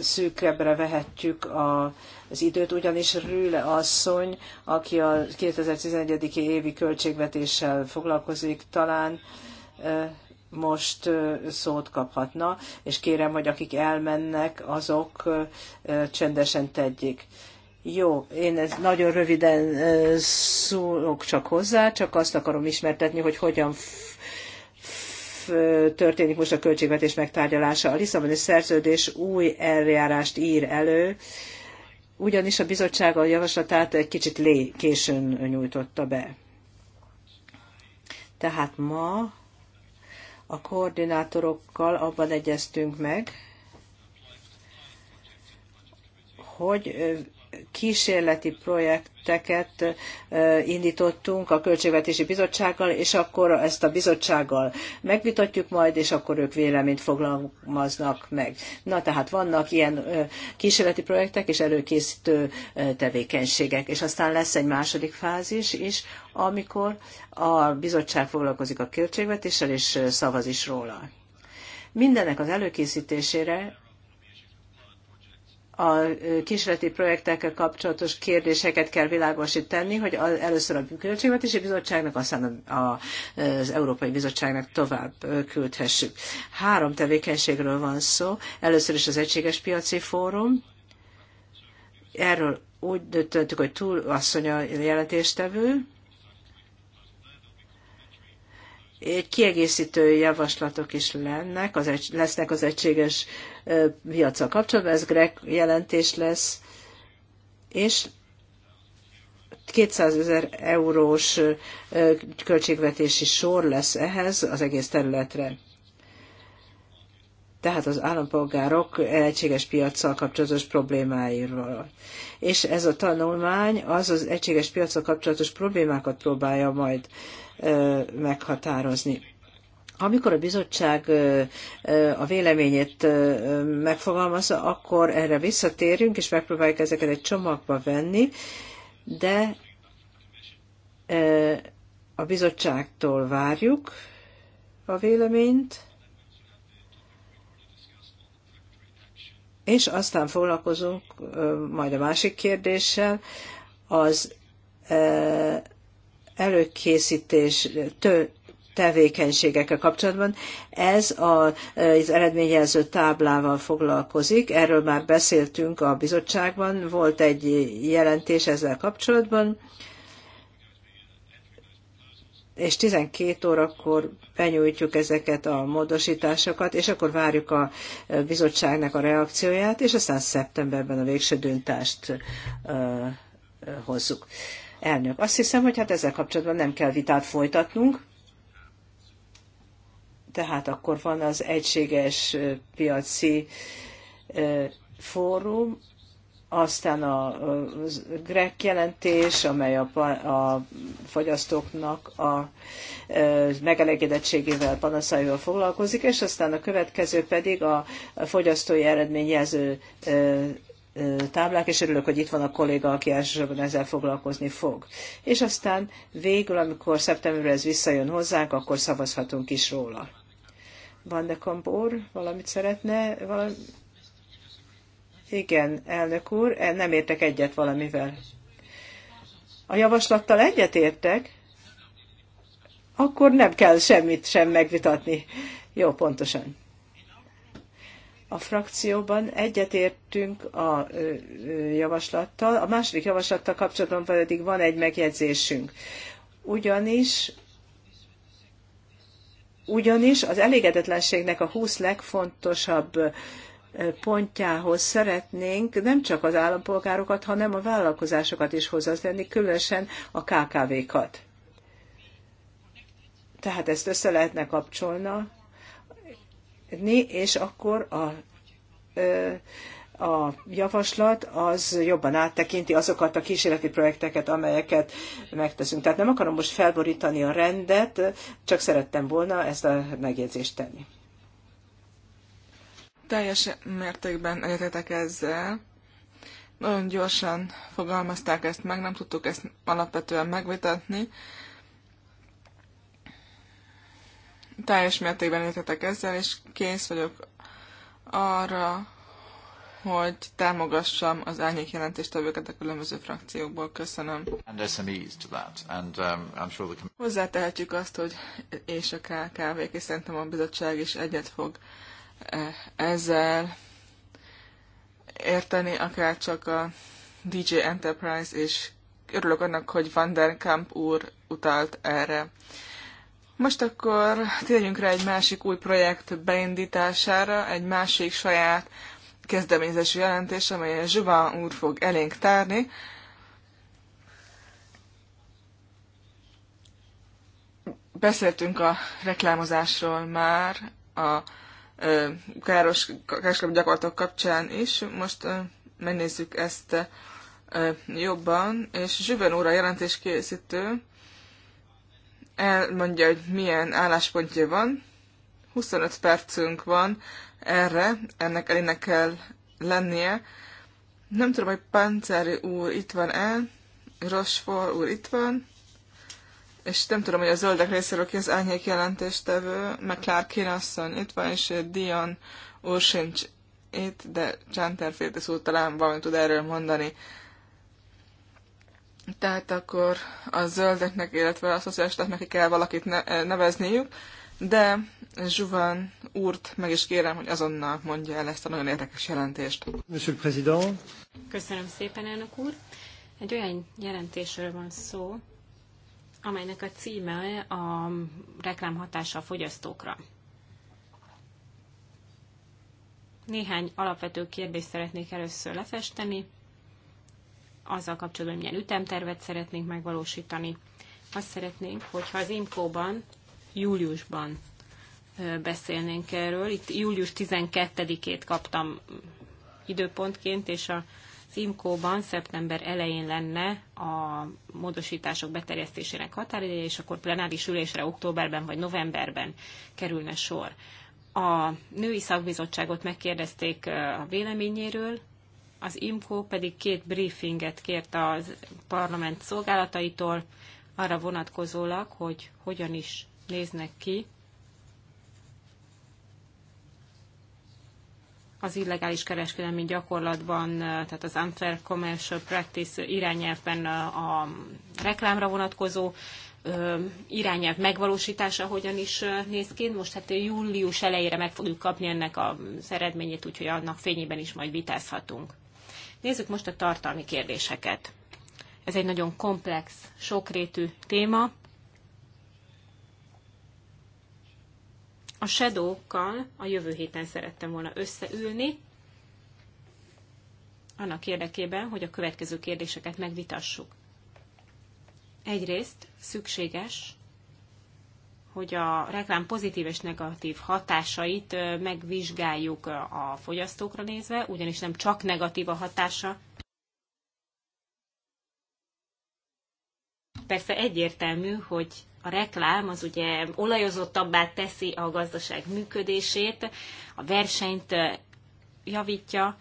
szűkebbre vehetjük a, az időt, ugyanis Rüle asszony, aki a 2011. évi költségvetéssel foglalkozik, talán most szót kaphatna, és kérem, hogy akik elmennek, azok csendesen tegyék. Jó, én ez nagyon röviden szólok csak hozzá, csak azt akarom ismertetni, hogy hogyan történik most a költségvetés megtárgyalása. A Lisszaboni szerződés új eljárást ír elő, ugyanis a bizottság a javaslatát egy kicsit lé, későn nyújtotta be. Tehát ma a koordinátorokkal abban egyeztünk meg, hogy kísérleti projekteket indítottunk a Költségvetési Bizottsággal, és akkor ezt a bizottsággal megvitatjuk majd, és akkor ők véleményt foglalmaznak meg. Na tehát vannak ilyen kísérleti projektek és előkészítő tevékenységek, és aztán lesz egy második fázis is, amikor a bizottság foglalkozik a költségvetéssel, és szavaz is róla. Mindenek az előkészítésére a kísérleti projektekkel kapcsolatos kérdéseket kell világosítani, hogy először a Költségvetési Bizottságnak, aztán az Európai Bizottságnak tovább küldhessük. Három tevékenységről van szó. Először is az Egységes Piaci Fórum. Erről úgy döntöttük, hogy túl asszony a jelentéstevő. Egy kiegészítő javaslatok is lennek, az egy, lesznek az egységes uh, piacsal kapcsolatban, ez Greg jelentés lesz, és 200 ezer eurós költségvetési sor lesz ehhez az egész területre. Tehát az állampolgárok egységes piacsal kapcsolatos problémáiról. És ez a tanulmány az az egységes piacsal kapcsolatos problémákat próbálja majd meghatározni. Amikor a bizottság a véleményét megfogalmazza, akkor erre visszatérünk, és megpróbáljuk ezeket egy csomagba venni, de a bizottságtól várjuk a véleményt, és aztán foglalkozunk majd a másik kérdéssel, az előkészítés, tő, tevékenységekkel kapcsolatban. Ez az eredményjelző táblával foglalkozik, erről már beszéltünk a bizottságban, volt egy jelentés ezzel kapcsolatban, és 12 órakor benyújtjuk ezeket a módosításokat, és akkor várjuk a bizottságnak a reakcióját, és aztán szeptemberben a végső döntást hozzuk. Elnök, azt hiszem, hogy hát ezzel kapcsolatban nem kell vitát folytatnunk. Tehát akkor van az egységes piaci fórum, aztán a grek jelentés, amely a, a fogyasztóknak a megelégedettségével, panaszaival foglalkozik, és aztán a következő pedig a fogyasztói eredményjelző táblák, és örülök, hogy itt van a kolléga, aki elsősorban ezzel foglalkozni fog. És aztán végül, amikor szeptemberre ez visszajön hozzánk, akkor szavazhatunk is róla. Van de Kambor valamit szeretne? Valami... Igen, elnök úr, e, nem értek egyet valamivel. A javaslattal egyet értek? Akkor nem kell semmit sem megvitatni. Jó, pontosan. A frakcióban egyetértünk a javaslattal, a második javaslattal kapcsolatban pedig van egy megjegyzésünk. Ugyanis ugyanis az elégedetlenségnek a 20 legfontosabb pontjához szeretnénk nem csak az állampolgárokat, hanem a vállalkozásokat is hozzátenni, különösen a KKV-kat. Tehát ezt össze lehetne kapcsolni, és akkor a a javaslat az jobban áttekinti azokat a kísérleti projekteket, amelyeket megteszünk. Tehát nem akarom most felborítani a rendet, csak szerettem volna ezt a megjegyzést tenni. Teljes mértékben egyetetek ezzel. Nagyon gyorsan fogalmazták ezt meg, nem tudtuk ezt alapvetően megvitatni. Teljes mértékben egyetetek ezzel, és kész vagyok arra, hogy támogassam az árnyék jelentéstevőket a különböző frakciókból. Köszönöm. Hozzátehetjük azt, hogy és a KKV, és szerintem a bizottság is egyet fog eh, ezzel érteni, akár csak a DJ Enterprise, és örülök annak, hogy Van der Kamp úr utalt erre. Most akkor térjünk rá egy másik új projekt beindítására, egy másik saját kezdeményezési jelentés, amelyen Zsuvan úr fog elénk tárni. Beszéltünk a reklámozásról már, a ö, káros, gyakorlatok kapcsán is. Most ö, megnézzük ezt ö, jobban, és Zsüven úr a jelentéskészítő elmondja, hogy milyen álláspontja van. 25 percünk van erre, ennek elének kell lennie. Nem tudom, hogy Panceri úr itt van-e, Rosfor úr itt van, és nem tudom, hogy a zöldek részéről ki az árnyék jelentéstevő, meg Clark asszony itt van, és Dion úr sincs itt, de Csanterféltes úr talán valamit tud erről mondani. Tehát akkor a zöldeknek, illetve a szocialistáknak kell valakit nevezniük, de Zsuvan úrt meg is kérem, hogy azonnal mondja el ezt a nagyon érdekes jelentést. Monsieur le Président. Köszönöm szépen, elnök úr. Egy olyan jelentésről van szó, amelynek a címe a reklám hatása a fogyasztókra. Néhány alapvető kérdést szeretnék először lefesteni, azzal kapcsolatban, hogy milyen ütemtervet szeretnénk megvalósítani. Azt szeretnénk, hogyha az imco júliusban beszélnénk erről. Itt július 12-ét kaptam időpontként, és a Címkóban szeptember elején lenne a módosítások beterjesztésének határideje, és akkor plenáris ülésre októberben vagy novemberben kerülne sor. A női szakbizottságot megkérdezték a véleményéről, az IMCO pedig két briefinget kért a parlament szolgálataitól, arra vonatkozólag, hogy hogyan is néznek ki az illegális kereskedelmi gyakorlatban, tehát az Unfair Commercial Practice irányelvben a reklámra vonatkozó irányelv megvalósítása hogyan is néz ki. Most hát július elejére meg fogjuk kapni ennek az eredményét, úgyhogy annak fényében is majd vitázhatunk. Nézzük most a tartalmi kérdéseket. Ez egy nagyon komplex, sokrétű téma, A shadow a jövő héten szerettem volna összeülni, annak érdekében, hogy a következő kérdéseket megvitassuk. Egyrészt szükséges, hogy a reklám pozitív és negatív hatásait megvizsgáljuk a fogyasztókra nézve, ugyanis nem csak negatív a hatása. Persze egyértelmű, hogy a reklám az ugye olajozottabbá teszi a gazdaság működését, a versenyt javítja,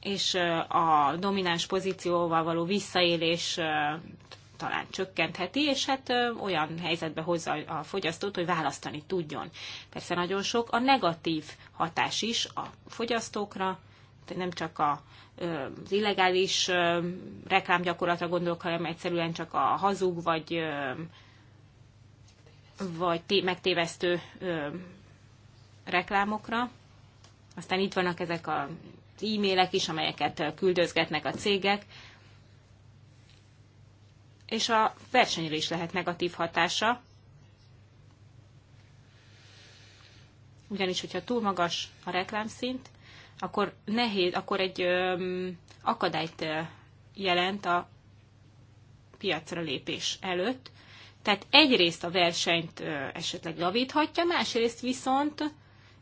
és a domináns pozícióval való visszaélés talán csökkentheti, és hát olyan helyzetbe hozza a fogyasztót, hogy választani tudjon. Persze nagyon sok a negatív hatás is a fogyasztókra, nem csak a, az illegális reklámgyakorlatra gondolok, hanem egyszerűen csak a hazug vagy, vagy megtévesztő reklámokra. Aztán itt vannak ezek az e-mailek is, amelyeket küldözgetnek a cégek. És a versenyre is lehet negatív hatása. Ugyanis, hogyha túl magas a reklámszint, akkor nehéz, akkor egy akadályt jelent a piacra lépés előtt. Tehát egyrészt a versenyt esetleg javíthatja, másrészt viszont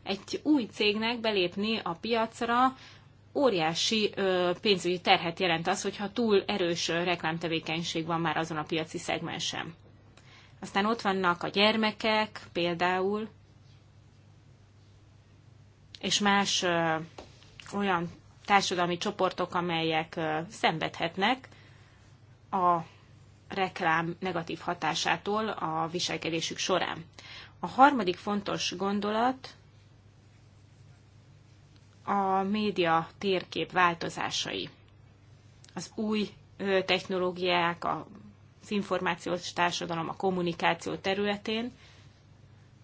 egy új cégnek belépni a piacra óriási pénzügyi terhet jelent az, hogyha túl erős reklámtevékenység van már azon a piaci szegmensen. Aztán ott vannak a gyermekek például, és más olyan társadalmi csoportok, amelyek szenvedhetnek a reklám negatív hatásától a viselkedésük során. A harmadik fontos gondolat a média térkép változásai. Az új technológiák, az információs társadalom, a kommunikáció területén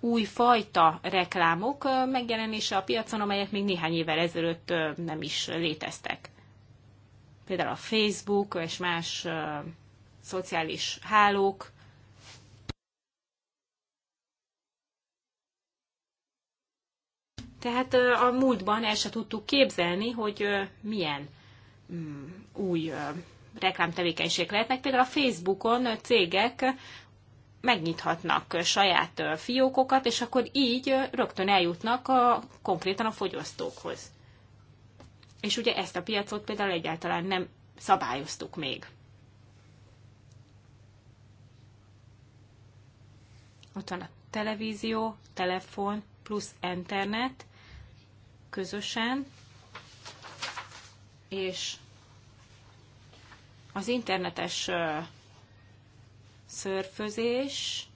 új fajta reklámok megjelenése a piacon, amelyek még néhány évvel ezelőtt nem is léteztek. Például a Facebook és más szociális hálók, Tehát a múltban el se tudtuk képzelni, hogy milyen mm, új reklámtevékenység lehetnek. Például a Facebookon cégek megnyithatnak saját fiókokat, és akkor így rögtön eljutnak a, konkrétan a fogyasztókhoz. És ugye ezt a piacot például egyáltalán nem szabályoztuk még. Ott van a televízió, telefon plusz internet közösen, és az internetes szörfözés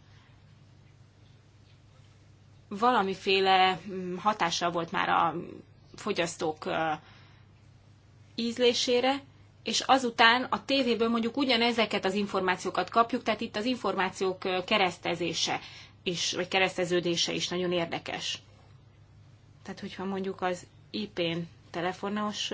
valamiféle mm, hatással volt már a fogyasztók ízlésére, és azután a tévéből mondjuk ugyanezeket az információkat kapjuk, tehát itt az információk keresztezése is, vagy kereszteződése is nagyon érdekes. Tehát, hogyha mondjuk az IP-n telefonos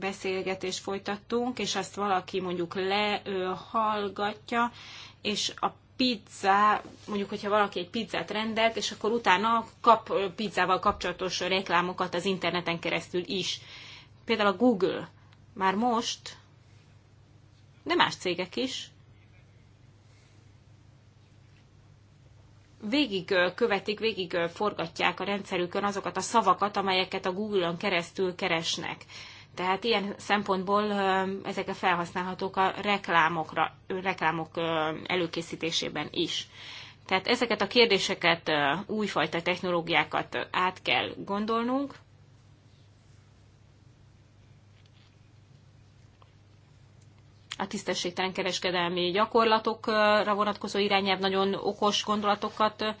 beszélgetést folytattunk, és azt valaki mondjuk lehallgatja, és a pizza, mondjuk, hogyha valaki egy pizzát rendelt, és akkor utána kap pizzával kapcsolatos reklámokat az interneten keresztül is. Például a Google már most, de más cégek is, végig követik, végig forgatják a rendszerükön azokat a szavakat, amelyeket a Google-on keresztül keresnek. Tehát ilyen szempontból ezek felhasználhatók a reklámokra, reklámok előkészítésében is. Tehát ezeket a kérdéseket, újfajta technológiákat át kell gondolnunk. A tisztességtelen kereskedelmi gyakorlatokra vonatkozó irányelv nagyon okos gondolatokat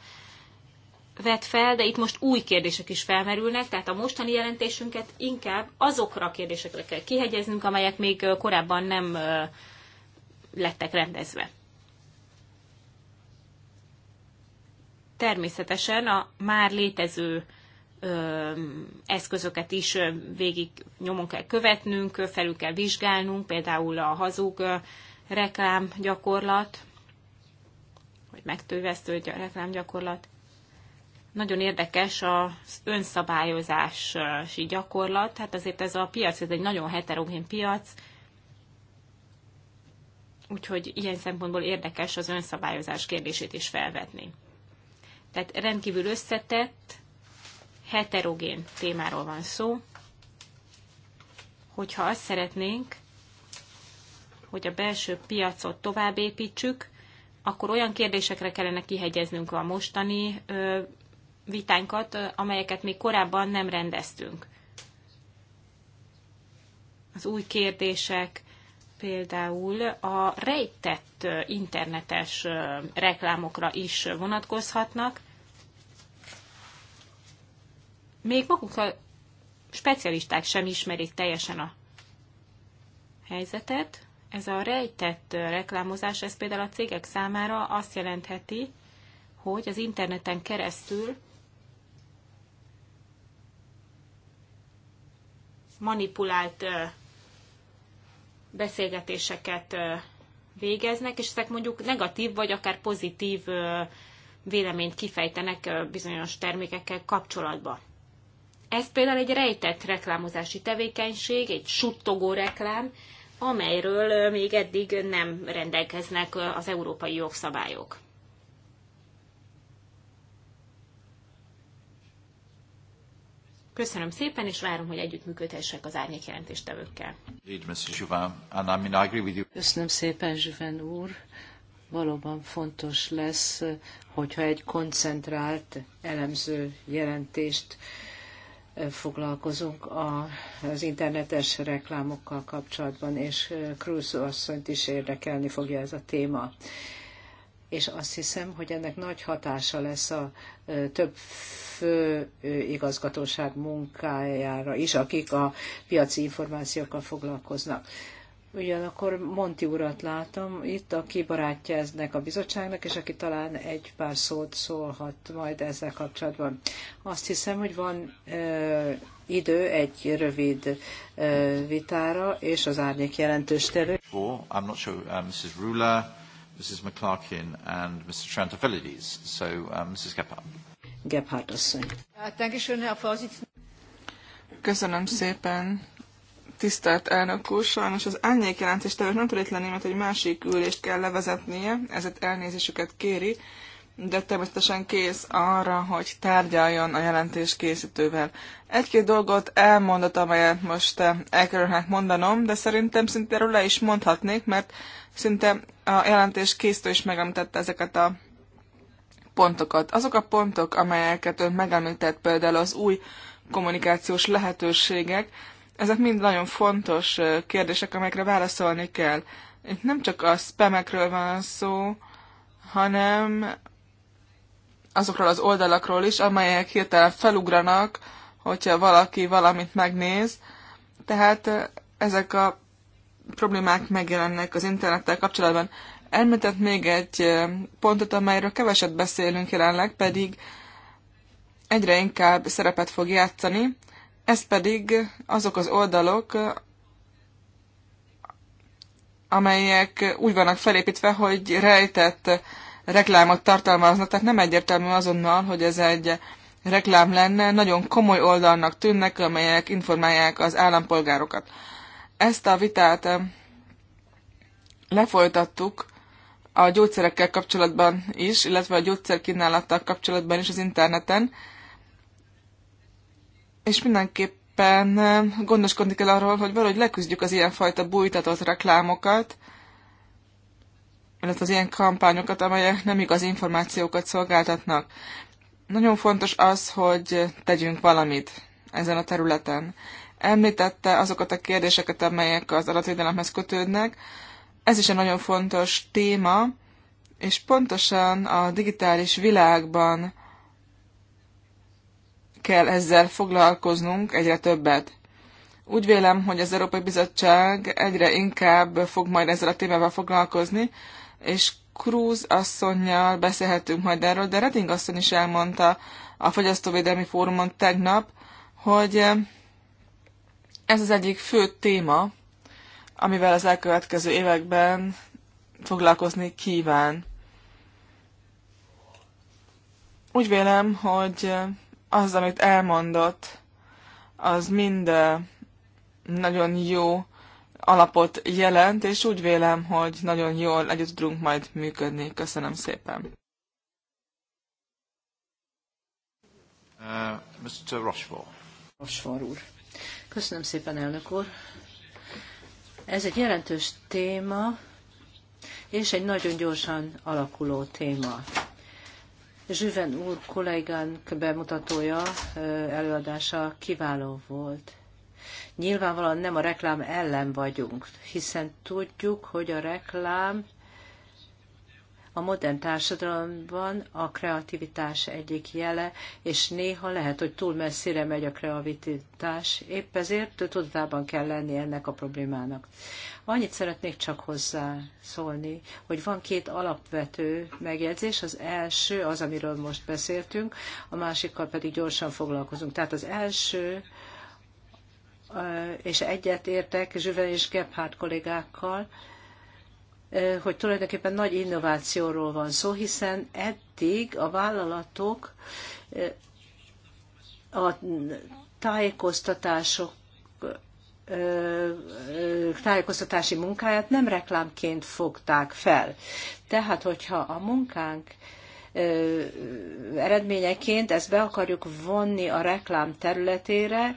vet fel, de itt most új kérdések is felmerülnek, tehát a mostani jelentésünket inkább azokra a kérdésekre kell kihegyeznünk, amelyek még korábban nem lettek rendezve. Természetesen a már létező eszközöket is végig nyomon kell követnünk, felül kell vizsgálnunk, például a hazug reklám gyakorlat, vagy reklám reklámgyakorlat nagyon érdekes az önszabályozási gyakorlat. Hát azért ez a piac, ez egy nagyon heterogén piac, úgyhogy ilyen szempontból érdekes az önszabályozás kérdését is felvetni. Tehát rendkívül összetett, heterogén témáról van szó. Hogyha azt szeretnénk, hogy a belső piacot tovább építsük, akkor olyan kérdésekre kellene kihegyeznünk a mostani ö, vitánkat, amelyeket még korábban nem rendeztünk. Az új kérdések, például a rejtett internetes reklámokra is vonatkozhatnak. Még maguk a specialisták sem ismerik teljesen a helyzetet. Ez a rejtett reklámozás, ez például a cégek számára azt jelentheti, hogy az interneten keresztül manipulált beszélgetéseket végeznek, és ezek mondjuk negatív vagy akár pozitív véleményt kifejtenek bizonyos termékekkel kapcsolatban. Ez például egy rejtett reklámozási tevékenység, egy suttogó reklám, amelyről még eddig nem rendelkeznek az európai jogszabályok. Köszönöm szépen, és várom, hogy együttműködhessek az árnyék jelentéstevőkkel. Köszönöm szépen, Zsüven úr. Valóban fontos lesz, hogyha egy koncentrált elemző jelentést eh, foglalkozunk az internetes reklámokkal kapcsolatban, és eh, Krúz asszonyt is érdekelni fogja ez a téma és azt hiszem, hogy ennek nagy hatása lesz a több fő igazgatóság munkájára is, akik a piaci információkkal foglalkoznak. Ugyanakkor Monti urat látom itt, aki barátja eznek a bizottságnak, és aki talán egy pár szót szólhat majd ezzel kapcsolatban. Azt hiszem, hogy van ö, idő egy rövid ö, vitára, és az árnyék jelentős terő. I'm not sure, uh, Mrs. Mrs. McClarkin and Mr. Trantafilides. So, uh, Mrs. Gephardt. Gephardt asszony. Köszönöm szépen, tisztelt elnök úr. Sajnos az árnyék jelentéstevő nem tudott lenni, mert egy másik ülést kell levezetnie, ezért elnézésüket kéri, de természetesen kész arra, hogy tárgyaljon a jelentés készítővel. Egy-két dolgot elmondott, amelyet most eh, el kellene mondanom, de szerintem szinte le is mondhatnék, mert Szinte a jelentés készítő is megemlítette ezeket a pontokat. Azok a pontok, amelyeket ön megemlített, például az új kommunikációs lehetőségek, ezek mind nagyon fontos kérdések, amelyekre válaszolni kell. Itt nem csak a spamekről van szó, hanem azokról az oldalakról is, amelyek hirtelen felugranak, hogyha valaki valamit megnéz. Tehát ezek a problémák megjelennek az internettel kapcsolatban. Elmetett még egy pontot, amelyről keveset beszélünk jelenleg, pedig egyre inkább szerepet fog játszani, ez pedig azok az oldalok, amelyek úgy vannak felépítve, hogy rejtett reklámot tartalmaznak, tehát nem egyértelmű azonnal, hogy ez egy reklám lenne, nagyon komoly oldalnak tűnnek, amelyek informálják az állampolgárokat. Ezt a vitát lefolytattuk a gyógyszerekkel kapcsolatban is, illetve a gyógyszerkínálattal kapcsolatban is az interneten, és mindenképpen gondoskodni kell arról, hogy valahogy leküzdjük az ilyenfajta bújtatott reklámokat, illetve az ilyen kampányokat, amelyek nem igaz információkat szolgáltatnak. Nagyon fontos az, hogy tegyünk valamit ezen a területen. Említette azokat a kérdéseket, amelyek az adatvédelemhez kötődnek. Ez is egy nagyon fontos téma, és pontosan a digitális világban kell ezzel foglalkoznunk egyre többet. Úgy vélem, hogy az Európai Bizottság egyre inkább fog majd ezzel a témával foglalkozni, és Cruz asszonynal beszélhetünk majd erről, de Reding asszony is elmondta a Fogyasztóvédelmi Fórumon tegnap, hogy ez az egyik fő téma, amivel az elkövetkező években foglalkozni kíván. Úgy vélem, hogy az, amit elmondott, az mind nagyon jó alapot jelent, és úgy vélem, hogy nagyon jól együtt tudunk majd működni. Köszönöm szépen. Uh, Mr. Rochefort. Rochefort úr. Köszönöm szépen, elnök úr. Ez egy jelentős téma, és egy nagyon gyorsan alakuló téma. Zsüven úr kollégánk bemutatója, előadása kiváló volt. Nyilvánvalóan nem a reklám ellen vagyunk, hiszen tudjuk, hogy a reklám a modern társadalomban a kreativitás egyik jele, és néha lehet, hogy túl messzire megy a kreativitás, épp ezért tudatában kell lenni ennek a problémának. Annyit szeretnék csak hozzá szólni, hogy van két alapvető megjegyzés. Az első az, amiről most beszéltünk, a másikkal pedig gyorsan foglalkozunk. Tehát az első, és egyet értek Zsüve és Gebhardt kollégákkal, Eh, hogy tulajdonképpen nagy innovációról van szó, hiszen eddig a vállalatok eh, a tájékoztatások eh, tájékoztatási munkáját nem reklámként fogták fel. Tehát, hogyha a munkánk eredményeként ezt be akarjuk vonni a reklám területére,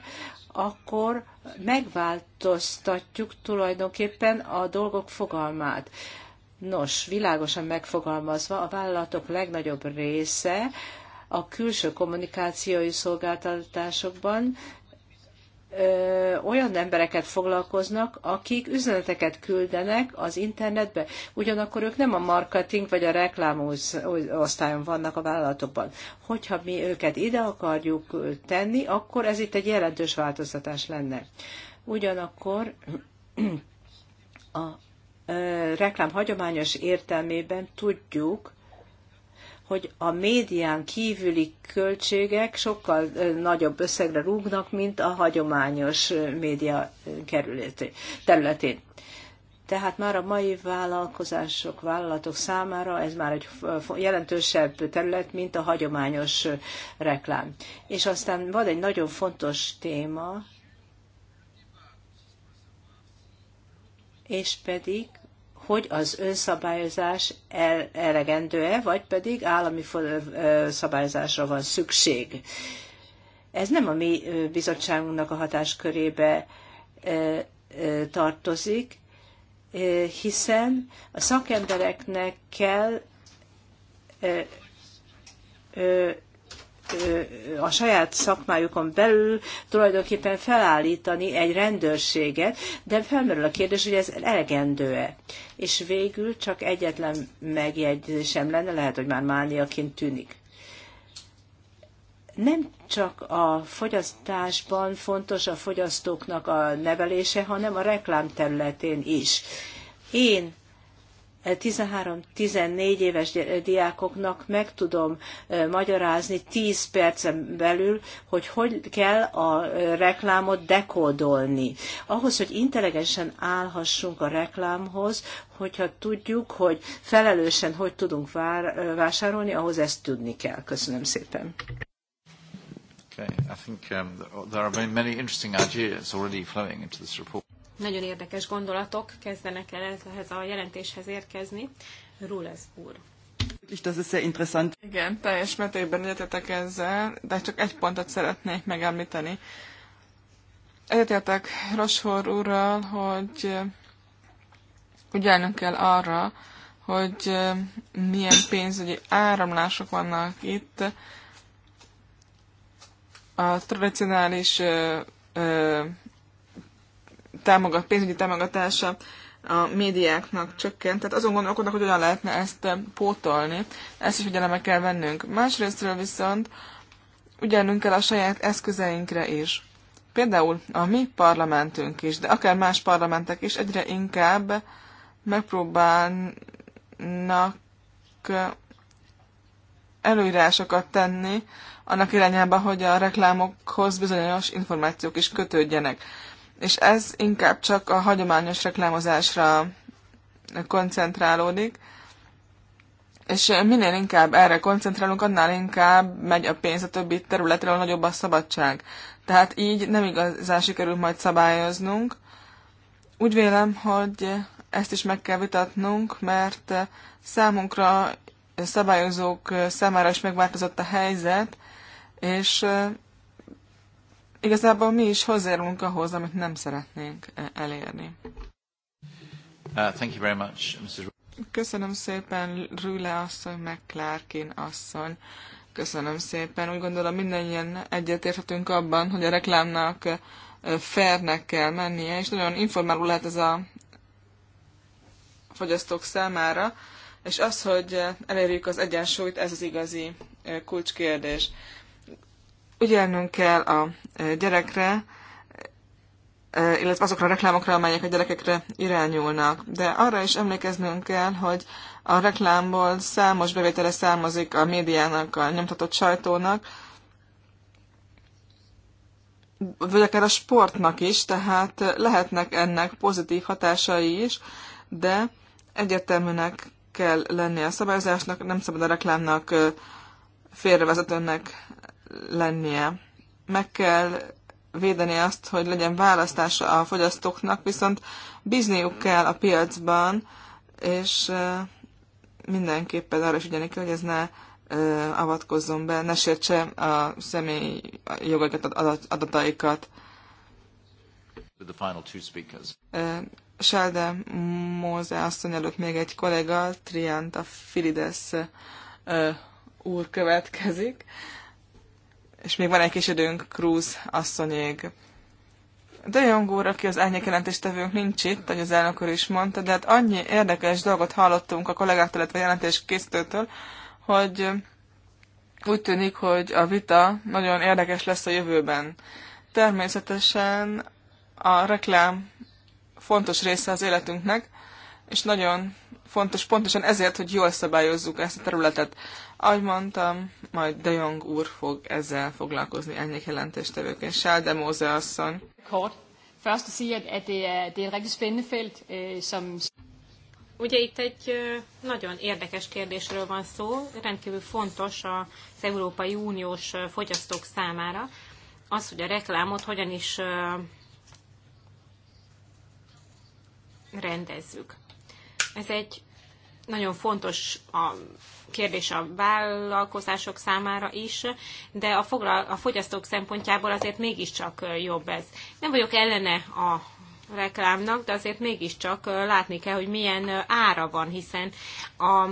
akkor megváltoztatjuk tulajdonképpen a dolgok fogalmát. Nos, világosan megfogalmazva, a vállalatok legnagyobb része a külső kommunikációi szolgáltatásokban olyan embereket foglalkoznak, akik üzeneteket küldenek az internetbe, ugyanakkor ők nem a marketing vagy a reklám osztályon vannak a vállalatokban. Hogyha mi őket ide akarjuk tenni, akkor ez itt egy jelentős változtatás lenne. Ugyanakkor a reklám hagyományos értelmében tudjuk, hogy a médián kívüli költségek sokkal nagyobb összegre rúgnak, mint a hagyományos média területén. Tehát már a mai vállalkozások, vállalatok számára ez már egy jelentősebb terület, mint a hagyományos reklám. És aztán van egy nagyon fontos téma, és pedig hogy az önszabályozás elegendő-e, vagy pedig állami szabályozásra van szükség. Ez nem a mi bizottságunknak a hatáskörébe tartozik, hiszen a szakembereknek kell a saját szakmájukon belül tulajdonképpen felállítani egy rendőrséget, de felmerül a kérdés, hogy ez elegendő-e. És végül csak egyetlen megjegyzésem lenne, lehet, hogy már mániaként tűnik nem csak a fogyasztásban fontos a fogyasztóknak a nevelése, hanem a reklám területén is. Én 13-14 éves diákoknak meg tudom magyarázni 10 percen belül, hogy hogy kell a reklámot dekódolni. Ahhoz, hogy intelligensen állhassunk a reklámhoz, hogyha tudjuk, hogy felelősen hogy tudunk vár, vásárolni, ahhoz ezt tudni kell. Köszönöm szépen. Okay. I think um, there are many interesting ideas already flowing into this report. Nagyon érdekes gondolatok kezdenek el ehhez a jelentéshez érkezni. Rules úr. Das ist sehr interessant. Igen, teljes mértékben egyetetek ezzel, de csak egy pontot szeretnék megemlíteni. Egyetértek Roshor úrral, hogy eh, ügyelnünk kell arra, hogy eh, milyen pénzügyi áramlások vannak itt. A tradicionális eh, támogat, pénzügyi támogatása a médiáknak csökkent. Tehát azon gondolkodnak, hogy hogyan lehetne ezt pótolni. Ezt is figyelembe kell vennünk. Másrésztről viszont ügyelnünk kell a saját eszközeinkre is. Például a mi parlamentünk is, de akár más parlamentek is egyre inkább megpróbálnak előírásokat tenni annak irányába, hogy a reklámokhoz bizonyos információk is kötődjenek és ez inkább csak a hagyományos reklámozásra koncentrálódik, és minél inkább erre koncentrálunk, annál inkább megy a pénz a többi területről, nagyobb a szabadság. Tehát így nem igazán sikerül majd szabályoznunk. Úgy vélem, hogy ezt is meg kell vitatnunk, mert számunkra szabályozók számára is megváltozott a helyzet, és igazából mi is hozzájárulunk ahhoz, amit nem szeretnénk e, elérni. Uh, thank you very much, Mrs. Köszönöm szépen, Rüle asszony, meg Clarkin asszony. Köszönöm szépen. Úgy gondolom mindannyian egyetérthetünk abban, hogy a reklámnak e, fairnek kell mennie, és nagyon informáló lehet ez a fogyasztók számára, és az, hogy e, elérjük az egyensúlyt, ez az igazi kulcskérdés. Ügyelnünk kell a e, gyerekre, e, illetve azokra a reklámokra, amelyek a gyerekekre irányulnak. De arra is emlékeznünk kell, hogy a reklámból számos bevétele származik a médiának, a nyomtatott sajtónak, vagy akár a sportnak is, tehát lehetnek ennek pozitív hatásai is, de egyértelműnek kell lenni a szabályozásnak, nem szabad a reklámnak félrevezetőnek lennie. Meg kell védeni azt, hogy legyen választása a fogyasztóknak, viszont bízniuk kell a piacban, és mindenképpen arra is ügyelni kell, hogy ez ne avatkozzon be, ne sértse a személy jogokat, adataikat. The final two speakers. Selde Móze asszony előtt még egy kollega, Trianta Filides úr következik és még van egy kis időnk Cruz asszonyég. De Jong úr, aki az árnyékjelentéstevőnk nincs itt, ahogy az elnök úr is mondta, de hát annyi érdekes dolgot hallottunk a kollégáktól, illetve a jelentés készítőtől, hogy úgy tűnik, hogy a vita nagyon érdekes lesz a jövőben. Természetesen a reklám fontos része az életünknek, és nagyon fontos pontosan ezért, hogy jól szabályozzuk ezt a területet. Ahogy mondtam, majd De Jong úr fog ezzel foglalkozni, ennyi jelentéstevőként. Sáde Móze asszony. Kort. Først at sige, at, det, er, det er et rigtig spændende felt, øh, som... Ugye itt egy nagyon érdekes kérdésről van szó, rendkívül fontos az Európai Uniós fogyasztók számára az, hogy a reklámot hogyan is rendezzük. Ez egy nagyon fontos a kérdés a vállalkozások számára is, de a, foglal, a fogyasztók szempontjából azért mégiscsak jobb ez. Nem vagyok ellene a reklámnak, de azért mégiscsak látni kell, hogy milyen ára van, hiszen a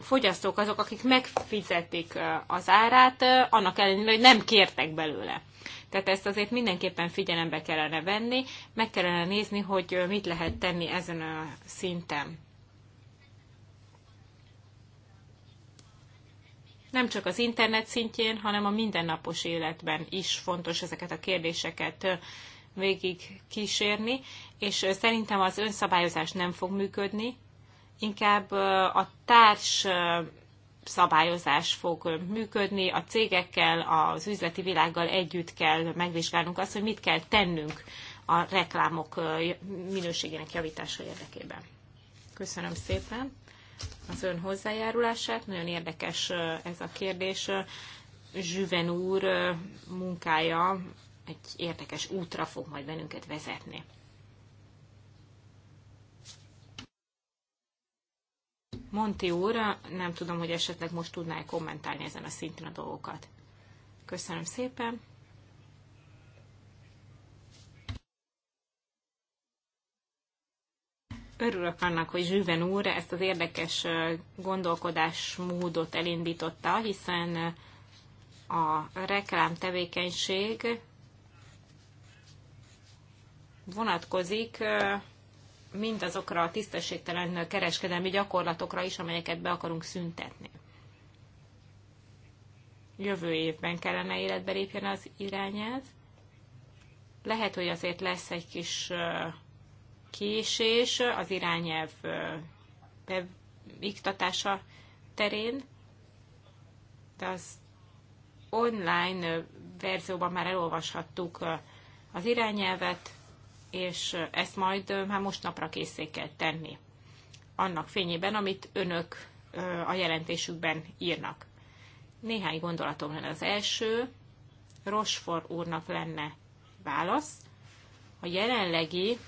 fogyasztók azok, akik megfizetik az árát, annak ellenére, hogy nem kértek belőle. Tehát ezt azért mindenképpen figyelembe kellene venni, meg kellene nézni, hogy mit lehet tenni ezen a szinten. nem csak az internet szintjén, hanem a mindennapos életben is fontos ezeket a kérdéseket végig kísérni, és szerintem az önszabályozás nem fog működni, inkább a társ szabályozás fog működni, a cégekkel, az üzleti világgal együtt kell megvizsgálnunk azt, hogy mit kell tennünk a reklámok minőségének javítása érdekében. Köszönöm szépen! az ön hozzájárulását. Nagyon érdekes ez a kérdés. Zsüven úr munkája egy érdekes útra fog majd bennünket vezetni. Monti úr, nem tudom, hogy esetleg most tudná -e kommentálni ezen a szinten a dolgokat. Köszönöm szépen. örülök annak, hogy Zsűven úr ezt az érdekes gondolkodásmódot elindította, hiszen a reklám tevékenység vonatkozik azokra a tisztességtelen kereskedelmi gyakorlatokra is, amelyeket be akarunk szüntetni. Jövő évben kellene életbe lépjen az irányelv. Lehet, hogy azért lesz egy kis késés az irányelv beiktatása terén, de az online verzióban már elolvashattuk az irányelvet, és ezt majd már most napra készé kell tenni. Annak fényében, amit önök a jelentésükben írnak. Néhány gondolatom lenne az első. Rosfor úrnak lenne válasz. A jelenlegi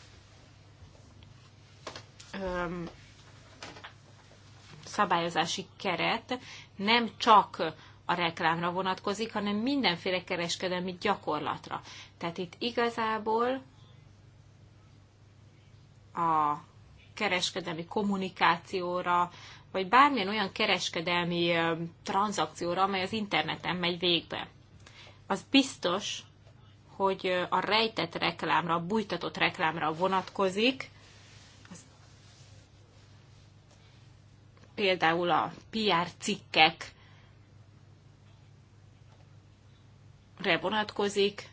szabályozási keret nem csak a reklámra vonatkozik, hanem mindenféle kereskedelmi gyakorlatra. Tehát itt igazából a kereskedelmi kommunikációra, vagy bármilyen olyan kereskedelmi tranzakcióra, amely az interneten megy végbe. Az biztos, hogy a rejtett reklámra, a bújtatott reklámra vonatkozik, például a PR cikkek vonatkozik.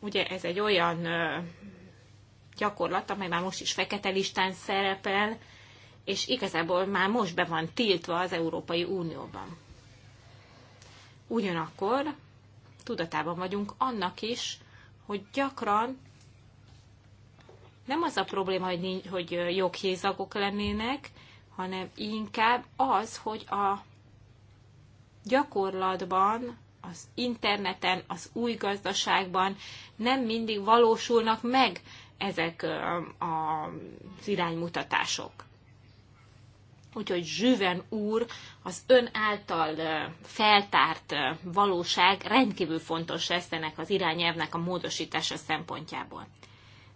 Ugye ez egy olyan gyakorlat, amely már most is fekete listán szerepel, és igazából már most be van tiltva az Európai Unióban. Ugyanakkor tudatában vagyunk annak is, hogy gyakran nem az a probléma, hogy, hogy joghézagok lennének, hanem inkább az, hogy a gyakorlatban, az interneten, az új gazdaságban nem mindig valósulnak meg ezek az iránymutatások. Úgyhogy Zsüven úr az ön által feltárt valóság rendkívül fontos lesz ennek az irányelvnek a módosítása szempontjából.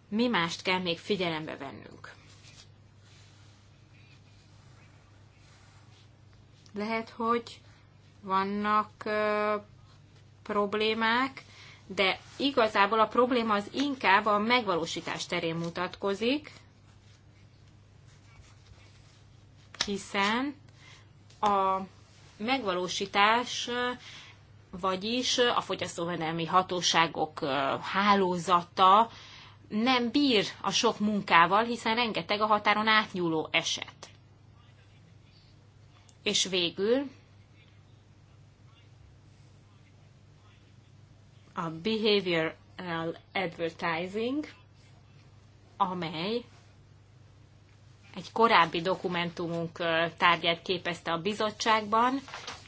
Mi mást kell még figyelembe vennünk? Lehet, hogy vannak problémák, de igazából a probléma az inkább a megvalósítás terén mutatkozik, hiszen a megvalósítás, vagyis a fogyasztóvédelmi hatóságok hálózata nem bír a sok munkával, hiszen rengeteg a határon átnyúló eset. És végül a behavioral advertising, amely egy korábbi dokumentumunk tárgyát képezte a bizottságban.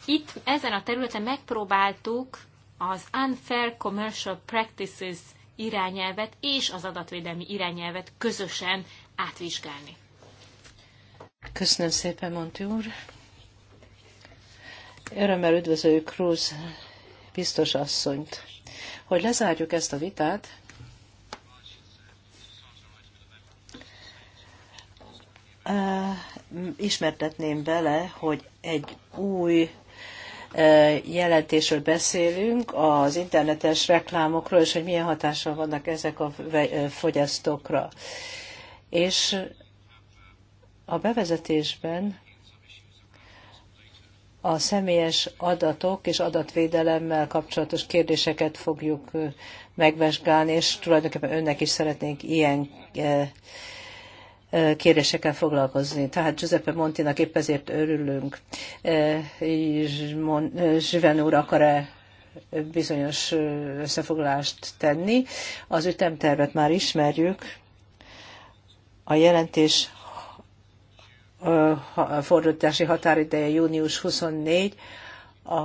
Itt ezen a területen megpróbáltuk az Unfair Commercial Practices irányelvet és az adatvédelmi irányelvet közösen átvizsgálni. Köszönöm szépen, Monti úr. Örömmel üdvözöljük Cruz biztos asszonyt. Hogy lezárjuk ezt a vitát, ismertetném bele, hogy egy új jelentésről beszélünk, az internetes reklámokról, és hogy milyen hatással vannak ezek a fogyasztókra. És a bevezetésben a személyes adatok és adatvédelemmel kapcsolatos kérdéseket fogjuk megvizsgálni, és tulajdonképpen önnek is szeretnénk ilyen kérdésekkel foglalkozni. Tehát Giuseppe Montinak épp ezért örülünk. Zsiven úr akar-e bizonyos összefoglalást tenni? Az ütemtervet már ismerjük. A jelentés fordítási határideje június 24, a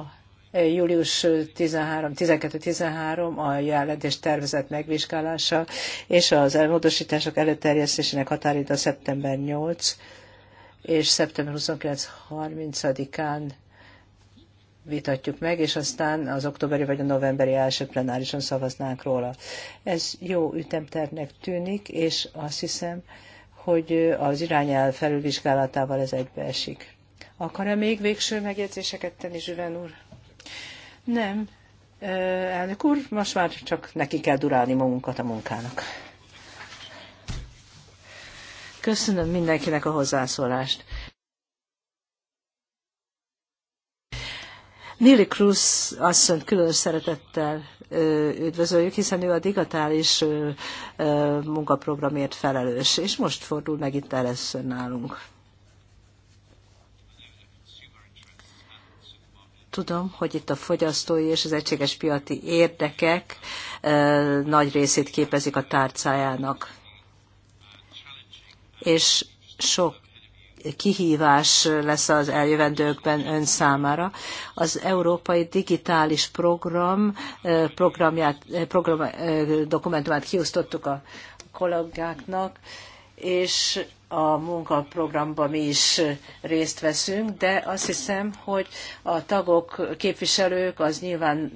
július 12-13 a jelentés tervezett megvizsgálása, és az elmódosítások előterjesztésének határideje szeptember 8, és szeptember 29-30-án vitatjuk meg, és aztán az októberi vagy a novemberi első plenárison szavaznánk róla. Ez jó ütemtervnek tűnik, és azt hiszem, hogy az irányel felülvizsgálatával ez egybeesik. Akar-e még végső megjegyzéseket tenni, Zsüven úr? Nem. Elnök úr, most már csak neki kell durálni magunkat a munkának. Köszönöm mindenkinek a hozzászólást. Nili Cruz asszonyt külön szeretettel üdvözöljük, hiszen ő a digitális munkaprogramért felelős, és most fordul meg itt először nálunk. tudom, hogy itt a fogyasztói és az egységes piaci érdekek nagy részét képezik a tárcájának. És sok kihívás lesz az eljövendőkben ön számára. Az Európai Digitális Program programját, program dokumentumát kiosztottuk a kollégáknak, és a munkaprogramban mi is részt veszünk, de azt hiszem, hogy a tagok, képviselők az nyilván,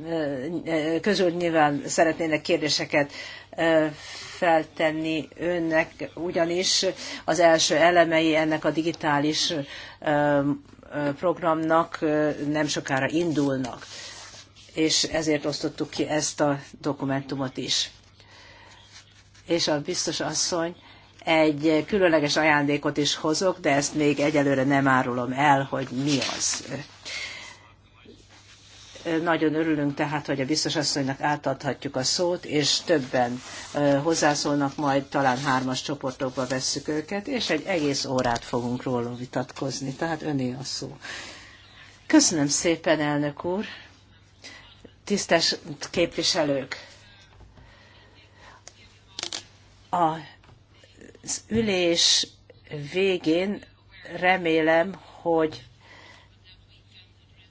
eh, közül nyilván szeretnének kérdéseket eh, feltenni önnek, ugyanis az első elemei ennek a digitális eh, programnak nem sokára indulnak, és ezért osztottuk ki ezt a dokumentumot is. És a biztos asszony, egy különleges ajándékot is hozok, de ezt még egyelőre nem árulom el, hogy mi az. Nagyon örülünk tehát, hogy a biztos asszonynak átadhatjuk a szót, és többen hozzászólnak, majd talán hármas csoportokba vesszük őket, és egy egész órát fogunk róla vitatkozni. Tehát öné a szó. Köszönöm szépen, elnök úr! Tisztes képviselők! A az ülés végén remélem, hogy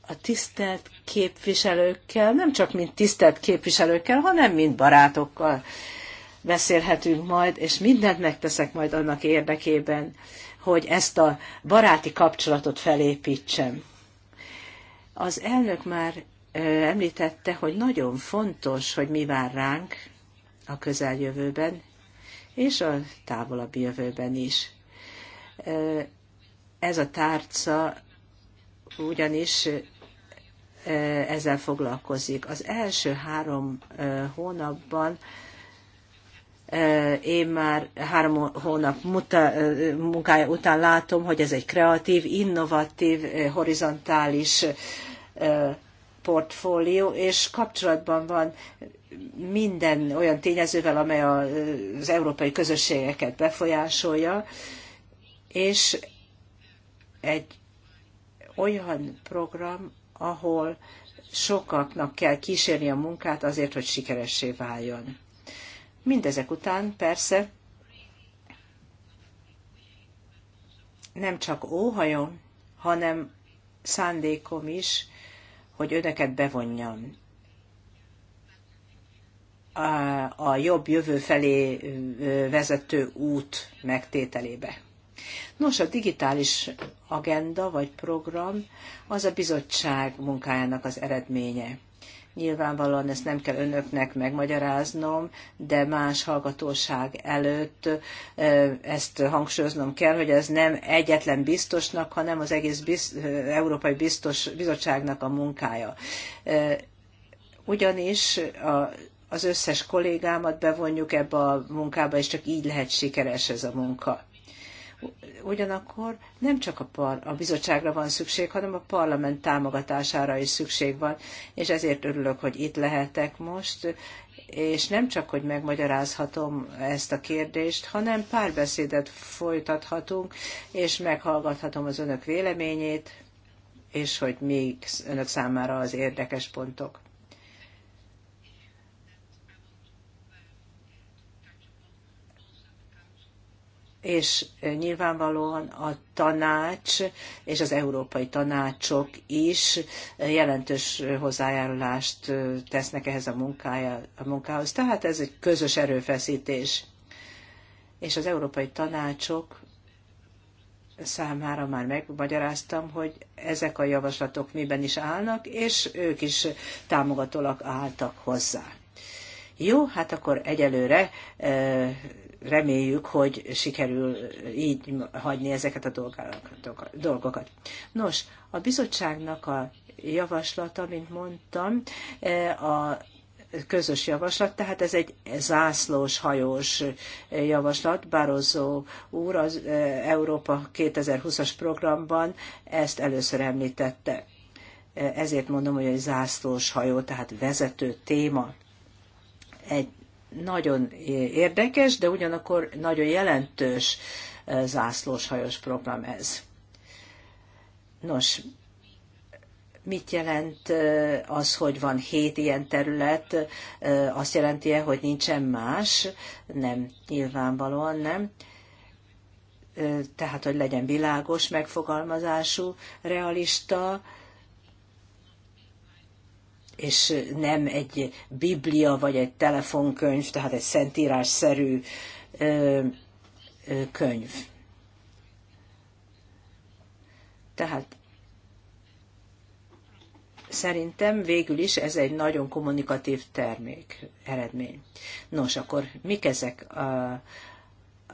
a tisztelt képviselőkkel, nem csak mint tisztelt képviselőkkel, hanem mint barátokkal beszélhetünk majd, és mindent megteszek majd annak érdekében, hogy ezt a baráti kapcsolatot felépítsem. Az elnök már említette, hogy nagyon fontos, hogy mi vár ránk a közeljövőben, és a távolabb jövőben is. Ez a tárca ugyanis ezzel foglalkozik. Az első három hónapban én már három hónap muta, munkája után látom, hogy ez egy kreatív, innovatív, horizontális portfólió, és kapcsolatban van minden olyan tényezővel, amely az európai közösségeket befolyásolja, és egy olyan program, ahol sokaknak kell kísérni a munkát azért, hogy sikeressé váljon. Mindezek után persze nem csak óhajom, hanem szándékom is, hogy önöket bevonjam a jobb jövő felé vezető út megtételébe. Nos, a digitális agenda vagy program az a bizottság munkájának az eredménye. Nyilvánvalóan ezt nem kell önöknek megmagyaráznom, de más hallgatóság előtt ezt hangsúlyoznom kell, hogy ez nem egyetlen biztosnak, hanem az egész biz, Európai biztos, Bizottságnak a munkája. Ugyanis a az összes kollégámat bevonjuk ebbe a munkába, és csak így lehet sikeres ez a munka. Ugyanakkor nem csak a, par, a bizottságra van szükség, hanem a parlament támogatására is szükség van, és ezért örülök, hogy itt lehetek most, és nem csak, hogy megmagyarázhatom ezt a kérdést, hanem párbeszédet folytathatunk, és meghallgathatom az önök véleményét, és hogy még önök számára az érdekes pontok. és nyilvánvalóan a tanács és az európai tanácsok is jelentős hozzájárulást tesznek ehhez a, munkája, a munkához. Tehát ez egy közös erőfeszítés. És az európai tanácsok számára már megmagyaráztam, hogy ezek a javaslatok miben is állnak, és ők is támogatólag álltak hozzá. Jó, hát akkor egyelőre reméljük, hogy sikerül így hagyni ezeket a dolgokat. Nos, a bizottságnak a javaslata, mint mondtam, eh, a közös javaslat, tehát ez egy zászlós hajós javaslat. Barozó úr az eh, Európa 2020-as programban ezt először említette. Eh, ezért mondom, hogy egy zászlós hajó, tehát vezető téma. Egy nagyon érdekes, de ugyanakkor nagyon jelentős eh, zászlóshajós program ez. Nos, mit jelent eh, az, hogy van hét ilyen terület? Eh, azt jelenti-e, hogy nincsen más? Nem, nyilvánvalóan nem. Tehát, hogy legyen világos, megfogalmazású, realista, és nem egy biblia vagy egy telefonkönyv, tehát egy szentírásszerű ö, ö, könyv. Tehát szerintem végül is ez egy nagyon kommunikatív termék, eredmény. Nos, akkor mik ezek a,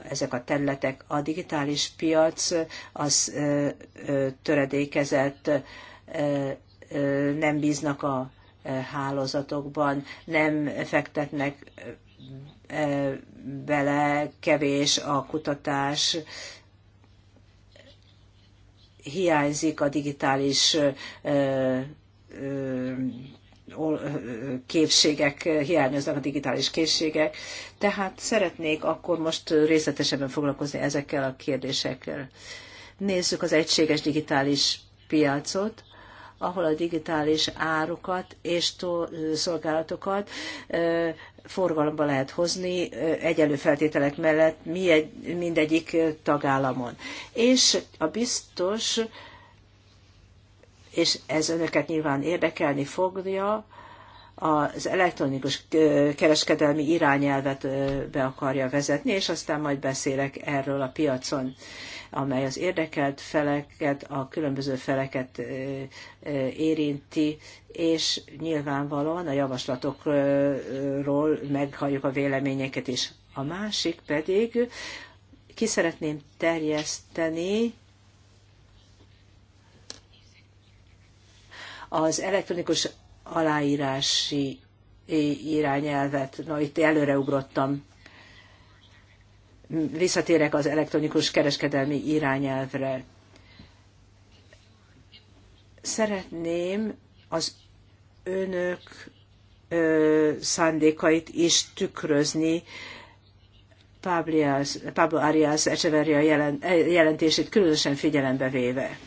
ezek a területek? A digitális piac az ö, ö, töredékezett, ö, ö, nem bíznak a hálózatokban nem fektetnek bele, kevés a kutatás, hiányzik a digitális képségek, hiányoznak a digitális készségek. Tehát szeretnék akkor most részletesebben foglalkozni ezekkel a kérdésekkel. Nézzük az egységes digitális piacot ahol a digitális árukat és szolgálatokat forgalomba lehet hozni egyenlő feltételek mellett mindegyik tagállamon. És a biztos, és ez önöket nyilván érdekelni fogja, az elektronikus kereskedelmi irányelvet be akarja vezetni, és aztán majd beszélek erről a piacon amely az érdekelt feleket, a különböző feleket érinti, és nyilvánvalóan a javaslatokról meghalljuk a véleményeket is. A másik pedig ki szeretném terjeszteni az elektronikus aláírási irányelvet. Na, itt előreugrottam visszatérek az elektronikus kereskedelmi irányelvre. Szeretném az önök ö, szándékait is tükrözni Pábliás, Pablo Arias Echeverria jelen, e, jelentését különösen figyelembe véve.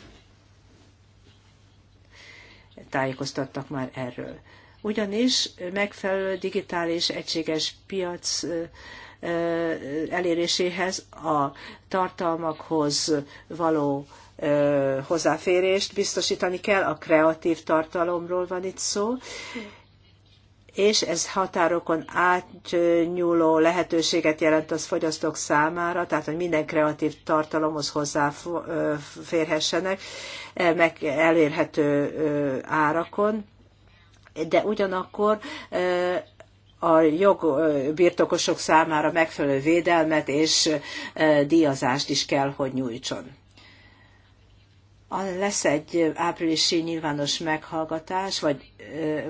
Tájékoztattak már erről. Ugyanis megfelelő digitális egységes piac ö, eléréséhez, a tartalmakhoz való hozzáférést biztosítani kell, a kreatív tartalomról van itt szó, és ez határokon átnyúló lehetőséget jelent az fogyasztók számára, tehát hogy minden kreatív tartalomhoz hozzáférhessenek, meg elérhető árakon, de ugyanakkor a jogbirtokosok számára megfelelő védelmet és díjazást is kell, hogy nyújtson. Lesz egy áprilisi nyilvános meghallgatás, vagy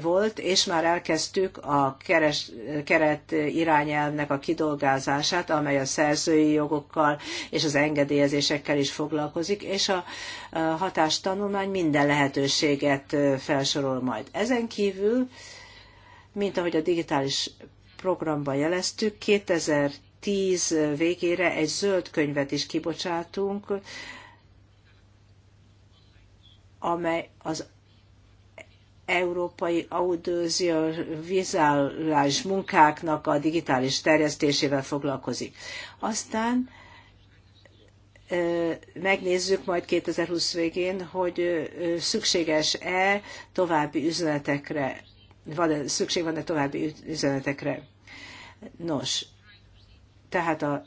volt, és már elkezdtük a keres, keret irányelvnek a kidolgázását, amely a szerzői jogokkal és az engedélyezésekkel is foglalkozik, és a hatástanulmány minden lehetőséget felsorol majd. Ezen kívül mint ahogy a digitális programban jeleztük, 2010 végére egy zöld könyvet is kibocsátunk, amely az európai audiovizuális munkáknak a digitális terjesztésével foglalkozik. Aztán megnézzük majd 2020 végén, hogy szükséges-e további üzenetekre van-e, szükség van-e további üzenetekre. Nos, tehát a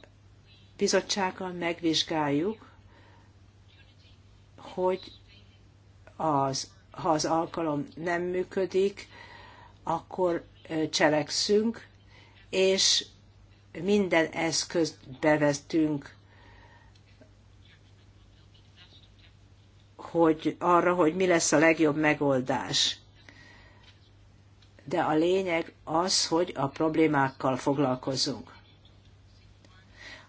bizottsággal megvizsgáljuk, hogy az, ha az alkalom nem működik, akkor cselekszünk, és minden eszközt bevettünk hogy arra, hogy mi lesz a legjobb megoldás de a lényeg az, hogy a problémákkal foglalkozunk.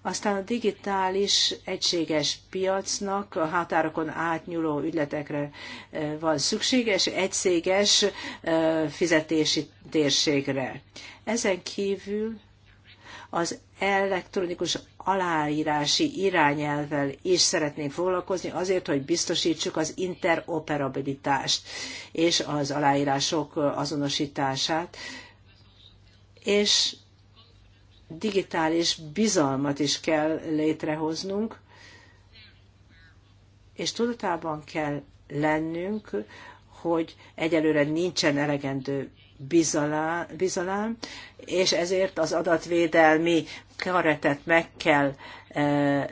Aztán a digitális egységes piacnak a határokon átnyúló ügyletekre eh, van szükséges, egységes eh, fizetési térségre. Ezen kívül az elektronikus aláírási irányelvvel is szeretnénk foglalkozni, azért, hogy biztosítsuk az interoperabilitást és az aláírások azonosítását, és digitális bizalmat is kell létrehoznunk, és tudatában kell lennünk, hogy egyelőre nincsen elegendő bizalá, bizalám, és ezért az adatvédelmi keretet meg kell e, e,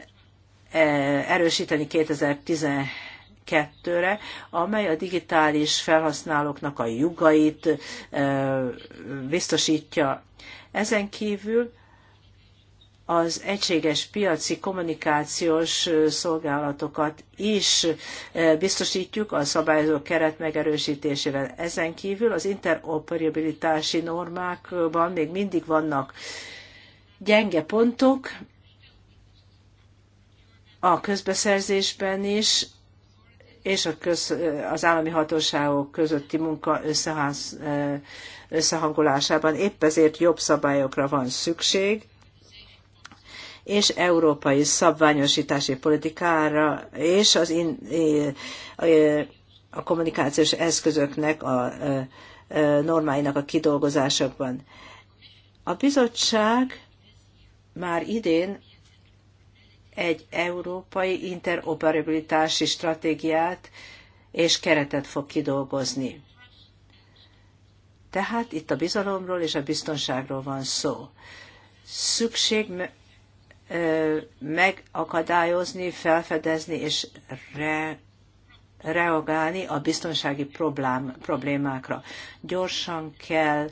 erősíteni 2012-re, amely a digitális felhasználóknak a jogait e, biztosítja. Ezen kívül az egységes piaci kommunikációs szolgálatokat is biztosítjuk a szabályozó keret megerősítésével. Ezen kívül az interoperabilitási normákban még mindig vannak gyenge pontok, a közbeszerzésben is, és a köz, az állami hatóságok közötti munka összehangolásában. Épp ezért jobb szabályokra van szükség és európai szabványosítási politikára és az in, a kommunikációs eszközöknek a normáinak a kidolgozásokban. A bizottság már idén egy európai interoperabilitási stratégiát és keretet fog kidolgozni. Tehát itt a bizalomról és a biztonságról van szó. Szükség megakadályozni, felfedezni és re, reagálni a biztonsági problém, problémákra. Gyorsan kell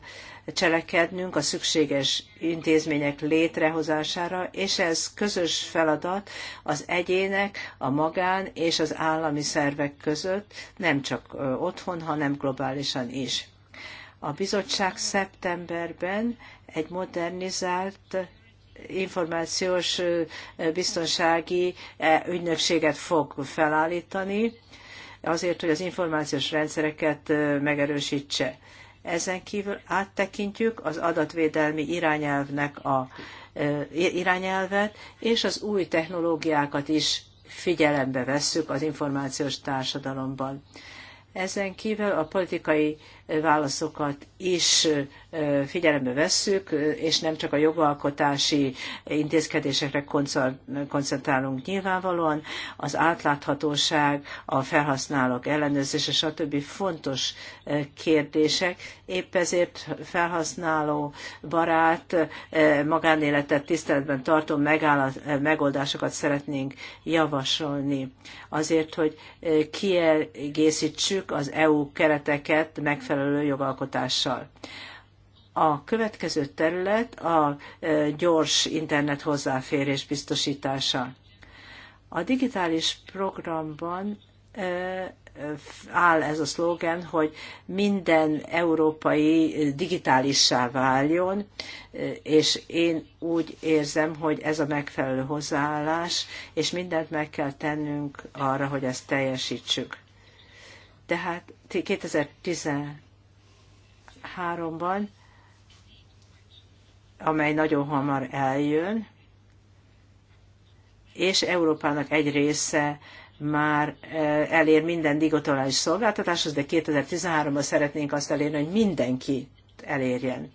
cselekednünk a szükséges intézmények létrehozására, és ez közös feladat az egyének, a magán és az állami szervek között, nem csak otthon, hanem globálisan is. A bizottság szeptemberben egy modernizált információs biztonsági e, ügynökséget fog felállítani, azért, hogy az információs rendszereket megerősítse. Ezen kívül áttekintjük az adatvédelmi irányelvnek a irányelvet, és az új technológiákat is figyelembe vesszük az információs társadalomban. Ezen kívül a politikai válaszokat is figyelembe vesszük, és nem csak a jogalkotási intézkedésekre koncentrálunk nyilvánvalóan. Az átláthatóság, a felhasználók ellenőrzése, stb. fontos kérdések. Épp ezért felhasználó barát, magánéletet tiszteletben tartó megoldásokat szeretnénk javasolni. Azért, hogy kiegészítsük az EU kereteket megfelelő megfelelő jogalkotással. A következő terület a e, gyors internet hozzáférés biztosítása. A digitális programban e, áll ez a szlogen, hogy minden európai digitálissá váljon, e, és én úgy érzem, hogy ez a megfelelő hozzáállás, és mindent meg kell tennünk arra, hogy ezt teljesítsük. Tehát 2010 háromban, ban amely nagyon hamar eljön, és Európának egy része már e, elér minden digitális szolgáltatáshoz, de 2013-ban szeretnénk azt elérni, hogy mindenki elérjen.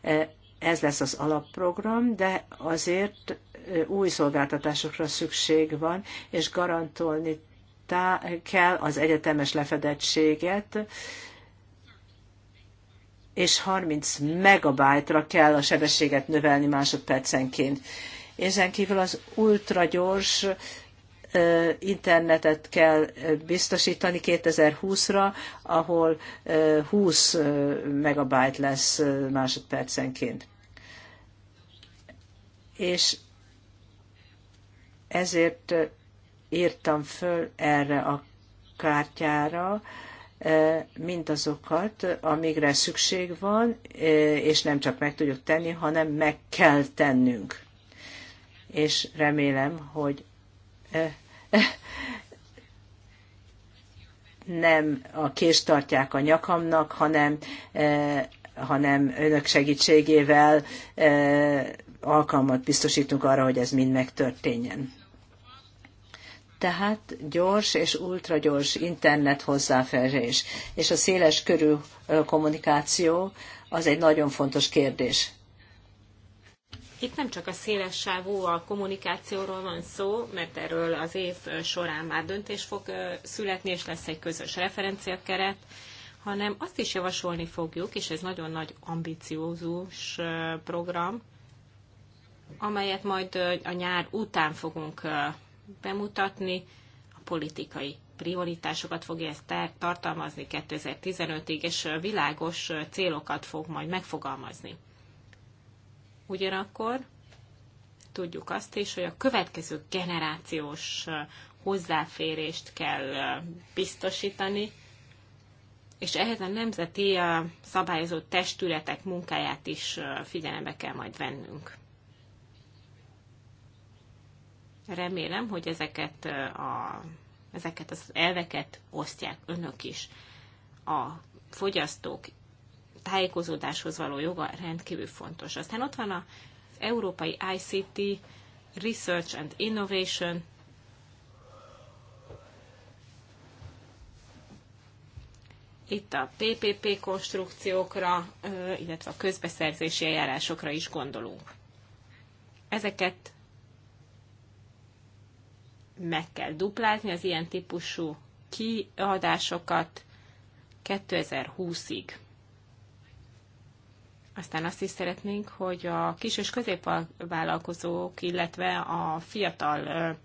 E, ez lesz az alapprogram, de azért e, új szolgáltatásokra szükség van, és garantolni kell az egyetemes lefedettséget, és 30 megabájtra kell a sebességet növelni másodpercenként. Ezen kívül az ultragyors internetet kell biztosítani 2020-ra, ahol 20 megabájt lesz másodpercenként. És ezért írtam föl erre a kártyára, E, mindazokat, amikre szükség van, e, és nem csak meg tudjuk tenni, hanem meg kell tennünk. És remélem, hogy e, nem a kést tartják a nyakamnak, hanem, hanem önök segítségével alkalmat biztosítunk arra, hogy ez mind megtörténjen tehát gyors és ultragyors internet hozzáférés, és a széles körű kommunikáció az egy nagyon fontos kérdés. Itt nem csak a széles sávú a kommunikációról van szó, mert erről az év során már döntés fog születni, és lesz egy közös referenciakeret, hanem azt is javasolni fogjuk, és ez nagyon nagy ambiciózus program, amelyet majd a nyár után fogunk bemutatni, a politikai prioritásokat fogja ezt tartalmazni 2015-ig, és világos célokat fog majd megfogalmazni. Ugyanakkor tudjuk azt is, hogy a következő generációs hozzáférést kell biztosítani, és ehhez a nemzeti szabályozó testületek munkáját is figyelembe kell majd vennünk. Remélem, hogy ezeket, a, ezeket az elveket osztják önök is. A fogyasztók tájékozódáshoz való joga rendkívül fontos. Aztán ott van az Európai ICT Research and Innovation itt a PPP konstrukciókra, illetve a közbeszerzési eljárásokra is gondolunk. Ezeket meg kell duplázni az ilyen típusú kiadásokat 2020-ig. Aztán azt is szeretnénk, hogy a kis és középvállalkozók, illetve a fiatal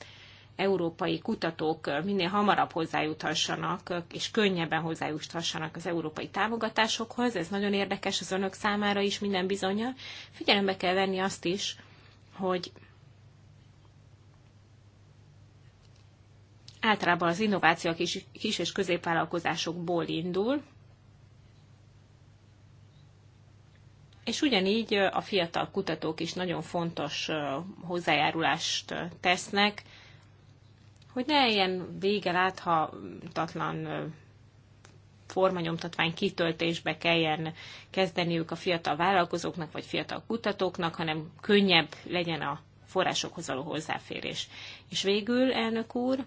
európai kutatók minél hamarabb hozzájuthassanak, és könnyebben hozzájuthassanak az európai támogatásokhoz. Ez nagyon érdekes az önök számára is minden bizonyal. Figyelembe kell venni azt is, hogy általában az innováció a kis, kis és középvállalkozásokból indul, És ugyanígy a fiatal kutatók is nagyon fontos hozzájárulást tesznek, hogy ne ilyen vége láthatatlan formanyomtatvány kitöltésbe kelljen kezdeniük a fiatal vállalkozóknak vagy fiatal kutatóknak, hanem könnyebb legyen a forrásokhoz való hozzáférés. És végül, elnök úr,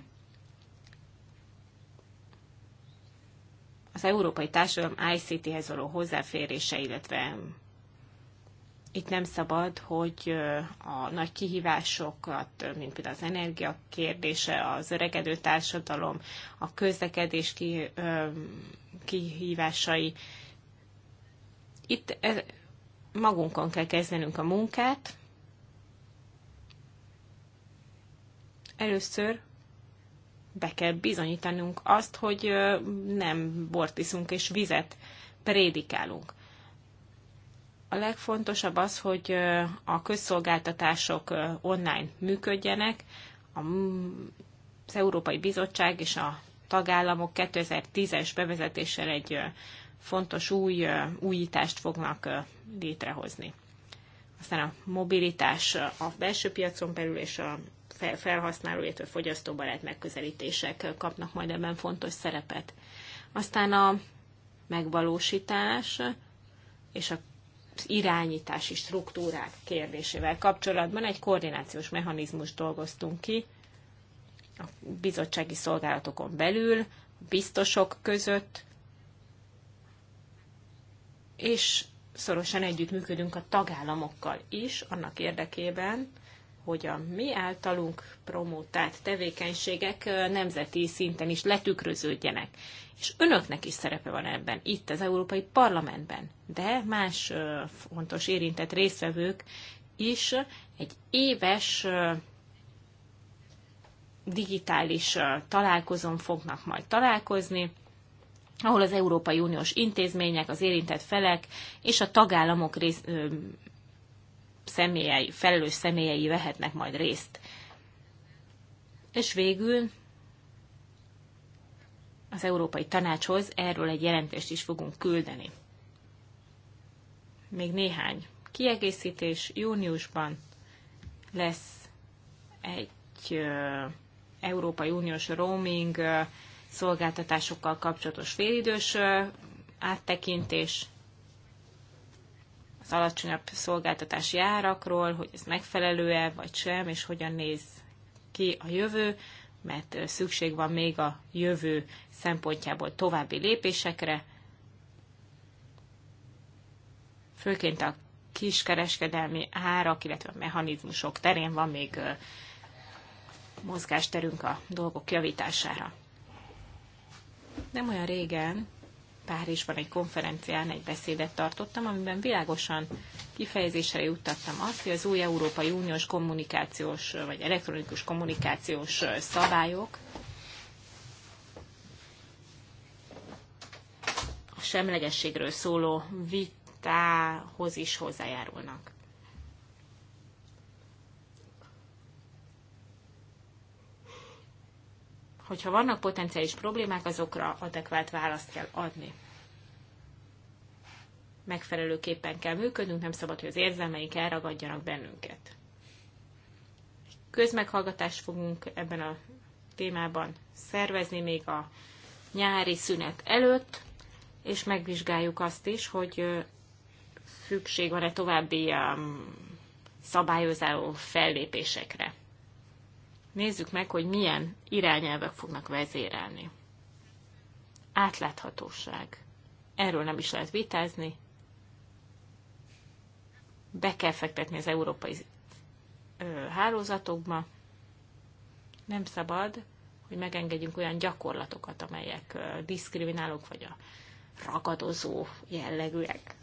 az európai társadalom ICT-hez való hozzáférése, illetve itt nem szabad, hogy a nagy kihívásokat, mint például az energia kérdése, az öregedő társadalom, a közlekedés kihívásai, itt magunkon kell kezdenünk a munkát. Először be kell bizonyítanunk azt, hogy nem bort iszunk és vizet prédikálunk. A legfontosabb az, hogy a közszolgáltatások online működjenek. Az Európai Bizottság és a tagállamok 2010-es bevezetéssel egy fontos új újítást fognak létrehozni. Aztán a mobilitás a belső piacon belül és a felhasználó, illetve fogyasztóbarát megközelítések kapnak majd ebben fontos szerepet. Aztán a megvalósítás és a irányítási struktúrák kérdésével kapcsolatban egy koordinációs mechanizmus dolgoztunk ki a bizottsági szolgálatokon belül, a biztosok között, és szorosan együttműködünk a tagállamokkal is annak érdekében, hogy a mi általunk promótált tevékenységek nemzeti szinten is letükröződjenek. És önöknek is szerepe van ebben, itt az Európai Parlamentben, de más fontos érintett részvevők is egy éves digitális találkozón fognak majd találkozni, ahol az Európai Uniós intézmények, az érintett felek és a tagállamok rész, személyei, felelős személyei vehetnek majd részt. És végül az Európai Tanácshoz erről egy jelentést is fogunk küldeni. Még néhány kiegészítés. Júniusban lesz egy Európai Uniós roaming szolgáltatásokkal kapcsolatos félidős áttekintés az alacsonyabb szolgáltatási árakról, hogy ez megfelelő-e vagy sem, és hogyan néz ki a jövő, mert szükség van még a jövő szempontjából további lépésekre, főként a kiskereskedelmi árak, illetve a mechanizmusok terén van még mozgásterünk a dolgok javítására. Nem olyan régen Párizsban egy konferencián egy beszédet tartottam, amiben világosan kifejezésre juttattam azt, hogy az új Európai Uniós kommunikációs vagy elektronikus kommunikációs szabályok a semlegességről szóló vitához is hozzájárulnak. hogyha vannak potenciális problémák, azokra adekvát választ kell adni. Megfelelőképpen kell működnünk, nem szabad, hogy az érzelmeink elragadjanak bennünket. Közmeghallgatást fogunk ebben a témában szervezni még a nyári szünet előtt, és megvizsgáljuk azt is, hogy szükség van-e további um, szabályozó fellépésekre nézzük meg, hogy milyen irányelvek fognak vezérelni. Átláthatóság. Erről nem is lehet vitázni. Be kell fektetni az európai ö, hálózatokba. Nem szabad, hogy megengedjünk olyan gyakorlatokat, amelyek ö, diszkriminálók vagy a ragadozó jellegűek.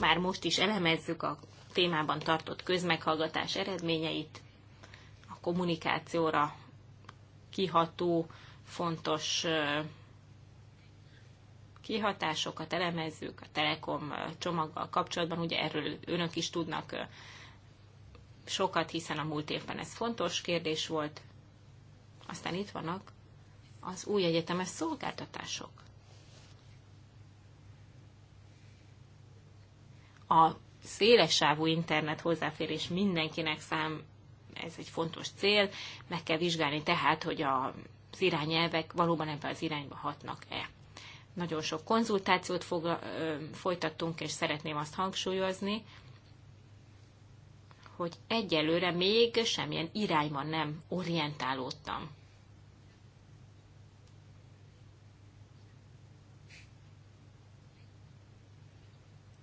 már most is elemezzük a témában tartott közmeghallgatás eredményeit, a kommunikációra kiható fontos kihatásokat elemezzük, a Telekom csomaggal kapcsolatban, ugye erről önök is tudnak sokat, hiszen a múlt évben ez fontos kérdés volt. Aztán itt vannak az új egyetemes szolgáltatások. a szélessávú internet hozzáférés mindenkinek szám, ez egy fontos cél, meg kell vizsgálni tehát, hogy az irányelvek valóban ebbe az irányba hatnak-e. Nagyon sok konzultációt fog, ö, folytattunk, és szeretném azt hangsúlyozni, hogy egyelőre még semmilyen irányban nem orientálódtam.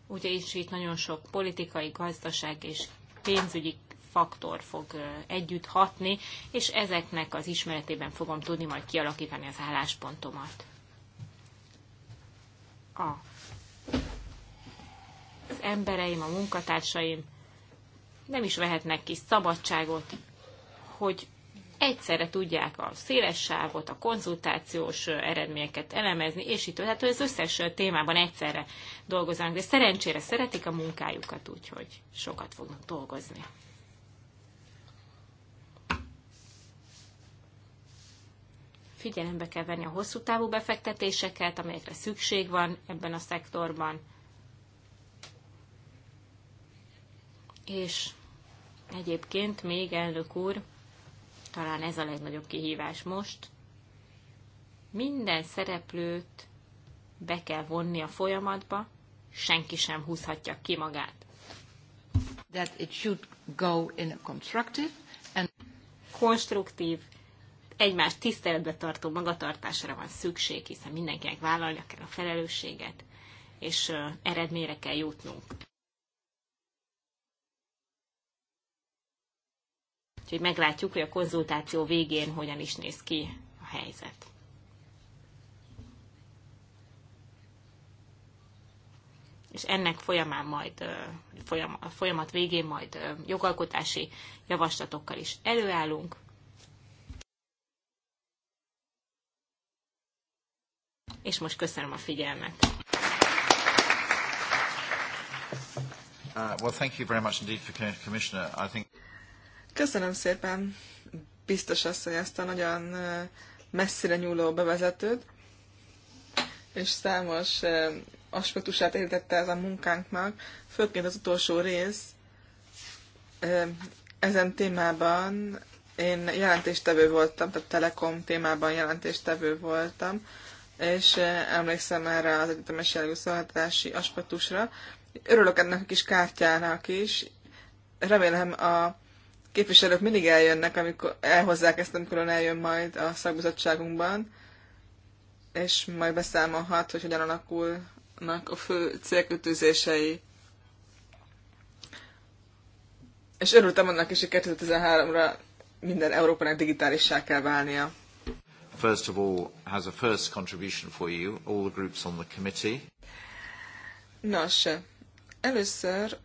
ugye is itt nagyon sok politikai, gazdaság és pénzügyi faktor fog együtt hatni, és ezeknek az ismeretében fogom tudni majd kialakítani az álláspontomat. A, az embereim, a munkatársaim nem is vehetnek ki szabadságot, hogy egyszerre tudják a széles sávot, a konzultációs eredményeket elemezni, és így tehát az összes témában egyszerre dolgoznak, de szerencsére szeretik a munkájukat, úgyhogy sokat fognak dolgozni. Figyelembe kell venni a hosszú távú befektetéseket, amelyekre szükség van ebben a szektorban. És egyébként még elnök úr, talán ez a legnagyobb kihívás most. Minden szereplőt be kell vonni a folyamatba, senki sem húzhatja ki magát. That it should go in a constructive and konstruktív, egymást tiszteletbe tartó magatartásra van szükség, hiszen mindenkinek vállalnia kell a felelősséget, és eredményre kell jutnunk. Úgyhogy meglátjuk, hogy a konzultáció végén hogyan is néz ki a helyzet. És ennek folyamán majd, a folyamat végén majd jogalkotási javaslatokkal is előállunk. És most köszönöm a figyelmet. Uh, well, thank you very much indeed, for Commissioner. I think... Köszönöm szépen, biztos asszony, ezt a nagyon messzire nyúló bevezetőt, és számos aspektusát értette ez a munkánknak, főként az utolsó rész. Ezen témában én jelentéstevő voltam, tehát Telekom témában jelentéstevő voltam, és emlékszem erre az egyetemes jellegű szolgáltatási aspektusra. Örülök ennek a kis kártyának is. Remélem a képviselők mindig eljönnek, amikor elhozzák ezt, amikor ön eljön majd a szakbizottságunkban, és majd beszámolhat, hogy hogyan alakulnak a fő célkötőzései. És örültem annak is, hogy 2013-ra minden Európának digitálissá kell válnia. First of all, has a first contribution for you, all the groups on the committee. Nos, először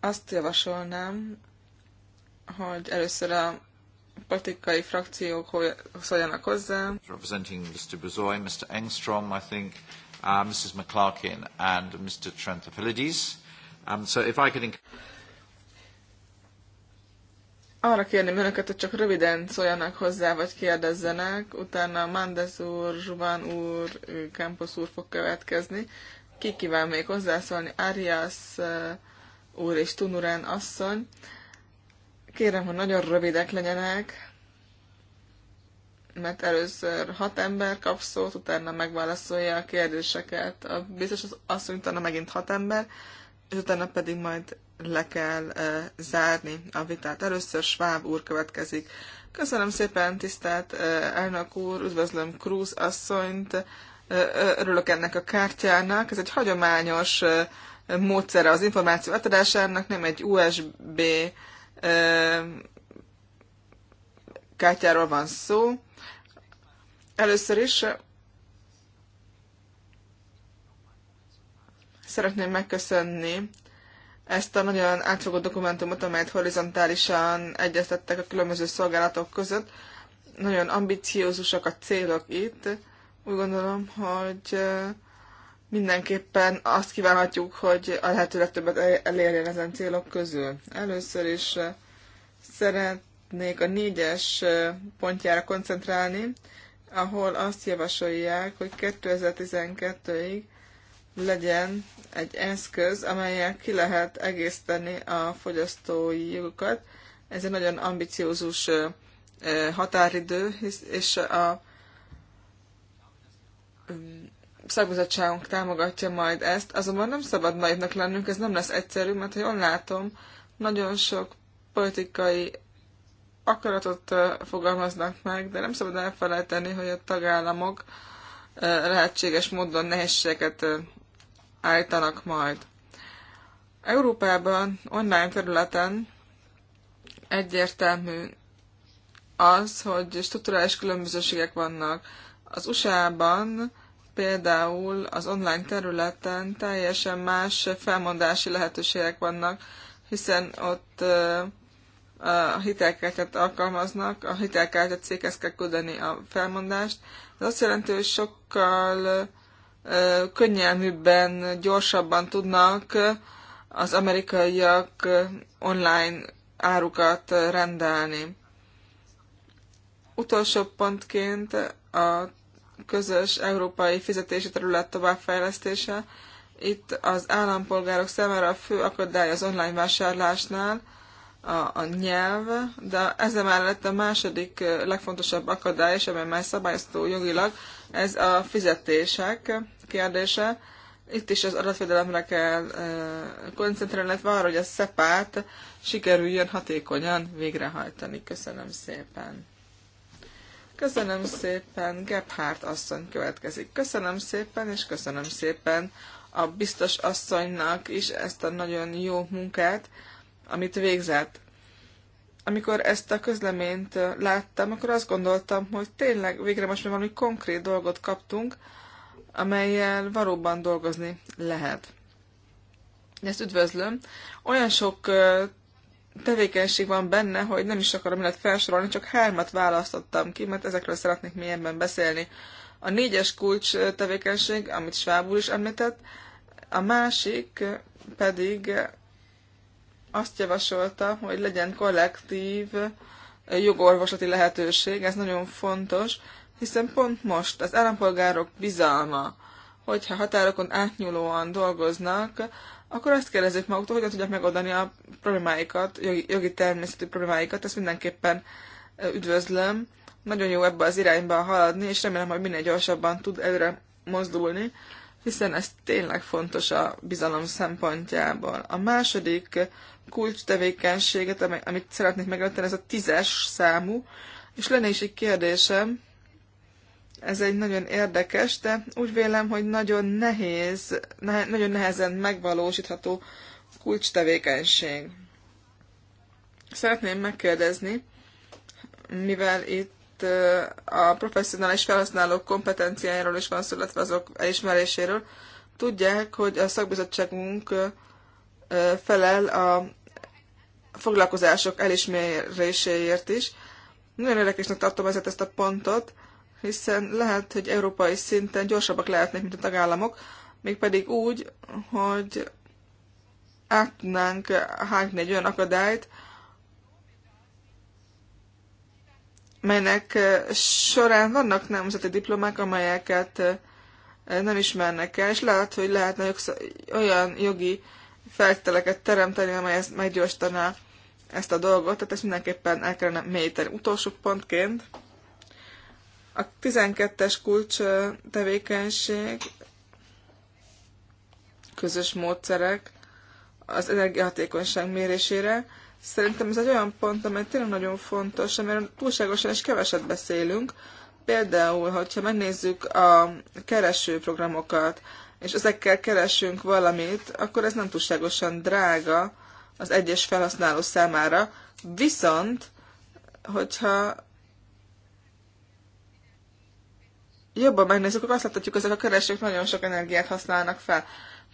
azt javasolnám, hogy először a politikai frakciók szóljanak hozzá. Representing Mr. Buzoy, Mr. Engstrom, I think, uh, Mrs. McClarkin and Mr. Trentafilides. Um, so if I could... Arra kérném önöket, hogy csak röviden szóljanak hozzá, vagy kérdezzenek, utána Mandez úr, Zsuván úr, Campos úr fog következni. Ki kíván még hozzászólni? Arias uh, úr és Tunuren asszony. Uh, Kérem, hogy nagyon rövidek legyenek, mert először hat ember kap szót, utána megválaszolja a kérdéseket. A biztos azt hogy utána megint hat ember, és utána pedig majd le kell e, zárni a vitát. Először Schwab úr következik. Köszönöm szépen, tisztelt e, elnök úr, üdvözlöm Krúz asszonyt, e, örülök ennek a kártyának. Ez egy hagyományos e, módszere az információ átadásának, nem egy USB kártyáról van szó. Először is szeretném megköszönni ezt a nagyon átfogó dokumentumot, amelyet horizontálisan egyeztettek a különböző szolgálatok között. Nagyon ambiciózusak a célok itt. Úgy gondolom, hogy mindenképpen azt kívánhatjuk, hogy a lehető legtöbbet elérjen ezen célok közül. Először is eh, szeretnék a négyes eh, pontjára koncentrálni, ahol azt javasolják, hogy 2012-ig legyen egy eszköz, amelyel ki lehet egészteni a fogyasztói jogokat. Ez egy nagyon ambiciózus eh, határidő, és a mm, szakbizottságunk támogatja majd ezt, azonban nem szabad naivnak lennünk, ez nem lesz egyszerű, mert ha jól látom, nagyon sok politikai akaratot fogalmaznak meg, de nem szabad elfelejteni, hogy a tagállamok lehetséges módon nehézségeket állítanak majd. Európában online területen egyértelmű az, hogy strukturális különbözőségek vannak. Az USA-ban például az online területen teljesen más felmondási lehetőségek vannak, hiszen ott a hitelkártyát alkalmaznak, a hitelkártyát céghez kell küldeni a felmondást. Ez azt jelenti, hogy sokkal könnyelműbben, gyorsabban tudnak az amerikaiak online árukat rendelni. Utolsó pontként a közös európai fizetési terület továbbfejlesztése. Itt az állampolgárok számára a fő akadály az online vásárlásnál a, a nyelv, de ezzel mellett a második legfontosabb akadály, és amely már szabályozható jogilag, ez a fizetések kérdése. Itt is az adatvédelemre kell koncentrálni, illetve arra, hogy a szepát sikerüljön hatékonyan végrehajtani. Köszönöm szépen! Köszönöm szépen, Gebhardt asszony következik. Köszönöm szépen, és köszönöm szépen a biztos asszonynak is ezt a nagyon jó munkát, amit végzett. Amikor ezt a közleményt láttam, akkor azt gondoltam, hogy tényleg végre most már valami konkrét dolgot kaptunk, amelyel valóban dolgozni lehet. Ezt üdvözlöm. Olyan sok tevékenység van benne, hogy nem is akarom illet felsorolni, csak hármat választottam ki, mert ezekről szeretnék mélyebben beszélni. A négyes kulcs tevékenység, amit Schwab is említett, a másik pedig azt javasolta, hogy legyen kollektív jogorvoslati lehetőség, ez nagyon fontos, hiszen pont most az állampolgárok bizalma, hogyha határokon átnyúlóan dolgoznak, akkor azt kérdezzük maguktól, hogyan tudják megoldani a problémáikat, jogi, jogi természetű problémáikat, ezt mindenképpen üdvözlöm. Nagyon jó ebbe az irányba haladni, és remélem, hogy minél gyorsabban tud előre mozdulni, hiszen ez tényleg fontos a bizalom szempontjából. A második kulcs tevékenységet, amit szeretnék meglátni, ez a tízes számú, és lenne is egy kérdésem, ez egy nagyon érdekes, de úgy vélem, hogy nagyon nehéz, ne, nagyon nehezen megvalósítható kulcstevékenység. Szeretném megkérdezni, mivel itt a professzionális felhasználók kompetenciájáról is van szó, illetve azok elismeréséről, tudják, hogy a szakbizottságunk felel a foglalkozások elismeréséért is. Nagyon érdekesnek tartom ezért ezt a pontot, hiszen lehet, hogy európai szinten gyorsabbak lehetnek, mint a tagállamok, mégpedig úgy, hogy át tudnánk hágni egy olyan akadályt, melynek során vannak nemzeti diplomák, amelyeket nem ismernek el, és lehet, hogy lehetne olyan jogi feltételeket teremteni, amely ezt meggyorsítaná ezt a dolgot, tehát ezt mindenképpen el kellene mélyíteni. Utolsó pontként a 12-es kulcs tevékenység, közös módszerek az energiahatékonyság mérésére. Szerintem ez egy olyan pont, amely tényleg nagyon fontos, amiről túlságosan és keveset beszélünk. Például, hogyha megnézzük a keresőprogramokat, és ezekkel keresünk valamit, akkor ez nem túlságosan drága az egyes felhasználó számára. Viszont, hogyha jobban megnézzük, akkor azt láthatjuk, ezek a keresők nagyon sok energiát használnak fel.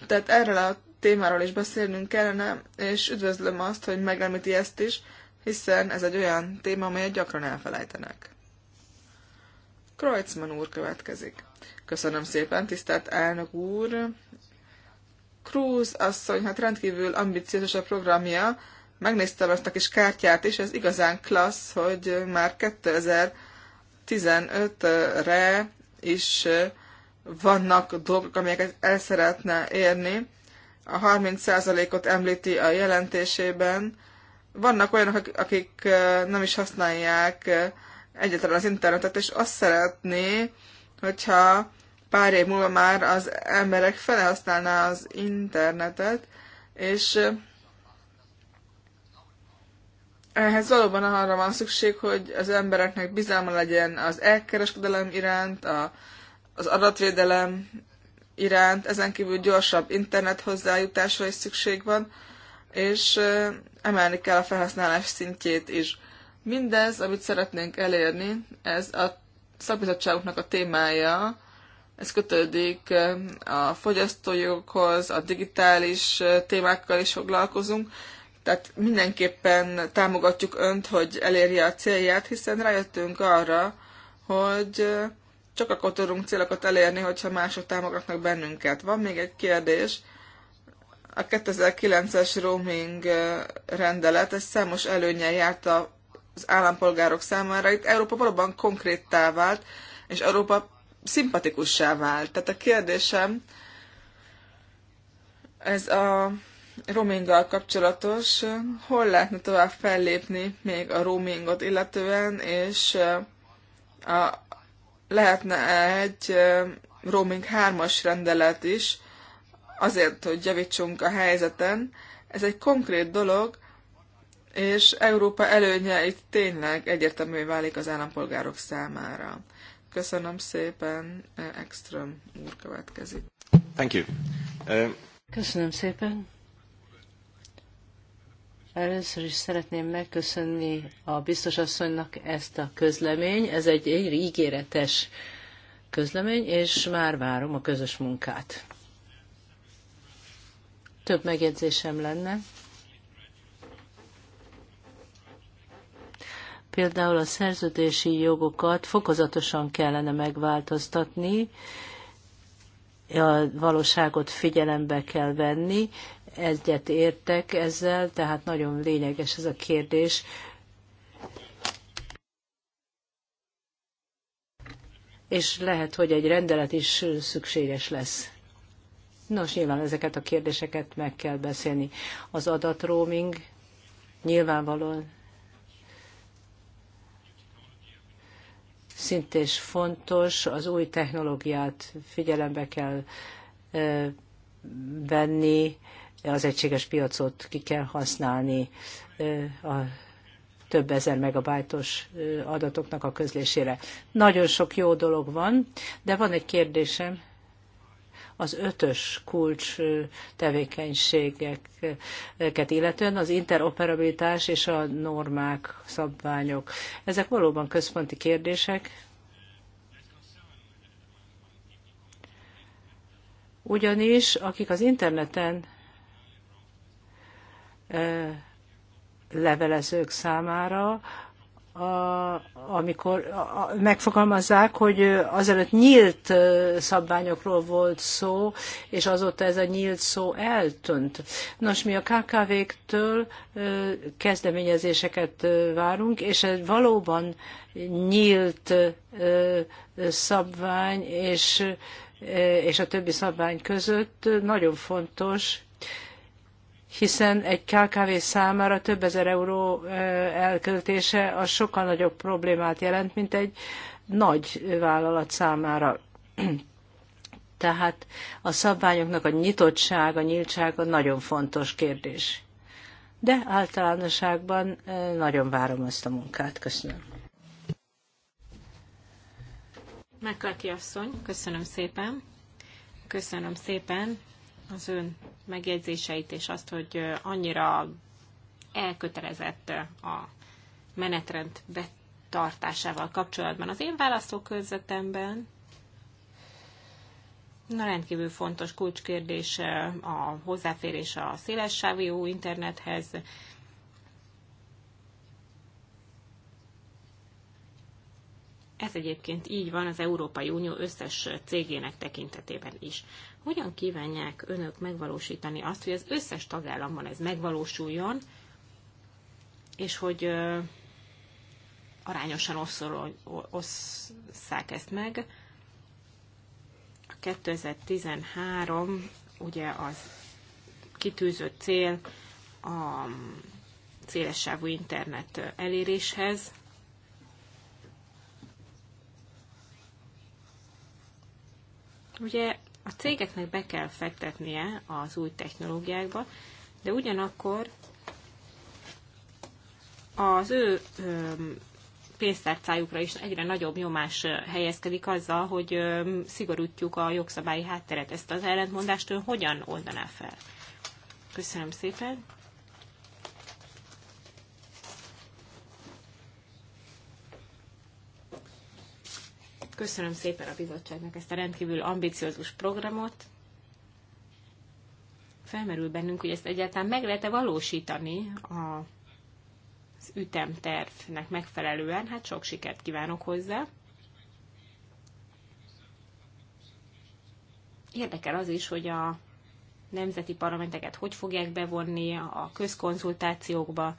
Tehát erről a témáról is beszélnünk kellene, és üdvözlöm azt, hogy megemlíti ezt is, hiszen ez egy olyan téma, amelyet gyakran elfelejtenek. Kreutzmann úr következik. Köszönöm szépen, tisztelt elnök úr! Cruz asszony, hát rendkívül ambiciózus a programja, megnéztem ezt a kis kártyát is, ez igazán klassz, hogy már 2015-re is vannak dolgok, amelyeket el szeretne érni. A 30%-ot említi a jelentésében. Vannak olyanok, akik nem is használják egyáltalán az internetet, és azt szeretné, hogyha pár év múlva már az emberek fele használná az internetet, és ehhez valóban arra van szükség, hogy az embereknek bizalma legyen az elkereskedelem iránt, a, az adatvédelem iránt, ezen kívül gyorsabb internet hozzájutásra is szükség van, és emelni kell a felhasználás szintjét is. Mindez, amit szeretnénk elérni, ez a szakbizottságunknak a témája, ez kötődik a fogyasztójogokhoz, a digitális témákkal is foglalkozunk, tehát mindenképpen támogatjuk önt, hogy elérje a célját, hiszen rájöttünk arra, hogy csak akkor tudunk célokat elérni, hogyha mások támogatnak bennünket. Van még egy kérdés. A 2009-es roaming rendelet, ez számos előnyel járt az állampolgárok számára. Itt Európa valóban konkréttá vált, és Európa szimpatikussá vált. Tehát a kérdésem, ez a roaminggal kapcsolatos, hol lehetne tovább fellépni még a roamingot illetően, és a, lehetne egy roaming hármas rendelet is, azért, hogy javítsunk a helyzeten. Ez egy konkrét dolog, és Európa előnye itt tényleg egyértelművé válik az állampolgárok számára. Köszönöm szépen, Ekström úr következik. Thank you. Uh... Köszönöm szépen. Először is szeretném megköszönni a biztosasszonynak ezt a közlemény. Ez egy, egy ígéretes közlemény, és már várom a közös munkát. Több megjegyzésem lenne. Például a szerződési jogokat fokozatosan kellene megváltoztatni, a valóságot figyelembe kell venni, egyet értek ezzel, tehát nagyon lényeges ez a kérdés. És lehet, hogy egy rendelet is szükséges lesz. Nos, nyilván ezeket a kérdéseket meg kell beszélni. Az adatroaming nyilvánvalóan szintén fontos, az új technológiát figyelembe kell venni, az egységes piacot ki kell használni a több ezer megabájtos adatoknak a közlésére. Nagyon sok jó dolog van, de van egy kérdésem, az ötös kulcs tevékenységeket illetően, az interoperabilitás és a normák, szabványok. Ezek valóban központi kérdések. Ugyanis, akik az interneten levelezők számára, a, amikor a, megfogalmazzák, hogy azelőtt nyílt szabványokról volt szó, és azóta ez a nyílt szó eltönt. Nos, mi a kkv ktől kezdeményezéseket várunk, és ez valóban nyílt szabvány és, és a többi szabvány között nagyon fontos, hiszen egy KKV számára több ezer euró elköltése az sokkal nagyobb problémát jelent, mint egy nagy vállalat számára. (clears throat) Tehát a szabványoknak a nyitottsága, nyíltsága nagyon fontos kérdés. De általánosságban nagyon várom ezt a munkát. Köszönöm. Megkaki asszony, köszönöm szépen. Köszönöm szépen az ön megjegyzéseit, és azt, hogy annyira elkötelezett a menetrend betartásával kapcsolatban. Az én választókörzetemben Na, rendkívül fontos kulcskérdés a hozzáférés a szélessávú internethez. Ez egyébként így van az Európai Unió összes cégének tekintetében is hogyan kívánják önök megvalósítani azt, hogy az összes tagállamban ez megvalósuljon, és hogy arányosan osszák ezt meg. A 2013 ugye az kitűzött cél a szélessávú internet eléréshez, Ugye a cégeknek be kell fektetnie az új technológiákba, de ugyanakkor az ő pénztárcájukra is egyre nagyobb nyomás helyezkedik azzal, hogy szigorítjuk a jogszabályi hátteret. Ezt az ellentmondást ön hogyan oldaná fel? Köszönöm szépen. Köszönöm szépen a bizottságnak ezt a rendkívül ambiciózus programot. Felmerül bennünk, hogy ezt egyáltalán meg lehet-e valósítani a az ütemtervnek megfelelően, hát sok sikert kívánok hozzá. Érdekel az is, hogy a nemzeti parlamenteket hogy fogják bevonni a közkonzultációkba,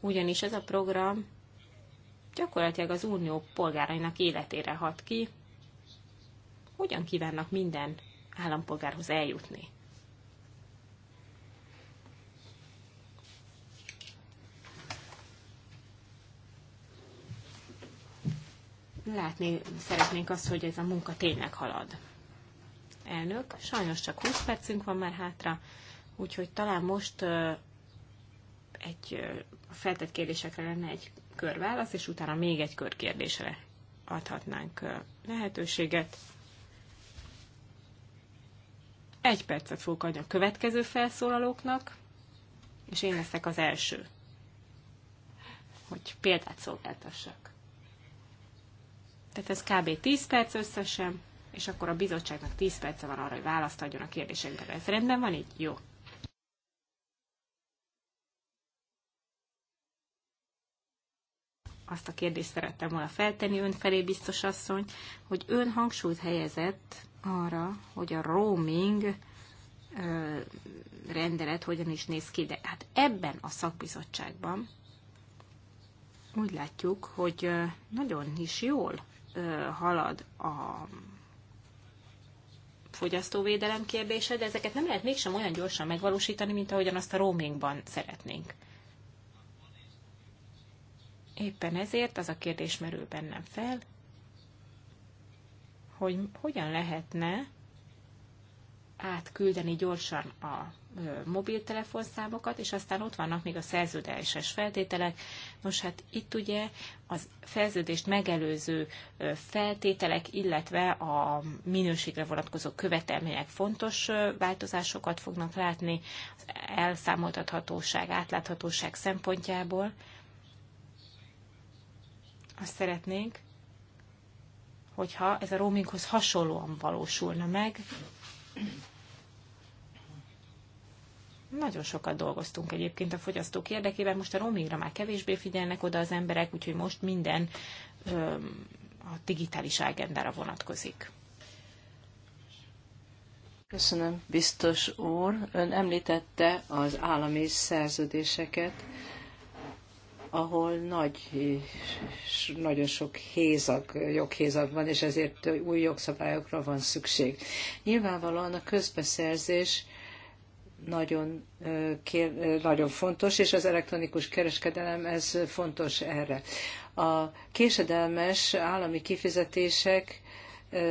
ugyanis ez a program gyakorlatilag az unió polgárainak életére hat ki, hogyan kívánnak minden állampolgárhoz eljutni. Látni szeretnénk azt, hogy ez a munka tényleg halad. Elnök, sajnos csak 20 percünk van már hátra, úgyhogy talán most egy feltett kérdésekre lenne egy kör válasz, és utána még egy kör kérdésre adhatnánk lehetőséget. Egy percet fogok adni a következő felszólalóknak, és én leszek az első, hogy példát szolgáltassak. Tehát ez kb. 10 perc összesen, és akkor a bizottságnak 10 perce van arra, hogy választ adjon a kérdésekre. Ez rendben van így? Jó. azt a kérdést szerettem volna feltenni ön felé, biztos asszony, hogy ön hangsúlyt helyezett arra, hogy a roaming rendelet hogyan is néz ki, de hát ebben a szakbizottságban úgy látjuk, hogy nagyon is jól halad a fogyasztóvédelem kérdése, de ezeket nem lehet mégsem olyan gyorsan megvalósítani, mint ahogyan azt a roamingban szeretnénk. Éppen ezért az a kérdés merül bennem fel, hogy hogyan lehetne átküldeni gyorsan a mobiltelefonszámokat, és aztán ott vannak még a szerződéses feltételek. Nos, hát itt ugye az szerződést megelőző feltételek, illetve a minőségre vonatkozó követelmények fontos változásokat fognak látni az elszámoltathatóság, átláthatóság szempontjából azt szeretnénk, hogyha ez a roaminghoz hasonlóan valósulna meg. Nagyon sokat dolgoztunk egyébként a fogyasztók érdekében, most a roamingra már kevésbé figyelnek oda az emberek, úgyhogy most minden a digitális agendára vonatkozik. Köszönöm, biztos úr. Ön említette az állami szerződéseket ahol nagy, nagyon sok hézag, joghézag van, és ezért új jogszabályokra van szükség. Nyilvánvalóan a közbeszerzés nagyon, kér, nagyon fontos, és az elektronikus kereskedelem ez fontos erre. A késedelmes állami kifizetések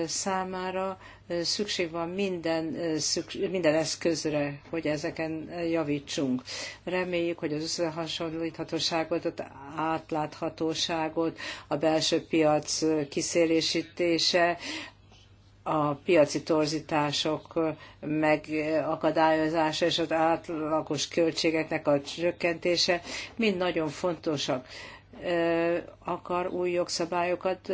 számára szükség van minden, szükség, minden eszközre, hogy ezeken javítsunk. Reméljük, hogy az összehasonlíthatóságot, az átláthatóságot, a belső piac kiszélésítése, a piaci torzítások megakadályozása és az átlagos költségeknek a csökkentése mind nagyon fontosak. Akar új jogszabályokat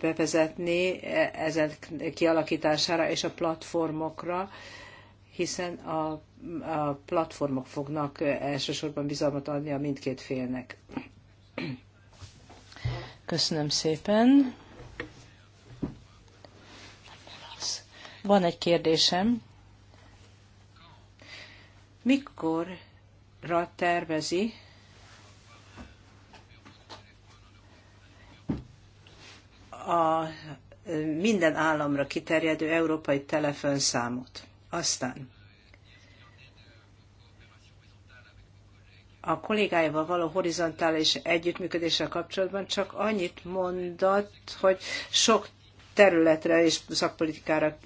bevezetni e, ezen kialakítására és a platformokra, hiszen a, a platformok fognak elsősorban bizalmat adni a mindkét félnek. Köszönöm szépen. Van egy kérdésem. Mikorra tervezi a minden államra kiterjedő európai telefonszámot. Aztán a kollégáival való horizontális együttműködéssel kapcsolatban csak annyit mondott, hogy sok területre és szakpolitikára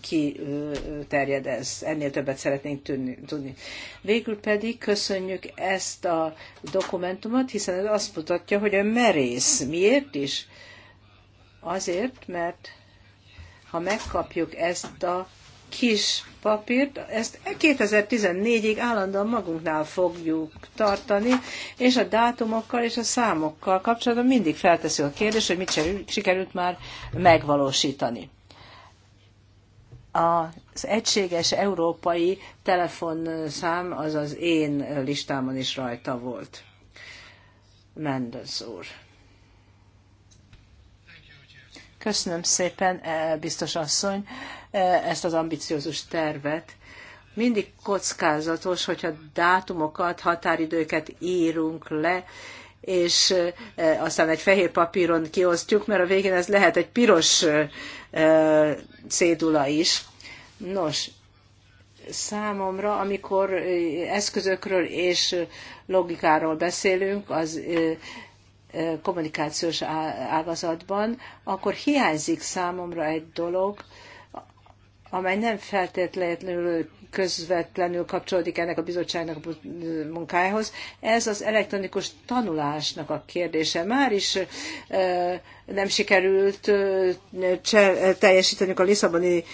kiterjed ez. Ennél többet szeretnénk tudni. Végül pedig köszönjük ezt a dokumentumot, hiszen ez azt mutatja, hogy a merész. Miért is? Azért, mert ha megkapjuk ezt a kis papírt, ezt 2014-ig állandóan magunknál fogjuk tartani, és a dátumokkal és a számokkal kapcsolatban mindig felteszi a kérdést, hogy mit sikerült már megvalósítani. Az egységes európai telefonszám az az én listámon is rajta volt. Mendez úr. Köszönöm szépen, eh, biztos asszony, eh, ezt az ambiciózus tervet. Mindig kockázatos, hogyha dátumokat, határidőket írunk le, és eh, aztán egy fehér papíron kiosztjuk, mert a végén ez lehet egy piros cédula is. Nos, számomra, amikor eszközökről és logikáról beszélünk, az kommunikációs ágazatban, akkor hiányzik számomra egy dolog, amely nem feltétlenül közvetlenül kapcsolódik ennek a bizottságnak a munkájához. Ez az elektronikus tanulásnak a kérdése. Már is nem sikerült teljesíteni a Lisszaboni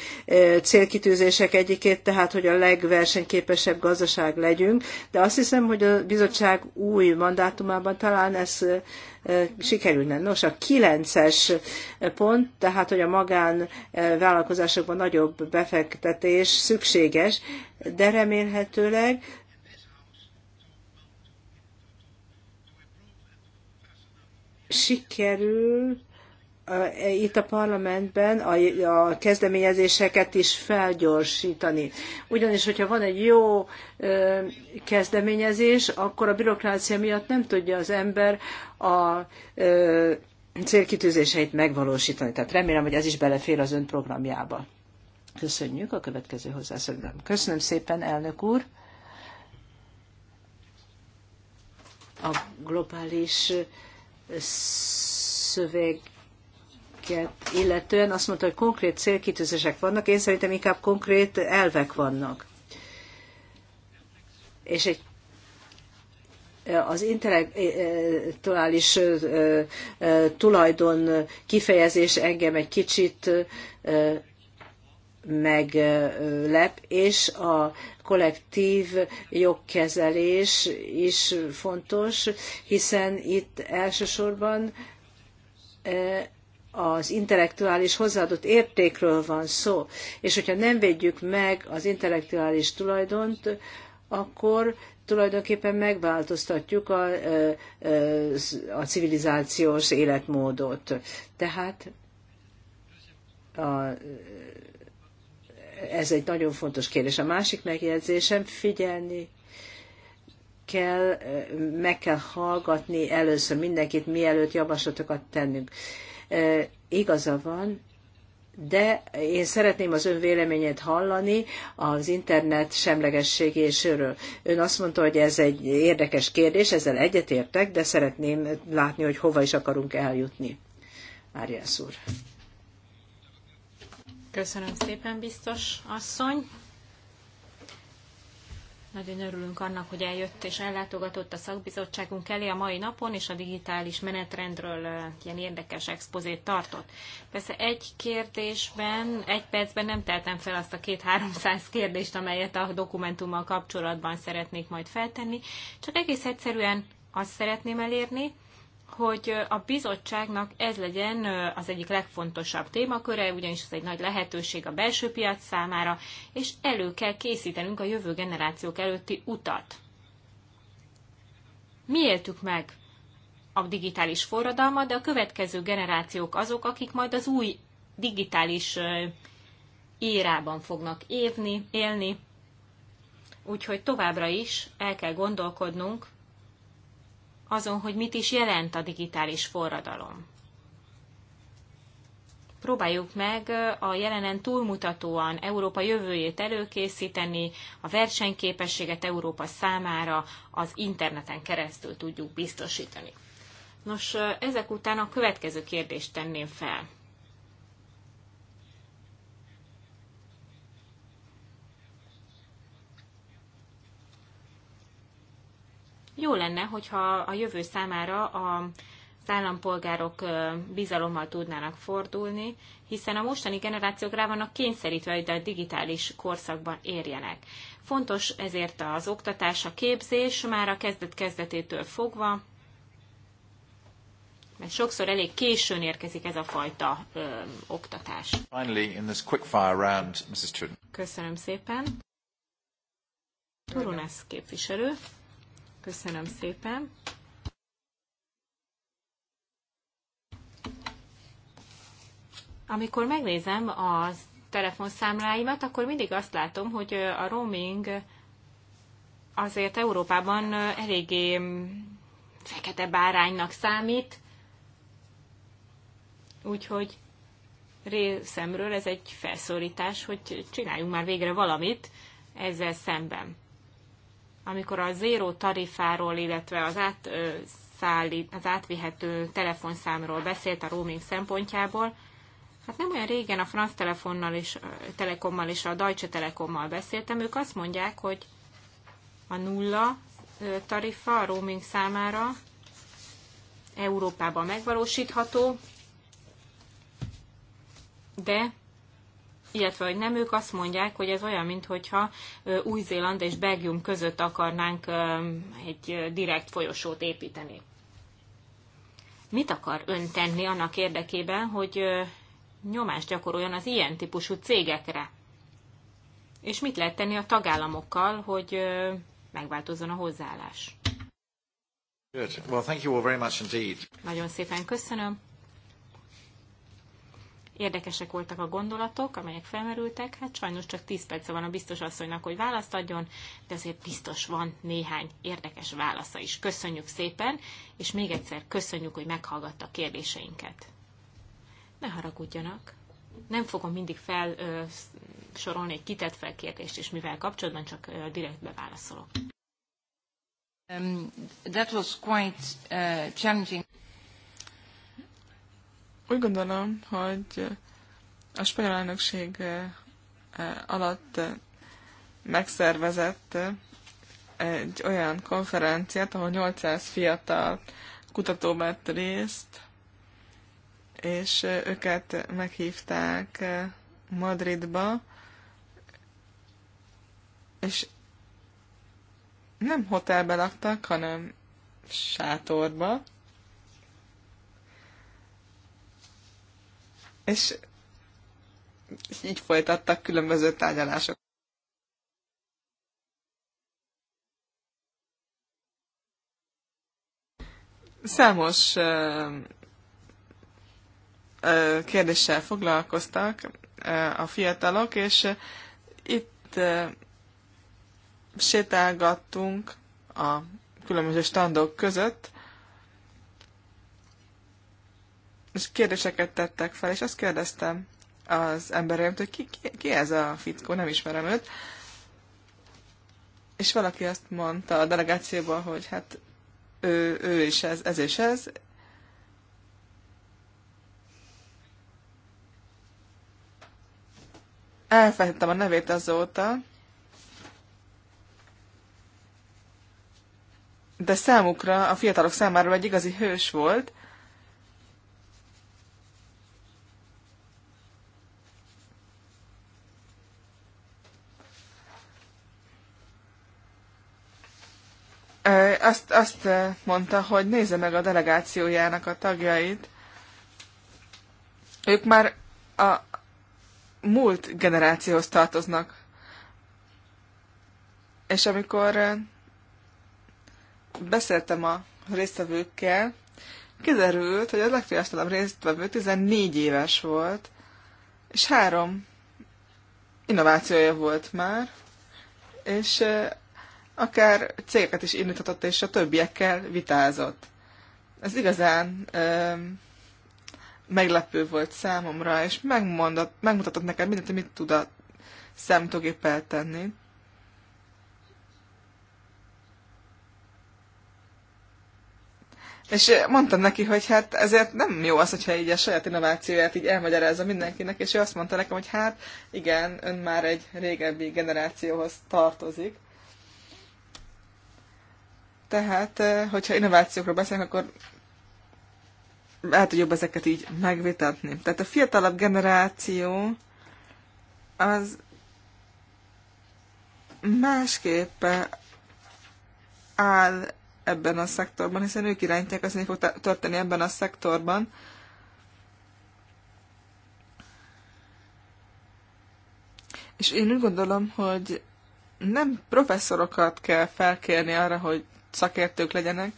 célkitűzések egyikét, tehát hogy a legversenyképesebb gazdaság legyünk, de azt hiszem, hogy a bizottság új mandátumában talán ez sikerülne. Nos, a kilences pont, tehát hogy a magánvállalkozásokban nagyobb befektetés szükséges, de remélhetőleg sikerül itt a parlamentben a, a kezdeményezéseket is felgyorsítani. Ugyanis, hogyha van egy jó ö, kezdeményezés, akkor a bürokrácia miatt nem tudja az ember a ö, célkitűzéseit megvalósítani. Tehát remélem, hogy ez is belefér az ön programjába. Köszönjük a következő hozzászólásban. Köszönöm szépen, elnök úr. A globális szöveget illetően azt mondta, hogy konkrét célkitűzések vannak, én szerintem inkább konkrét elvek vannak. És egy az intellektuális tulajdon kifejezés engem egy kicsit meglep, és a kollektív jogkezelés is fontos, hiszen itt elsősorban e, az intellektuális hozzáadott értékről van szó, és hogyha nem védjük meg az intellektuális tulajdont, akkor tulajdonképpen megváltoztatjuk a, e, e, a civilizációs életmódot. Tehát a ez egy nagyon fontos kérdés. A másik megjegyzésem figyelni kell, meg kell hallgatni először mindenkit, mielőtt javaslatokat tennünk. Igaza van, de én szeretném az ön véleményét hallani az internet semlegességéséről. Ön azt mondta, hogy ez egy érdekes kérdés, ezzel egyetértek, de szeretném látni, hogy hova is akarunk eljutni. Áriász úr. Köszönöm szépen, biztos asszony. Nagyon örülünk annak, hogy eljött és ellátogatott a szakbizottságunk elé a mai napon, és a digitális menetrendről ilyen érdekes expozét tartott. Persze egy kérdésben, egy percben nem teltem fel azt a két-háromszáz kérdést, amelyet a dokumentummal kapcsolatban szeretnék majd feltenni, csak egész egyszerűen azt szeretném elérni, hogy a bizottságnak ez legyen az egyik legfontosabb témaköre, ugyanis ez egy nagy lehetőség a belső piac számára, és elő kell készítenünk a jövő generációk előtti utat. Mi éltük meg a digitális forradalmat, de a következő generációk azok, akik majd az új digitális érában fognak évni, élni, úgyhogy továbbra is el kell gondolkodnunk azon, hogy mit is jelent a digitális forradalom. Próbáljuk meg a jelenen túlmutatóan Európa jövőjét előkészíteni, a versenyképességet Európa számára az interneten keresztül tudjuk biztosítani. Nos, ezek után a következő kérdést tenném fel. Jó lenne, hogyha a jövő számára a állampolgárok bizalommal tudnának fordulni, hiszen a mostani generációk rá vannak kényszerítve, hogy a digitális korszakban érjenek. Fontos ezért az oktatás, a képzés már a kezdet-kezdetétől fogva, mert sokszor elég későn érkezik ez a fajta ö, oktatás. Finally, in this quick fire round, Mrs. Köszönöm szépen. Turunász képviselő. Köszönöm szépen. Amikor megnézem a telefonszámláimat, akkor mindig azt látom, hogy a roaming azért Európában eléggé fekete báránynak számít, úgyhogy részemről ez egy felszólítás, hogy csináljunk már végre valamit ezzel szemben amikor a zéró tarifáról, illetve az, át, szállít, az átvihető telefonszámról beszélt a roaming szempontjából, Hát nem olyan régen a franc telefonnal és telekommal és a Deutsche Telekommal beszéltem, ők azt mondják, hogy a nulla tarifa a roaming számára Európában megvalósítható, de illetve hogy nem ők azt mondják, hogy ez olyan, mintha Új-Zéland és Belgium között akarnánk egy direkt folyosót építeni. Mit akar ön tenni annak érdekében, hogy nyomást gyakoroljon az ilyen típusú cégekre? És mit lehet tenni a tagállamokkal, hogy megváltozzon a hozzáállás? Well, thank you all very much indeed. Nagyon szépen köszönöm. Érdekesek voltak a gondolatok, amelyek felmerültek. Hát sajnos csak 10 perce van a biztos asszonynak, hogy választ adjon, de azért biztos van néhány érdekes válasza is. Köszönjük szépen, és még egyszer köszönjük, hogy meghallgatta a kérdéseinket. Ne haragudjanak. Nem fogom mindig felsorolni egy kitett fel kérdést, és mivel kapcsolatban csak ö, direktbe válaszolok. Um, that was quite uh, challenging. Úgy gondolom, hogy a spanyol elnökség eh, eh, alatt eh, megszervezett egy olyan konferenciát, ahol 800 fiatal kutató vett részt, és őket meghívták Madridba, és nem hotelbe laktak, hanem sátorba. és így folytattak különböző tárgyalások. Számos kérdéssel foglalkoztak a fiatalok, és itt sétálgattunk a különböző standok között, és kérdéseket tettek fel, és azt kérdeztem az emberem, hogy ki, ki, ki ez a fickó, nem ismerem őt. És valaki azt mondta a delegációban, hogy hát ő, ő is ez, ez és ez. Elfelejtettem a nevét azóta, de számukra, a fiatalok számára egy igazi hős volt, azt, azt mondta, hogy nézze meg a delegációjának a tagjait. Ők már a múlt generációhoz tartoznak. És amikor beszéltem a résztvevőkkel, kiderült, hogy a legfiatalabb résztvevő 14 éves volt, és három innovációja volt már, és akár cégeket is indíthatott, és a többiekkel vitázott. Ez igazán ö, meglepő volt számomra, és megmondott, megmutatott nekem mindent, mit tud a számítógép eltenni. És mondtam neki, hogy hát ezért nem jó az, hogyha így a saját innovációját így elmagyarázza mindenkinek, és ő azt mondta nekem, hogy hát igen, ön már egy régebbi generációhoz tartozik. Tehát, eh, hogyha innovációkról beszélünk, akkor hogy jobb ezeket így megvitatni. Tehát a fiatalabb generáció az másképp áll ebben a szektorban, hiszen ők irányítják azt, hogy fog történni ebben a szektorban. És én úgy gondolom, hogy nem professzorokat kell felkérni arra, hogy szakértők legyenek,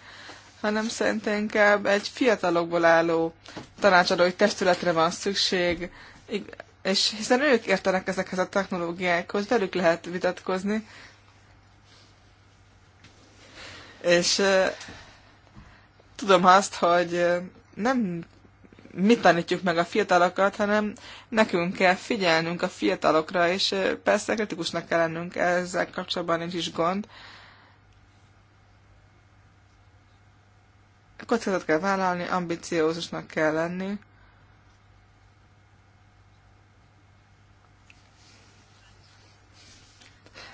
hanem szerintem inkább egy fiatalokból álló tanácsadói testületre van szükség, és hiszen ők értenek ezekhez a technológiákhoz, velük lehet vitatkozni, és tudom azt, hogy nem mi tanítjuk meg a fiatalokat, hanem nekünk kell figyelnünk a fiatalokra, és persze kritikusnak kell lennünk, ezzel kapcsolatban nincs is gond. Kockázatot kell vállalni, ambiciózusnak kell lenni.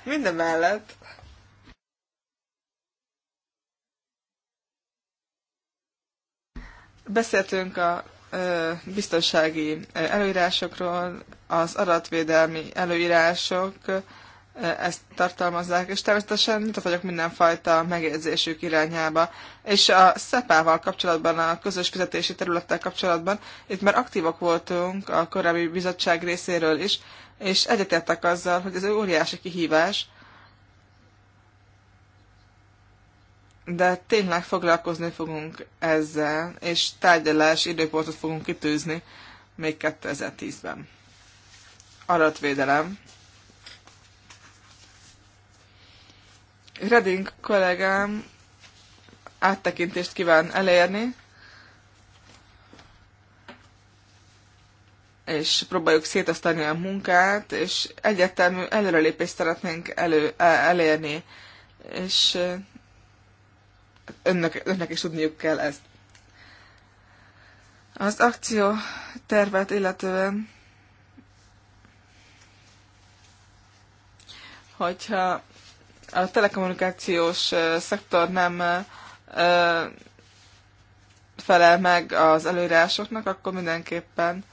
Minden mellett beszéltünk a biztonsági előírásokról, az adatvédelmi előírások E, ezt tartalmazzák, és természetesen nyitott vagyok mindenfajta megjegyzésük irányába. És a SZEPÁ-val kapcsolatban, a közös fizetési területtel kapcsolatban, itt már aktívak voltunk a korábbi bizottság részéről is, és egyetértek azzal, hogy ez egy óriási kihívás, de tényleg foglalkozni fogunk ezzel, és tárgyalás időpontot fogunk kitűzni még 2010-ben. Aratvédelem. Reding kollégám áttekintést kíván elérni, és próbáljuk szétosztani a munkát, és egyértelmű előrelépést szeretnénk elő, e, elérni, és önnek, önnek is tudniuk kell ezt. Az akció tervet illetően, hogyha a telekommunikációs szektor nem felel meg az előírásoknak, akkor mindenképpen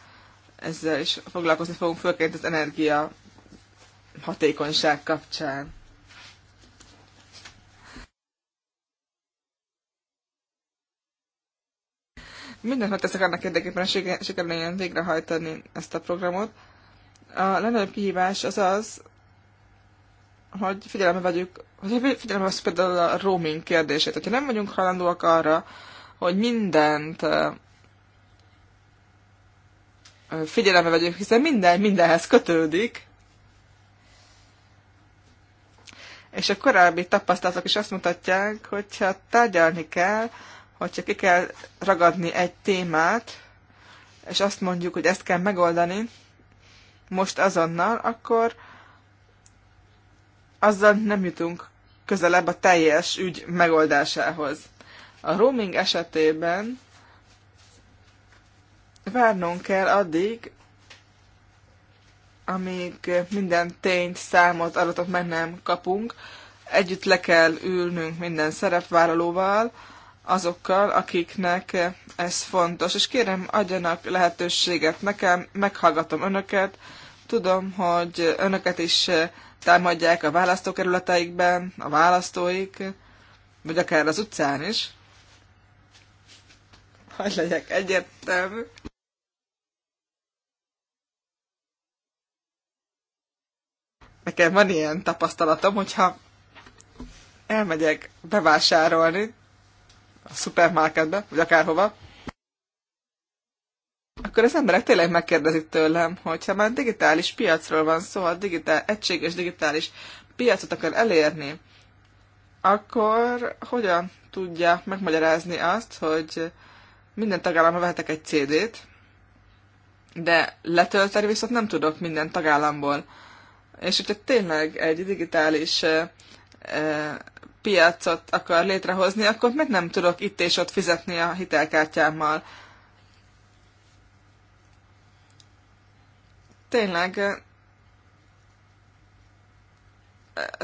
ezzel is foglalkozni fogunk, főként az energia hatékonyság kapcsán. Mindent megteszek annak érdekében, hogy sikerüljön végrehajtani ezt a programot. A legnagyobb kihívás az az, hogy figyelembe vegyük, hogy figyelembe veszük például a roaming kérdését. Hogyha nem vagyunk hajlandóak arra, hogy mindent figyelembe vegyük, hiszen minden mindenhez kötődik, és a korábbi tapasztalatok is azt mutatják, hogyha tárgyalni kell, hogyha ki kell ragadni egy témát, és azt mondjuk, hogy ezt kell megoldani, most azonnal, akkor azzal nem jutunk közelebb a teljes ügy megoldásához. A roaming esetében várnunk kell addig, amíg minden tényt, számot, adatot meg nem kapunk. Együtt le kell ülnünk minden szerepvállalóval, azokkal, akiknek ez fontos. És kérem, adjanak lehetőséget nekem, meghallgatom önöket, tudom, hogy önöket is támadják a választókerületeikben, a választóik, vagy akár az utcán is. Hogy legyek egyértelmű. Nekem van ilyen tapasztalatom, hogyha elmegyek bevásárolni a szupermarketbe, vagy akárhova, akkor az emberek tényleg megkérdezik tőlem, hogyha már digitális piacról van szó, a digitál, egységes digitális piacot akar elérni, akkor hogyan tudja megmagyarázni azt, hogy minden tagállamra vehetek egy CD-t, de letölteni viszont nem tudok minden tagállamból. És hogyha tényleg egy digitális e, e, piacot akar létrehozni, akkor meg nem tudok itt és ott fizetni a hitelkártyámmal tényleg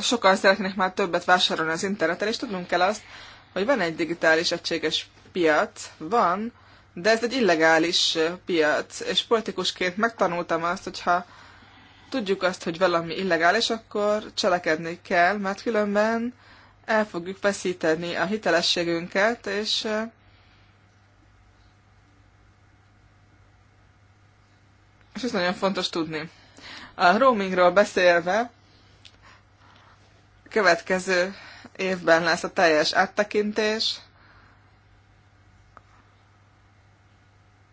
sokan szeretnének már többet vásárolni az interneten, és tudnunk kell azt, hogy van egy digitális egységes piac, van, de ez egy illegális piac, és politikusként megtanultam azt, hogyha tudjuk azt, hogy valami illegális, akkor cselekedni kell, mert különben el fogjuk veszíteni a hitelességünket, és és ez nagyon fontos tudni. A roamingról beszélve, következő évben lesz a teljes áttekintés.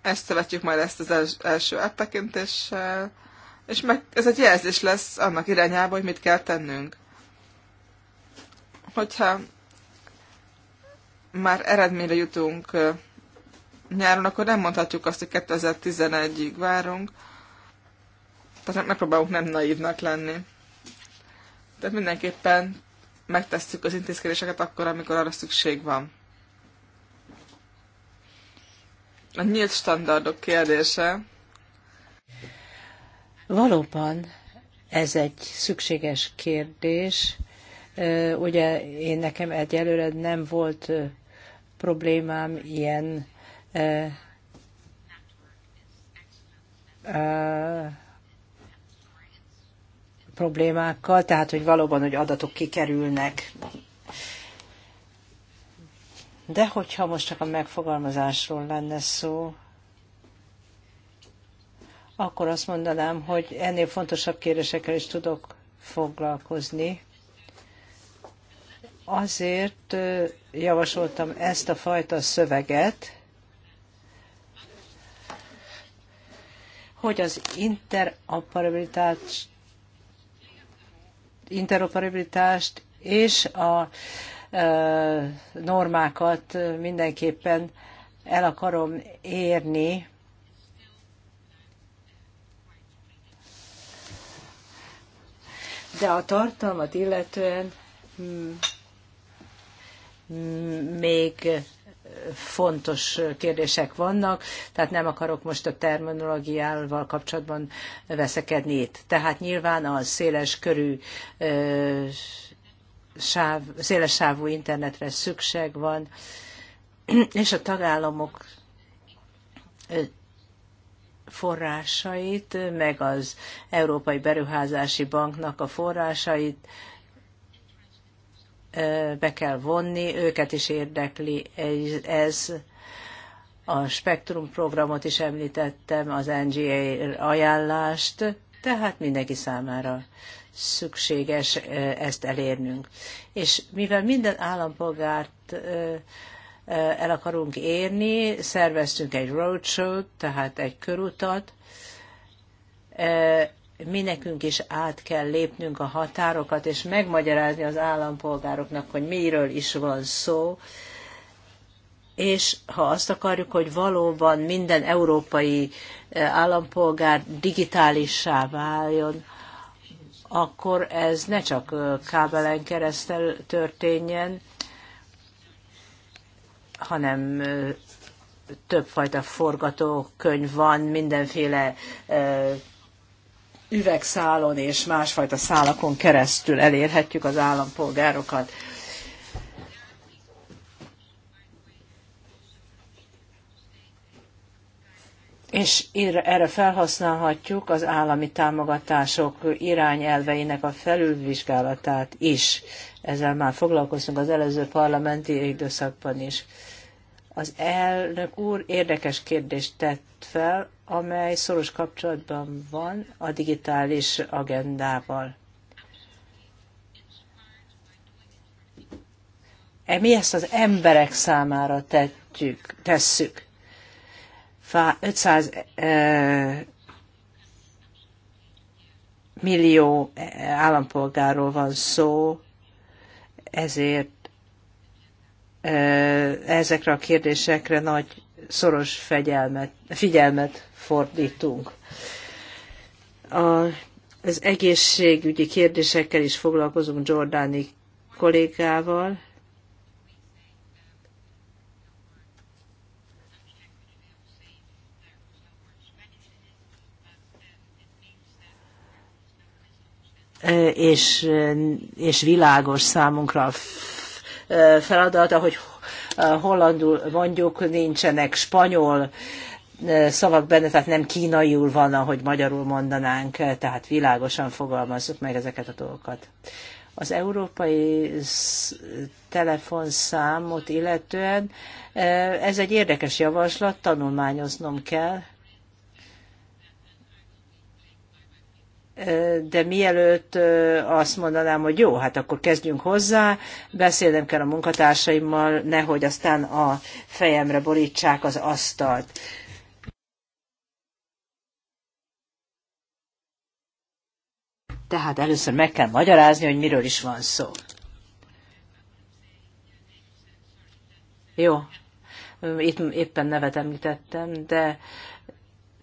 Ezt szövetjük majd ezt az első áttekintéssel, és meg, ez egy jelzés lesz annak irányába, hogy mit kell tennünk. Hogyha már eredményre jutunk nyáron, akkor nem mondhatjuk azt, hogy 2011-ig várunk, tehát megpróbálunk nem naívnak lenni. Tehát mindenképpen megtesszük az intézkedéseket akkor, amikor arra szükség van. A nyílt standardok kérdése. Valóban ez egy szükséges kérdés. Ugye én nekem egyelőre nem volt problémám ilyen problémákkal, tehát hogy valóban, hogy adatok kikerülnek. De hogyha most csak a megfogalmazásról lenne szó, akkor azt mondanám, hogy ennél fontosabb kérdésekkel is tudok foglalkozni. Azért javasoltam ezt a fajta szöveget, hogy az interoperabilitást interoperabilitást és a normákat mindenképpen el akarom érni. De a tartalmat illetően mm, mm, még fontos kérdések vannak, tehát nem akarok most a terminológiával kapcsolatban veszekedni itt. Tehát nyilván a széles körű sáv, széles sávú internetre szükség van, és a tagállamok forrásait, meg az Európai Beruházási Banknak a forrásait be kell vonni, őket is érdekli ez. A Spektrum programot is említettem, az NGA ajánlást, tehát mindenki számára szükséges ezt elérnünk. És mivel minden állampolgárt el akarunk érni, szerveztünk egy roadshow-t, tehát egy körutat, mi nekünk is át kell lépnünk a határokat, és megmagyarázni az állampolgároknak, hogy miről is van szó, és ha azt akarjuk, hogy valóban minden európai eh, állampolgár digitálissá váljon, akkor ez ne csak eh, kábelen keresztül történjen, hanem eh, többfajta forgatókönyv van, mindenféle üvegszálon és másfajta szálakon keresztül elérhetjük az állampolgárokat. És erre felhasználhatjuk az állami támogatások irányelveinek a felülvizsgálatát is. Ezzel már foglalkoztunk az előző parlamenti időszakban is. Az elnök úr érdekes kérdést tett fel amely szoros kapcsolatban van a digitális agendával. Mi ezt az emberek számára tettük, tesszük. 500 eh, millió eh, állampolgárról van szó, ezért eh, ezekre a kérdésekre nagy szoros fegyelmet, figyelmet fordítunk. A, az egészségügyi kérdésekkel is foglalkozunk Jordáni kollégával, e, és, és világos számunkra a e, feladat, hogy e, hollandul mondjuk, nincsenek spanyol szavak benne, tehát nem kínaiul van, ahogy magyarul mondanánk, tehát világosan fogalmazzuk meg ezeket a dolgokat. Az európai telefonszámot illetően ez egy érdekes javaslat, tanulmányoznom kell, de mielőtt azt mondanám, hogy jó, hát akkor kezdjünk hozzá, beszélnem kell a munkatársaimmal, nehogy aztán a fejemre borítsák az asztalt. Tehát először meg kell magyarázni, hogy miről is van szó. Jó, itt éppen nevet említettem, de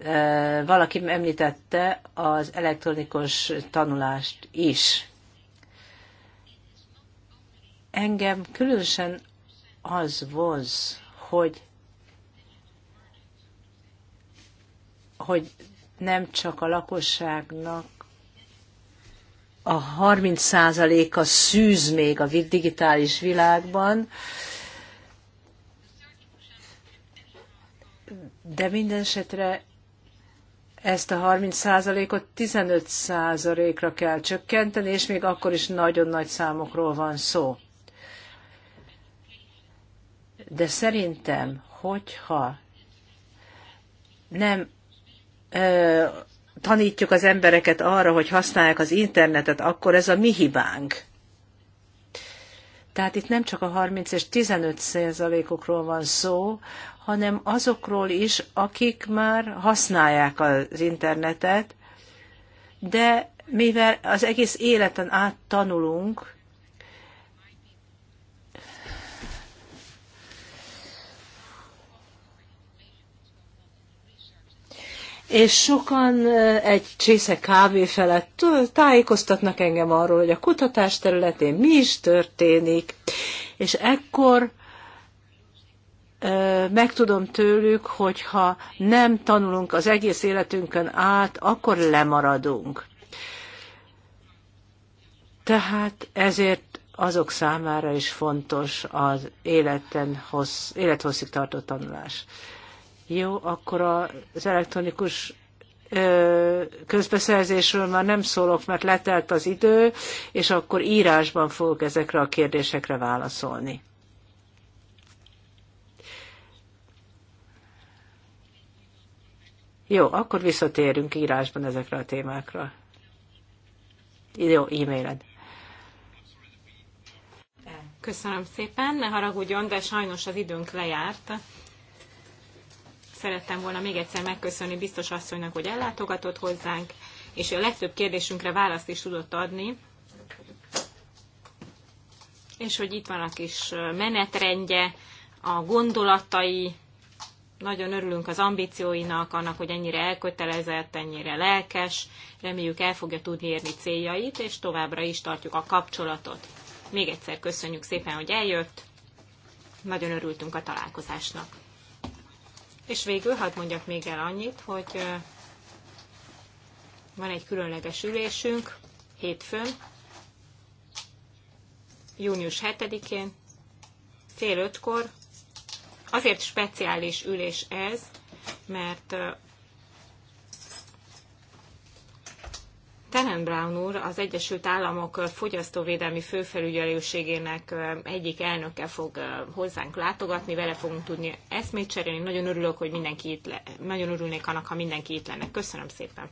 e, valaki említette az elektronikus tanulást is. Engem különösen az vonz, hogy, hogy nem csak a lakosságnak a 30%-a szűz még a digitális világban, de minden esetre ezt a 30%-ot 15%-ra kell csökkenteni, és még akkor is nagyon nagy számokról van szó. De szerintem, hogyha nem tanítjuk az embereket arra, hogy használják az internetet, akkor ez a mi hibánk. Tehát itt nem csak a 30 és 15 százalékokról van szó, hanem azokról is, akik már használják az internetet, de mivel az egész életen át tanulunk, és sokan egy csésze kávé felett tájékoztatnak engem arról, hogy a kutatás területén mi is történik, és ekkor megtudom tőlük, hogyha nem tanulunk az egész életünkön át, akkor lemaradunk. Tehát ezért azok számára is fontos az életen hossz, élethosszig tartó tanulás. Jó, akkor az elektronikus közbeszerzésről már nem szólok, mert letelt az idő, és akkor írásban fogok ezekre a kérdésekre válaszolni. Jó, akkor visszatérünk írásban ezekre a témákra. Jó, e-mailed. Köszönöm szépen, ne haragudjon, de sajnos az időnk lejárt, Szerettem volna még egyszer megköszönni biztos asszonynak, hogy ellátogatott hozzánk, és a legtöbb kérdésünkre választ is tudott adni. És hogy itt van a kis menetrendje, a gondolatai, nagyon örülünk az ambícióinak, annak, hogy ennyire elkötelezett, ennyire lelkes, reméljük el fogja tudni érni céljait, és továbbra is tartjuk a kapcsolatot. Még egyszer köszönjük szépen, hogy eljött, nagyon örültünk a találkozásnak. És végül hadd mondjak még el annyit, hogy van egy különleges ülésünk hétfőn, június 7-én, fél ötkor. Azért speciális ülés ez, mert Brown úr az Egyesült Államok fogyasztóvédelmi főfelügyelőségének egyik elnöke fog hozzánk látogatni, vele fogunk tudni eszmét cserélni. Nagyon örülök, hogy mindenki itt le, nagyon örülnék annak, ha mindenki itt lenne. Köszönöm szépen!